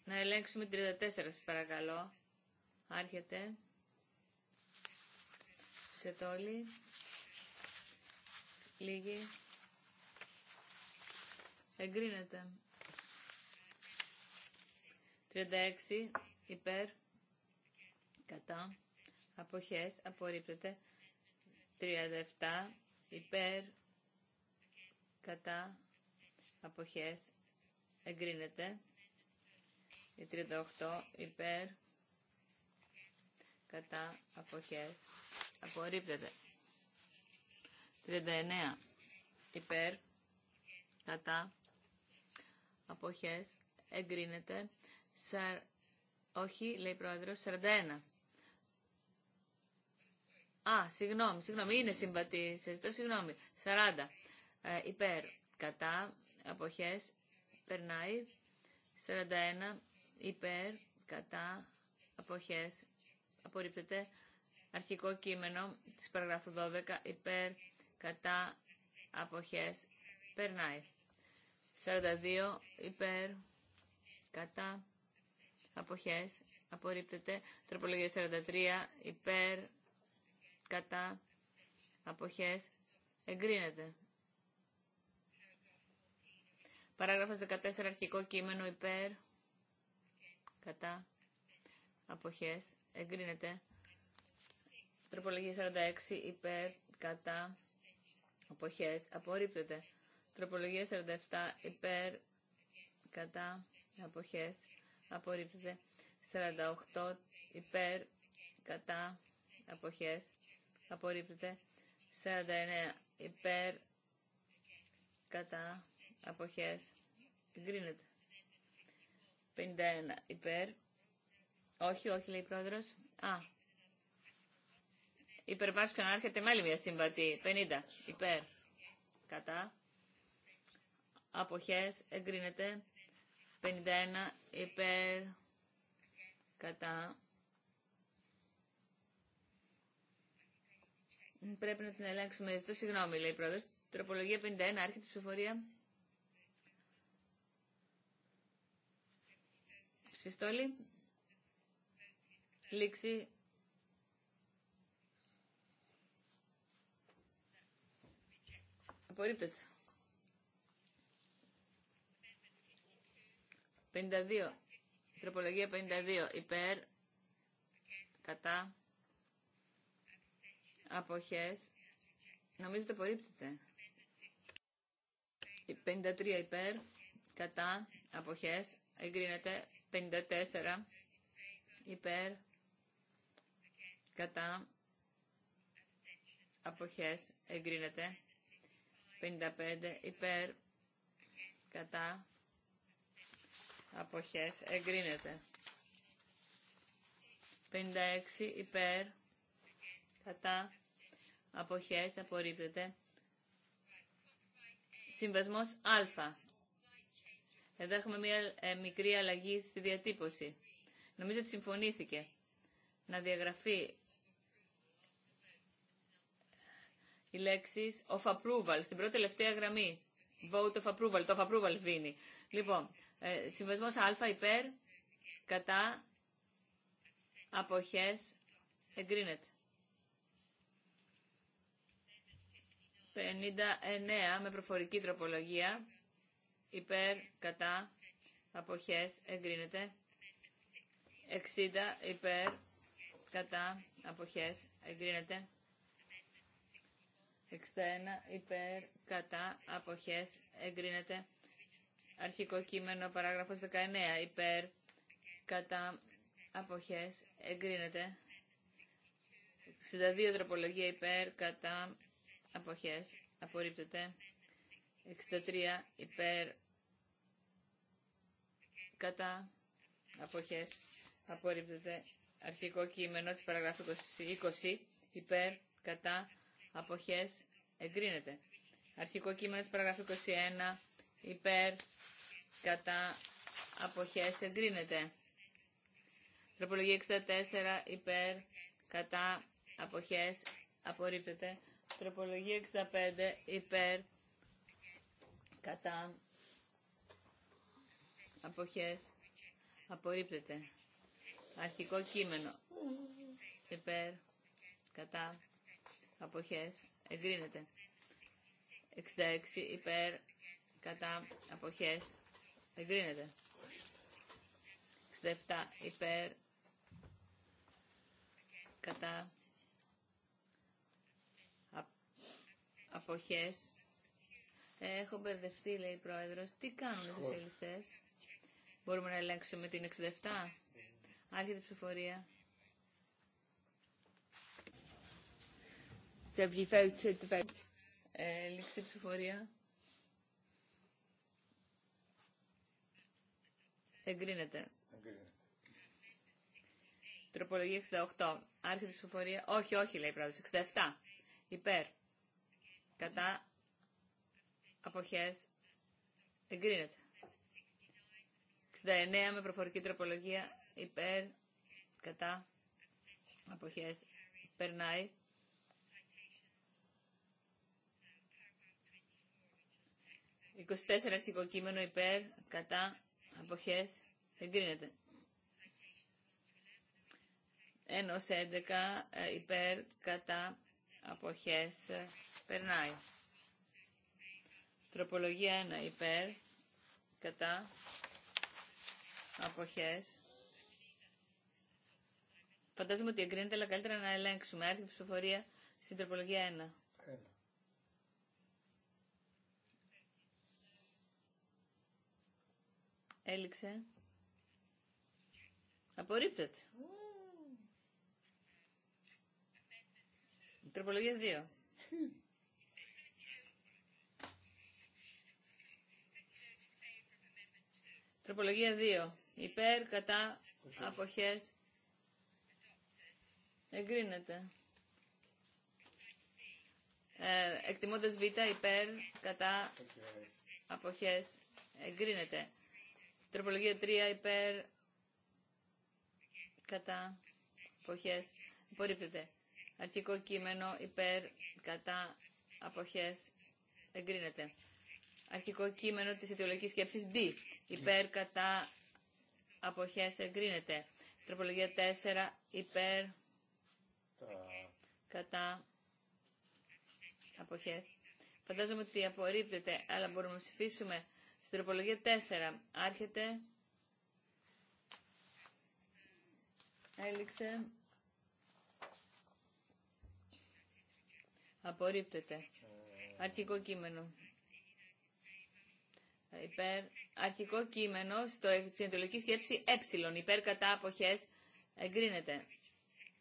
Να ελέγξουμε 34 σας παρακαλώ. Άρχεται. Ψετόλοι. Λίγη. Εγκρίνεται. 36 υπέρ. Κατά. Αποχές. Απορρίπτεται. 37 υπέρ. Κατά. Αποχές. Εγκρίνεται. 38 υπέρ. Κατά. Αποχές. Απορρίπτεται. 39 υπέρ. Κατά αποχές εγκρίνεται. Σα... Όχι, λέει πρόεδρος, 41. Α, συγγνώμη, συγγνώμη, είναι συμβατή, σε ζητώ συγγνώμη. 40. Ε, υπέρ, κατά, αποχές, περνάει. 41. Υπέρ, κατά, αποχές, απορρίπτεται. Αρχικό κείμενο της παραγράφου 12. Υπέρ, κατά, αποχές, περνάει. 42 υπέρ κατά αποχές απορρίπτεται. Τροπολογία 43 υπέρ κατά αποχές εγκρίνεται. Παράγραφος 14 αρχικό κείμενο υπέρ κατά αποχές εγκρίνεται. Τροπολογία 46 υπέρ κατά αποχές απορρίπτεται. Τροπολογία 47 υπέρ κατά αποχές απορρίπτεται. 48 υπέρ κατά αποχές απορρίπτεται. 49 υπέρ κατά αποχές εγκρίνεται. 51 υπέρ. Όχι, όχι λέει η πρόεδρος. Α, να έρχεται με άλλη μια συμβατή. 50 υπέρ. Κατά αποχές εγκρίνεται 51 υπέρ κατά πρέπει να την ελέγξουμε ζητώ συγγνώμη λέει η πρόεδρος τροπολογία 51 άρχεται ψηφοφορία ψηφιστόλη λήξη απορρίπτεται 52. Τροπολογία 52. Υπέρ. Κατά. Αποχές. Νομίζω το απορρίψετε. 53 υπέρ. Κατά. Αποχές. Εγκρίνεται. 54 υπέρ. Κατά. Αποχές. Εγκρίνεται. 55 υπέρ. Κατά αποχές εγκρίνεται. 56 υπέρ κατά αποχές απορρίπτεται. Συμβασμός α. Εδώ έχουμε μια ε, μικρή αλλαγή στη διατύπωση. Νομίζω ότι συμφωνήθηκε να διαγραφεί η λέξεις of approval στην πρώτη τελευταία γραμμή. Vote of approval. Το of approval σβήνει. Λοιπόν, ε, συμβασμός α υπέρ, κατά, αποχές, εγκρίνεται. 59 με προφορική τροπολογία, υπέρ, κατά, αποχές, εγκρίνεται. 60 υπέρ, κατά, αποχές, εγκρίνεται. 61 υπέρ, κατά, αποχές, εγκρίνεται αρχικό κείμενο παράγραφος 19 υπέρ κατά αποχές εγκρίνεται 62 τροπολογία υπέρ κατά αποχές απορρίπτεται 63 υπέρ κατά αποχές απορρίπτεται αρχικό κείμενο της παραγράφου 20 υπέρ κατά αποχές εγκρίνεται αρχικό κείμενο της παραγράφου 21 υπέρ, κατά, αποχές, εγκρίνεται. Τροπολογία 64, υπέρ, κατά, αποχές, απορρίπτεται. Τροπολογία 65, υπέρ, κατά, αποχές, απορρίπτεται. Αρχικό κείμενο, υπέρ, κατά, αποχές, εγκρίνεται. 66 υπέρ κατά αποχές εγκρίνεται. 67 υπέρ κατά αποχές. Έχω μπερδευτεί, λέει η πρόεδρος. Τι κάνουν οι σοσιαλιστές. Μπορούμε να ελέγξουμε την 67. Άρχεται η ψηφορία. Λήξη ψηφορία. Εγκρίνεται. Εγκρίνεται. Τροπολογία 68. Άρχεται η ψηφοφορία. Όχι, όχι, λέει η 67. Υπέρ. Κατά. αποχέ. Εγκρίνεται. 69 με προφορική τροπολογία. Υπέρ. Κατά. Αποχέ. Περνάει. «24 αρχικό κείμενο υπέρ, κατά, αποχές εγκρίνεται. Ένος 11 ε, υπέρ κατά αποχές ε, περνάει. Τροπολογία 1 υπέρ κατά αποχές. Φαντάζομαι ότι εγκρίνεται, αλλά καλύτερα να ελέγξουμε. η ψηφοφορία στην τροπολογία 1. Έληξε. Απορρίπτεται. Τροπολογία 2. Τροπολογία 2. Υπέρ, κατά, αποχές. Εγκρίνεται. Ε, εκτιμώντας β, υπέρ, κατά, αποχές. Εγκρίνεται. Τροπολογία 3 υπέρ κατά αποχές απορρίπτεται. Αρχικό κείμενο υπέρ κατά αποχές εγκρίνεται. Αρχικό κείμενο της αιτιολογικής σκέψης D. Υπέρ κατά αποχές εγκρίνεται. Τροπολογία 4 υπέρ κατά αποχές. Φαντάζομαι ότι απορρίπτεται, αλλά μπορούμε να ψηφίσουμε στην τροπολογία 4 άρχεται. Έληξε. Απορρίπτεται. Αρχικό κείμενο. Υπέρ. Αρχικό κείμενο στο, στην αιτιολογική σκέψη ε. Υπέρ κατά αποχές εγκρίνεται.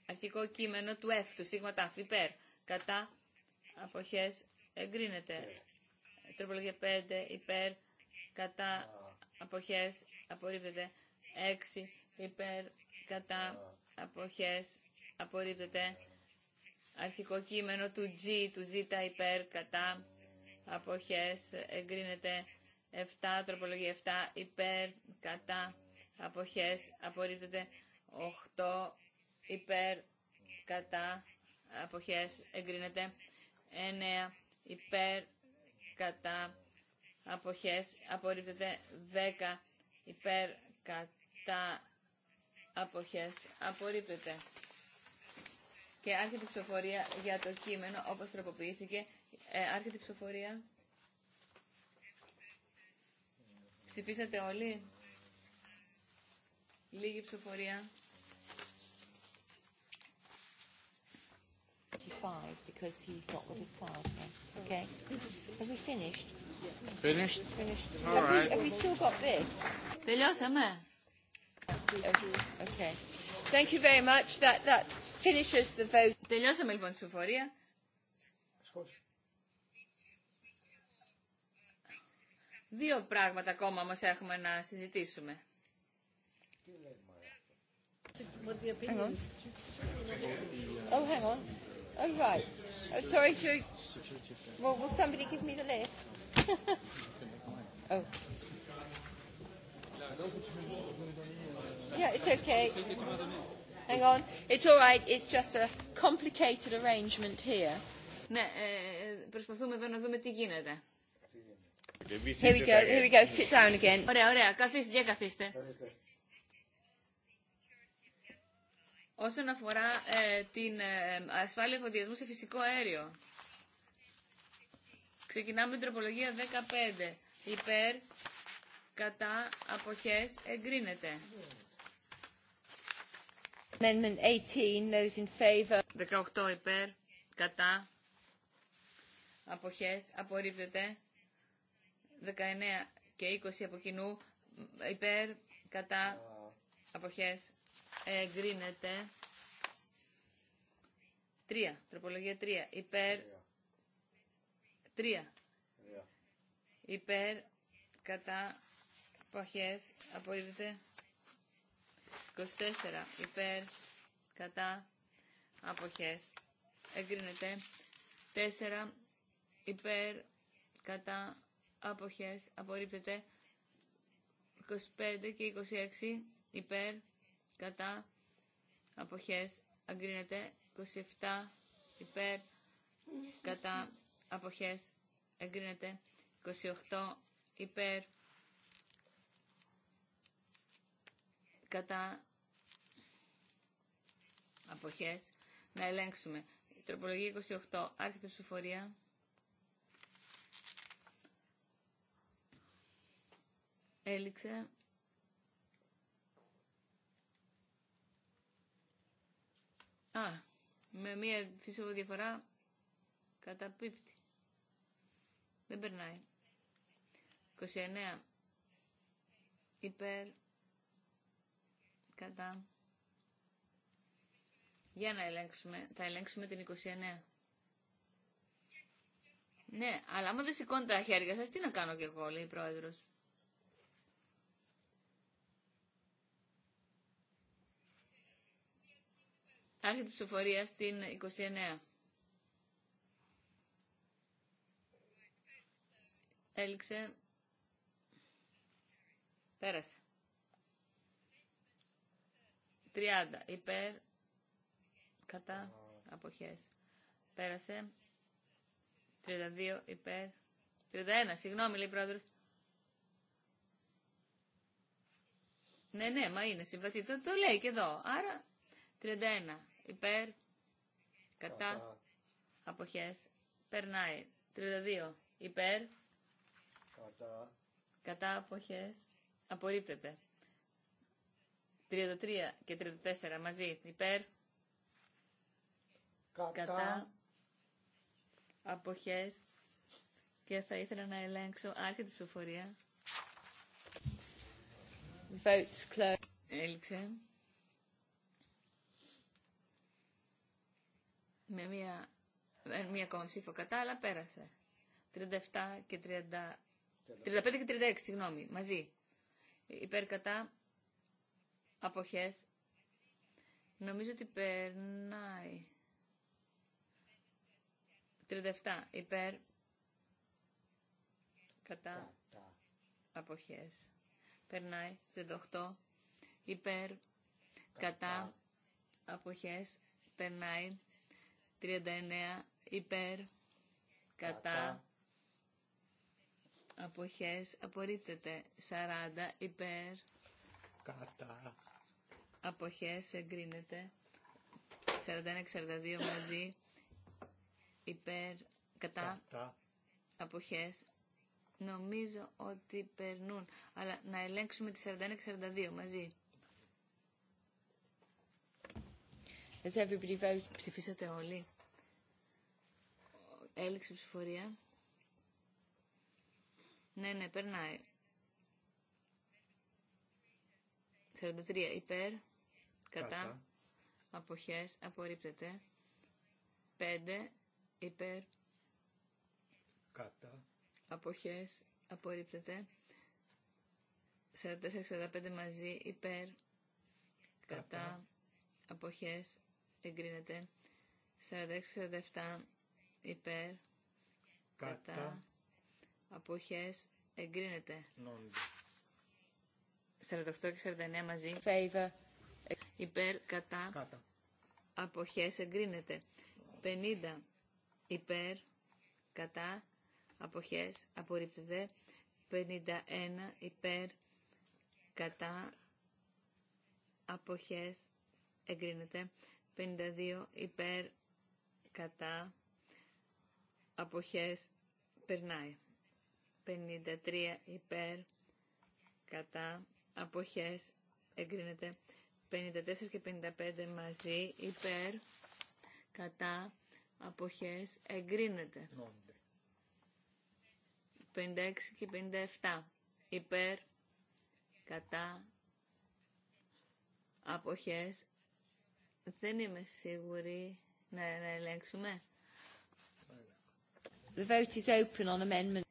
Αρχικό κείμενο του F, του σίγμα τάφ. Υπέρ κατά αποχές εγκρίνεται. Τροπολογία 5. Υπέρ κατά αποχές απορρίπτεται 6 υπέρ κατά αποχές απορρίπτεται αρχικό κείμενο του G του Z υπέρ κατά αποχές εγκρίνεται 7 τροπολογία 7 υπέρ κατά αποχές απορρίπτεται 8 υπέρ κατά αποχές εγκρίνεται 9 υπέρ κατά αποχές απορρίπτεται 10 υπέρ κατά αποχές απορρίπτεται και άρχεται η ψηφοφορία για το κείμενο όπως τροποποιήθηκε ε, άρχεται η ψηφοφορία ψηφίσατε όλοι λίγη ψηφοφορία because he's not with his Okay. Have we finished? Finished? Finished. All right. Have we still got this? Τελειώσαμε. Okay. Thank you very much. That, that finishes the vote. Τελειώσαμε λοιπόν τη ψηφοφορία. Δύο πράγματα ακόμα μας έχουμε να συζητήσουμε. Hang on. Oh, hang on. All right. Oh, sorry to... Well, will somebody give me the list? just a Ναι, ε, ε, προσπαθούμε εδώ να δούμε τι γίνεται. Here we go. Here we go. Sit down again. Ωραία, ωραία. Καθίστε, για καθίστε. Όσον αφορά ε, την ασφάλεια εφοδιασμού σε φυσικό αέριο. Ξεκινάμε την τροπολογία 15. Υπέρ, κατά, αποχές, εγκρίνεται. 18 υπέρ, κατά, αποχές, απορρίπτεται. 19 και 20 από κοινού, υπέρ, κατά, αποχές, εγκρίνεται. 3, τροπολογία 3, υπέρ, Τρία. Υπέρ, κατά, αποχές απορρίπτεται. 24. Υπέρ, κατά, αποχές, εγκρίνεται. 4. Υπέρ, κατά, αποχές, απορρίπτεται. 25 και 26. Υπέρ, κατά, αποχές, εγκρίνεται. 27. Υπέρ, κατά, αποχές εγκρίνεται 28 υπέρ κατά αποχές να ελέγξουμε τροπολογία 28 άρχεται ψηφοφορία έληξε Α, με μία φυσικό διαφορά καταπίπτει. Δεν περνάει. 29. Υπέρ. Κατά. Για να ελέγξουμε. Θα ελέγξουμε την 29. Ναι, αλλά άμα δεν σηκώνει τα χέρια σας, τι να κάνω κι εγώ, λέει η πρόεδρος. Άρχεται ψηφοφορία στην 29. Έληξε. Πέρασε. 30 υπέρ. Κατά. Αποχές. Πέρασε. 32 υπέρ. 31. Συγγνώμη, λέει πρόεδρο. Ναι, ναι, μα είναι συμβατή. Το, το λέει και εδώ. Άρα 31 υπέρ. Κατά. Αποχές. Περνάει. 32 υπέρ. Κατά. Κατά αποχές. Απορρίπτεται. 33 και 34 μαζί. Υπέρ. Κατά. Κατά. Αποχές. Και θα ήθελα να ελέγξω άρχη την ψηφοφορία. Votes Έληξε. Με μία, ε, μία ακόμα ψήφο κατά, αλλά πέρασε. 37 και 30 35 και 36, συγγνώμη, μαζί. Υπέρ κατά αποχές. Νομίζω ότι περνάει. 37 υπέρ κατά αποχές. Περνάει. 38 υπέρ κατά αποχές. Περνάει. 39 υπέρ κατά Αποχές απορρίπτεται 40 υπέρ. Κατά. Αποχές εγκρίνεται 41-42 μαζί υπέρ. Κατά. Κατά. Αποχές. Νομίζω ότι περνούν. Αλλά να ελέγξουμε τη 41-42 μαζί. Has everybody voted? Ψηφίσατε όλοι. Έληξε ψηφορία. Ναι, ναι, περνάει. 43 υπέρ, κατά, κατά. αποχές, απορρίπτεται. 5 υπέρ, κατά, αποχές, απορρίπτεται. 44-45 μαζί, υπέρ, κατά, κατά. αποχές, εγκρίνεται. 46-47 υπέρ, κατά, κατά αποχές εγκρίνεται. 48 και 49 μαζί. Favor. Υπέρ, κατά. Κάτα. Αποχές εγκρίνεται. 50 υπέρ, κατά. Αποχές απορρίπτεται. 51 υπέρ, κατά. Αποχές εγκρίνεται. 52 υπέρ, κατά. Αποχές περνάει. 53 υπέρ κατά αποχές εγκρίνεται 54 και 55 μαζί υπέρ κατά αποχές εγκρίνεται 56 και 57 υπέρ κατά αποχές δεν είμαι σίγουρη να, να ελέγξουμε The vote is open on amendment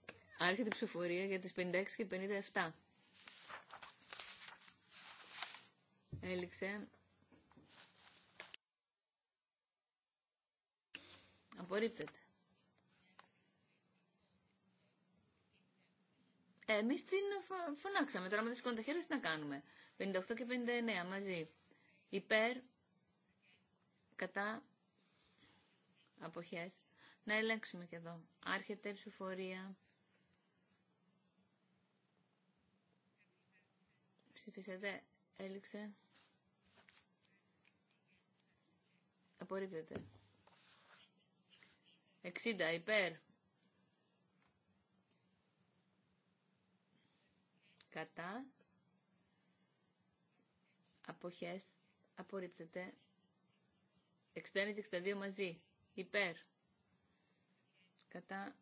Άρχεται η ψηφορία για τις 56 και 57. Έληξε. Απορρίπτεται. Ε, Εμεί την φωνάξαμε. Τώρα με τι τα χέρια τι να κάνουμε. 58 και 59 μαζί. Υπέρ. Κατά. Αποχές. Να ελέγξουμε και εδώ. Άρχεται η ψηφορία. Ψηφίσατε. Έληξε. Απορρίπτεται. 60 υπέρ. Κατά. Αποχές. Απορρίπτεται. 61 και 62 μαζί. Υπέρ. Κατά.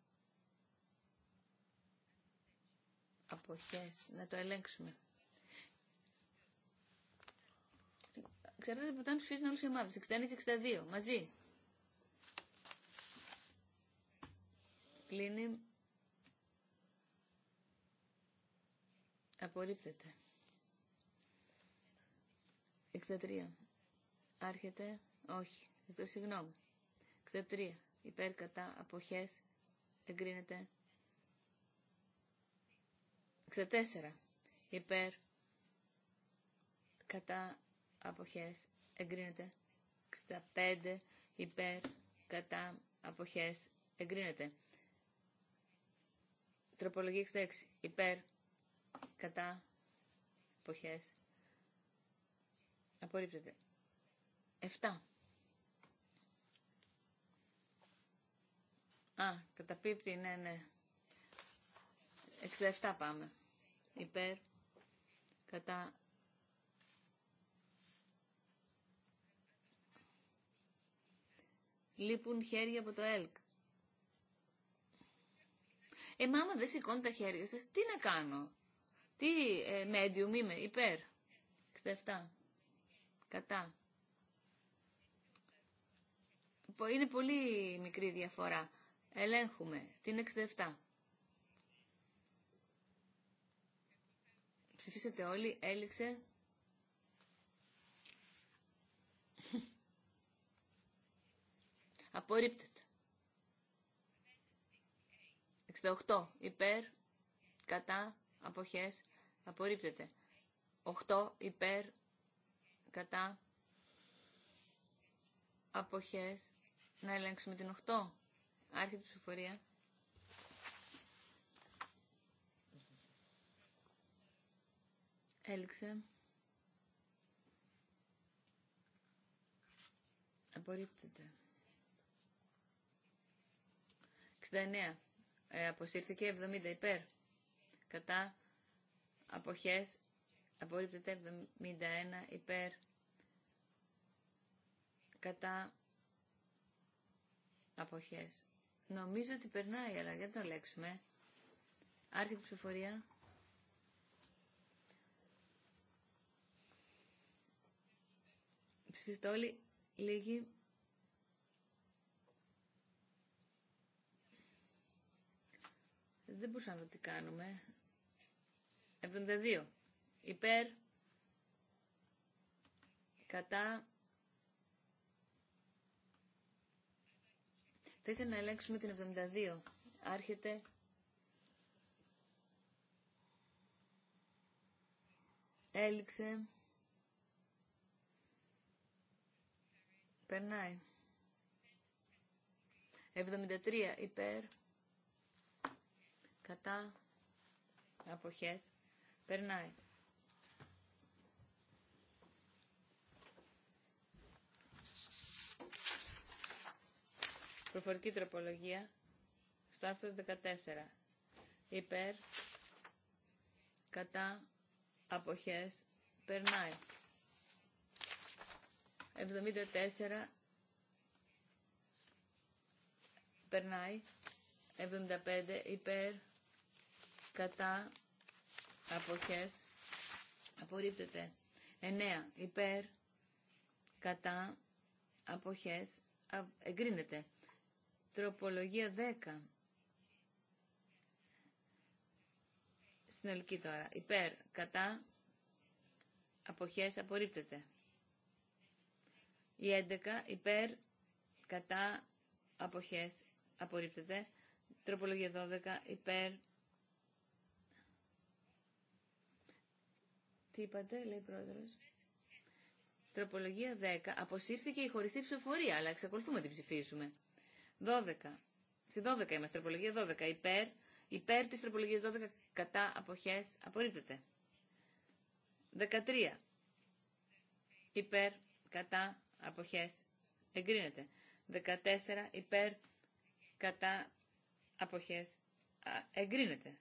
Αποχές. Να το ελέγξουμε. Ξέρετε από όταν ψηφίζουν όλες οι ομάδες. 61 και 62. Μαζί. Κλείνει. Απορρίπτεται. 63. Άρχεται. Όχι. Ζητώ συγγνώμη. 63. Υπέρ κατά αποχές. Εγκρίνεται. 64. Υπέρ κατά αποχές εγκρίνεται. 65 υπέρ κατά αποχές εγκρίνεται. Τροπολογία 66 υπέρ κατά αποχές απορρίπτεται. 7. Α, κατά πίπτη ναι, ναι. 67 πάμε. Υπέρ, κατά, Λείπουν χέρια από το ΕΛΚ. Ε, μάμα δεν σηκώνει τα χέρια σας. Τι να κάνω. Τι ε, medium είμαι. Υπέρ. 67. Κατά. Είναι πολύ μικρή διαφορά. Ελέγχουμε. Την 67. Ψηφίσατε όλοι. Έληξε. Απορρίπτεται. 68. Υπέρ, κατά, αποχές, απορρίπτεται. 8. Υπέρ, κατά, αποχές, να ελέγξουμε την 8. άρχη η ψηφορία. Έληξε. Απορρίπτεται. 69. Ε, αποσύρθηκε 70 υπέρ. Κατά αποχές απορρίπτεται 71 υπέρ. Κατά αποχές. Νομίζω ότι περνάει, αλλά για να το λέξουμε. Άρχεται ψηφοφορία. Ψηφίστε όλοι λίγοι. Δεν μπορούσα να δω τι κάνουμε. 72. Υπέρ. Κατά. Θα ήθελα να ελέγξουμε την 72. Άρχεται. Έληξε. Περνάει. 73 υπέρ κατά αποχές περνάει. Προφορική τροπολογία στο άρθρο 14. Υπέρ, κατά, αποχές, περνάει. 74 περνάει. 75 υπέρ, κατά αποχές απορρίπτεται 9 υπέρ κατά αποχές εγκρίνεται τροπολογία 10 συνολική τώρα υπέρ κατά αποχές απορρίπτεται η 11 υπέρ κατά αποχές απορρίπτεται τροπολογία 12 υπέρ Τι είπατε, λέει η Τροπολογία 10. Αποσύρθηκε η χωριστή ψηφοφορία, αλλά εξακολουθούμε να την ψηφίσουμε. 12. Στη 12 είμαστε, τροπολογία 12. Υπέρ, υπέρ τη τροπολογία 12 κατά αποχές απορρίπτεται. 13. Υπέρ, κατά, αποχές, εγκρίνεται. 14. Υπέρ, κατά, αποχές, εγκρίνεται.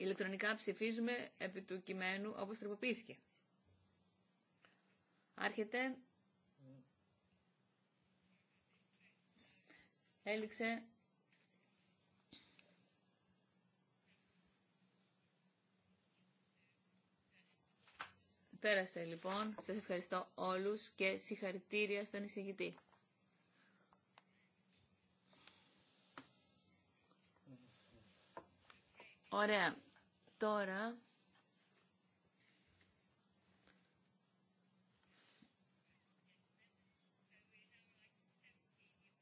Ηλεκτρονικά ψηφίζουμε επί του κειμένου όπως τροποποιήθηκε. Άρχεται. Έληξε. Πέρασε λοιπόν. Σας ευχαριστώ όλους και συγχαρητήρια στον εισηγητή. Ωραία. Τώρα,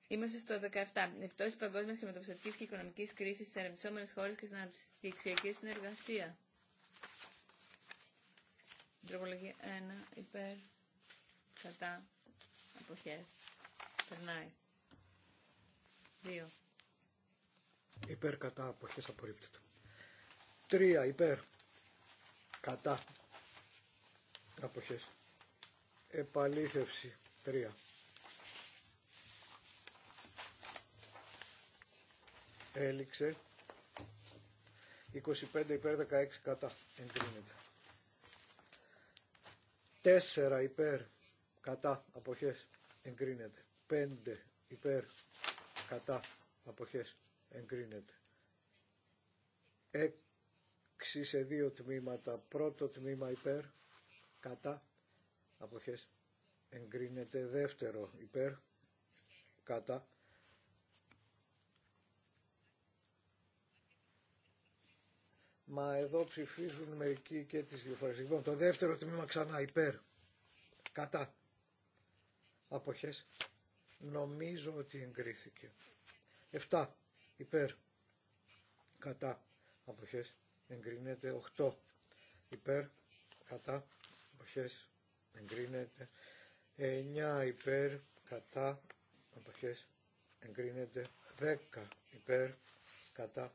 Είμαστε στο 17. Εκτό τη παγκόσμια χρηματοπιστωτική και οικονομική κρίση στι αναπτυσσόμενε χώρε και στην αναπτυξιακή συνεργασία. Τροπολογία 1. Υπέρ. Κατά. Αποχέ. Περνάει. 2. Υπέρ. Κατά. Αποχέ. Απορρίπτεται. Τρία υπέρ κατά αποχές επαλήθευση τρία έληξε 25 υπέρ 16 κατά εγκρίνεται 4 υπέρ κατά αποχές εγκρίνεται 5 υπέρ κατά αποχές εγκρίνεται Ξή σε δύο τμήματα. Πρώτο τμήμα υπέρ, κατά, αποχές, εγκρίνεται. Δεύτερο υπέρ, κατά, Μα εδώ ψηφίζουν μερικοί και τις δύο Λοιπόν, το δεύτερο τμήμα ξανά υπέρ, κατά, αποχές, νομίζω ότι εγκρίθηκε. Εφτά. Υπέρ, κατά, αποχές, εγκρίνεται 8 υπέρ κατά εποχές εγκρίνεται 9 υπέρ κατά εποχές εγκρίνεται 10 υπέρ κατά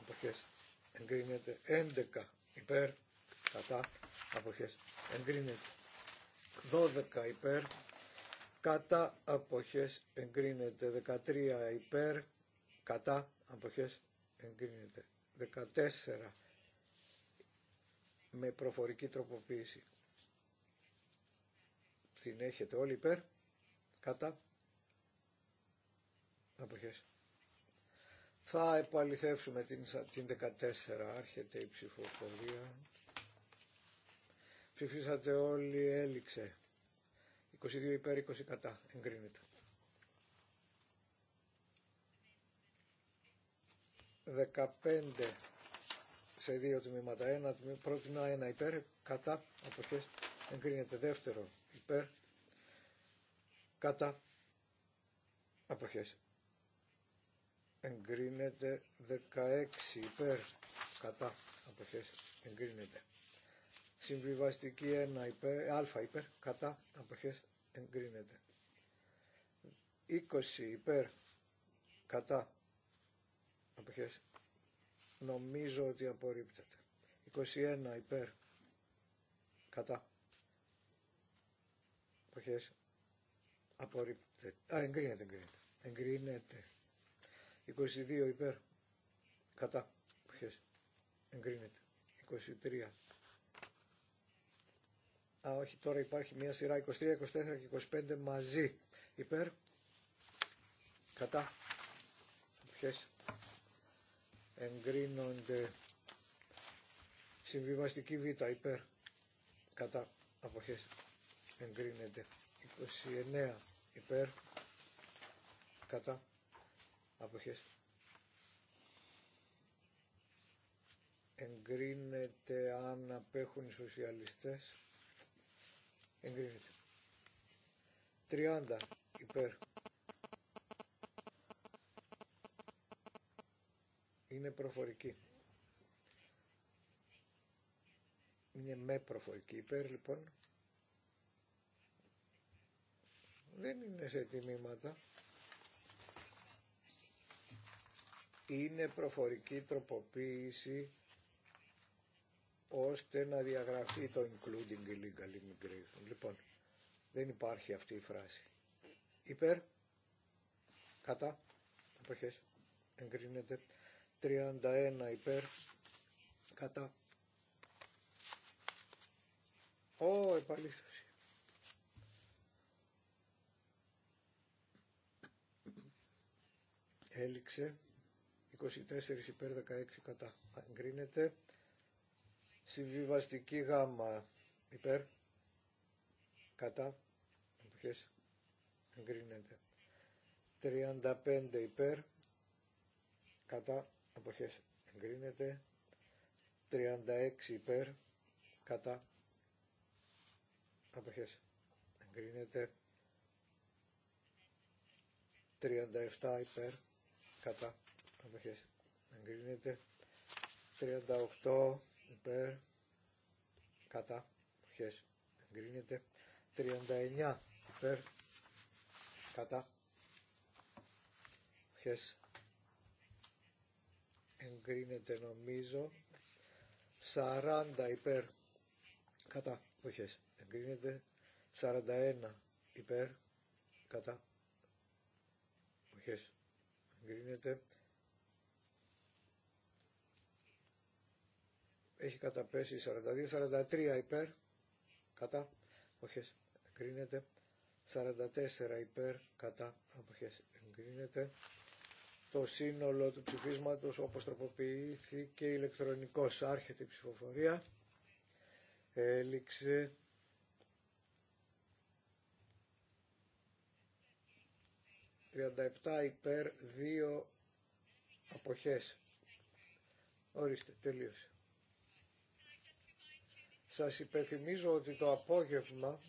εποχές εγκρίνεται 11 υπέρ κατά εποχές εγκρίνεται 12 υπέρ κατά αποχές εγκρίνεται 13 υπέρ κατά αποχές εγκρίνεται 14 με προφορική τροποποίηση. Την όλοι υπέρ, κατά, αποχές. Θα επαληθεύσουμε την, την 14, άρχεται η ψηφοφορία. Ψηφίσατε όλοι, έληξε. 22 υπέρ, 20 κατά, εγκρίνεται. 15 σε δύο τμήματα. Ένα, πρότεινα ένα υπέρ, κατά, αποχές, εγκρίνεται. Δεύτερο, υπέρ, κατά, αποχές. Εγκρίνεται 16 υπέρ, κατά, αποχές, εγκρίνεται. Συμβιβαστική 1 υπέρ, α υπέρ, κατά, αποχές, εγκρίνεται. 20 υπέρ, κατά, Αποχές. Νομίζω ότι απορρίπτεται. 21 υπέρ. Κατά. Αποχές. Απορρίπτεται. Α, εγκρίνεται, εγκρίνεται. Εγκρίνεται. 22 υπέρ. Κατά. Αποχές. Εγκρίνεται. 23. Α, όχι, τώρα υπάρχει μια σειρά 23, 24 και 25 μαζί. Υπέρ. Κατά. Ποιες εγκρίνονται συμβιβαστική β υπέρ κατά αποχές εγκρίνεται 29 υπέρ κατά αποχές εγκρίνεται αν απέχουν οι σοσιαλιστές εγκρίνεται 30 υπέρ είναι προφορική. Είναι με προφορική υπέρ λοιπόν. Δεν είναι σε τιμήματα. Είναι προφορική τροποποίηση ώστε να διαγραφεί το including illegal immigration. Λοιπόν, δεν υπάρχει αυτή η φράση. Υπέρ, κατά, αποχές, εγκρίνεται. 31 υπέρ κατά ο επαλήθωση. Έληξε. 24 υπέρ 16 κατά. Αγκρίνεται. Συμβιβαστική γάμα υπέρ. Κατά. Εποχές. Αγκρίνεται. 35 υπέρ. Κατά αποχές εγκρίνεται 36 υπέρ κατά αποχές εγκρίνεται 37 υπέρ κατά αποχές εγκρίνεται 38 υπέρ κατά αποχές εγκρίνεται 39 υπέρ κατά αποχές εγκρίνεται νομίζω 40 υπέρ κατά όχι. εγκρίνεται 41 υπέρ κατά όχι. εγκρίνεται έχει καταπέσει 42 43 υπέρ κατά όχι. εγκρίνεται 44 υπέρ κατά αποχές εγκρίνεται το σύνολο του ψηφίσματος όπως τροποποιήθηκε ηλεκτρονικός. Άρχεται η ψηφοφορία. Έληξε. «37 υπέρ 2 αποχές». Ορίστε, τελείωσε. Σας υπενθυμίζω ότι το απόγευμα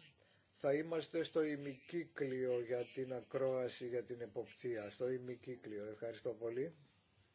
θα είμαστε στο ημικύκλιο για την ακρόαση, για την εποπτεία. Στο ημικύκλιο. Ευχαριστώ πολύ.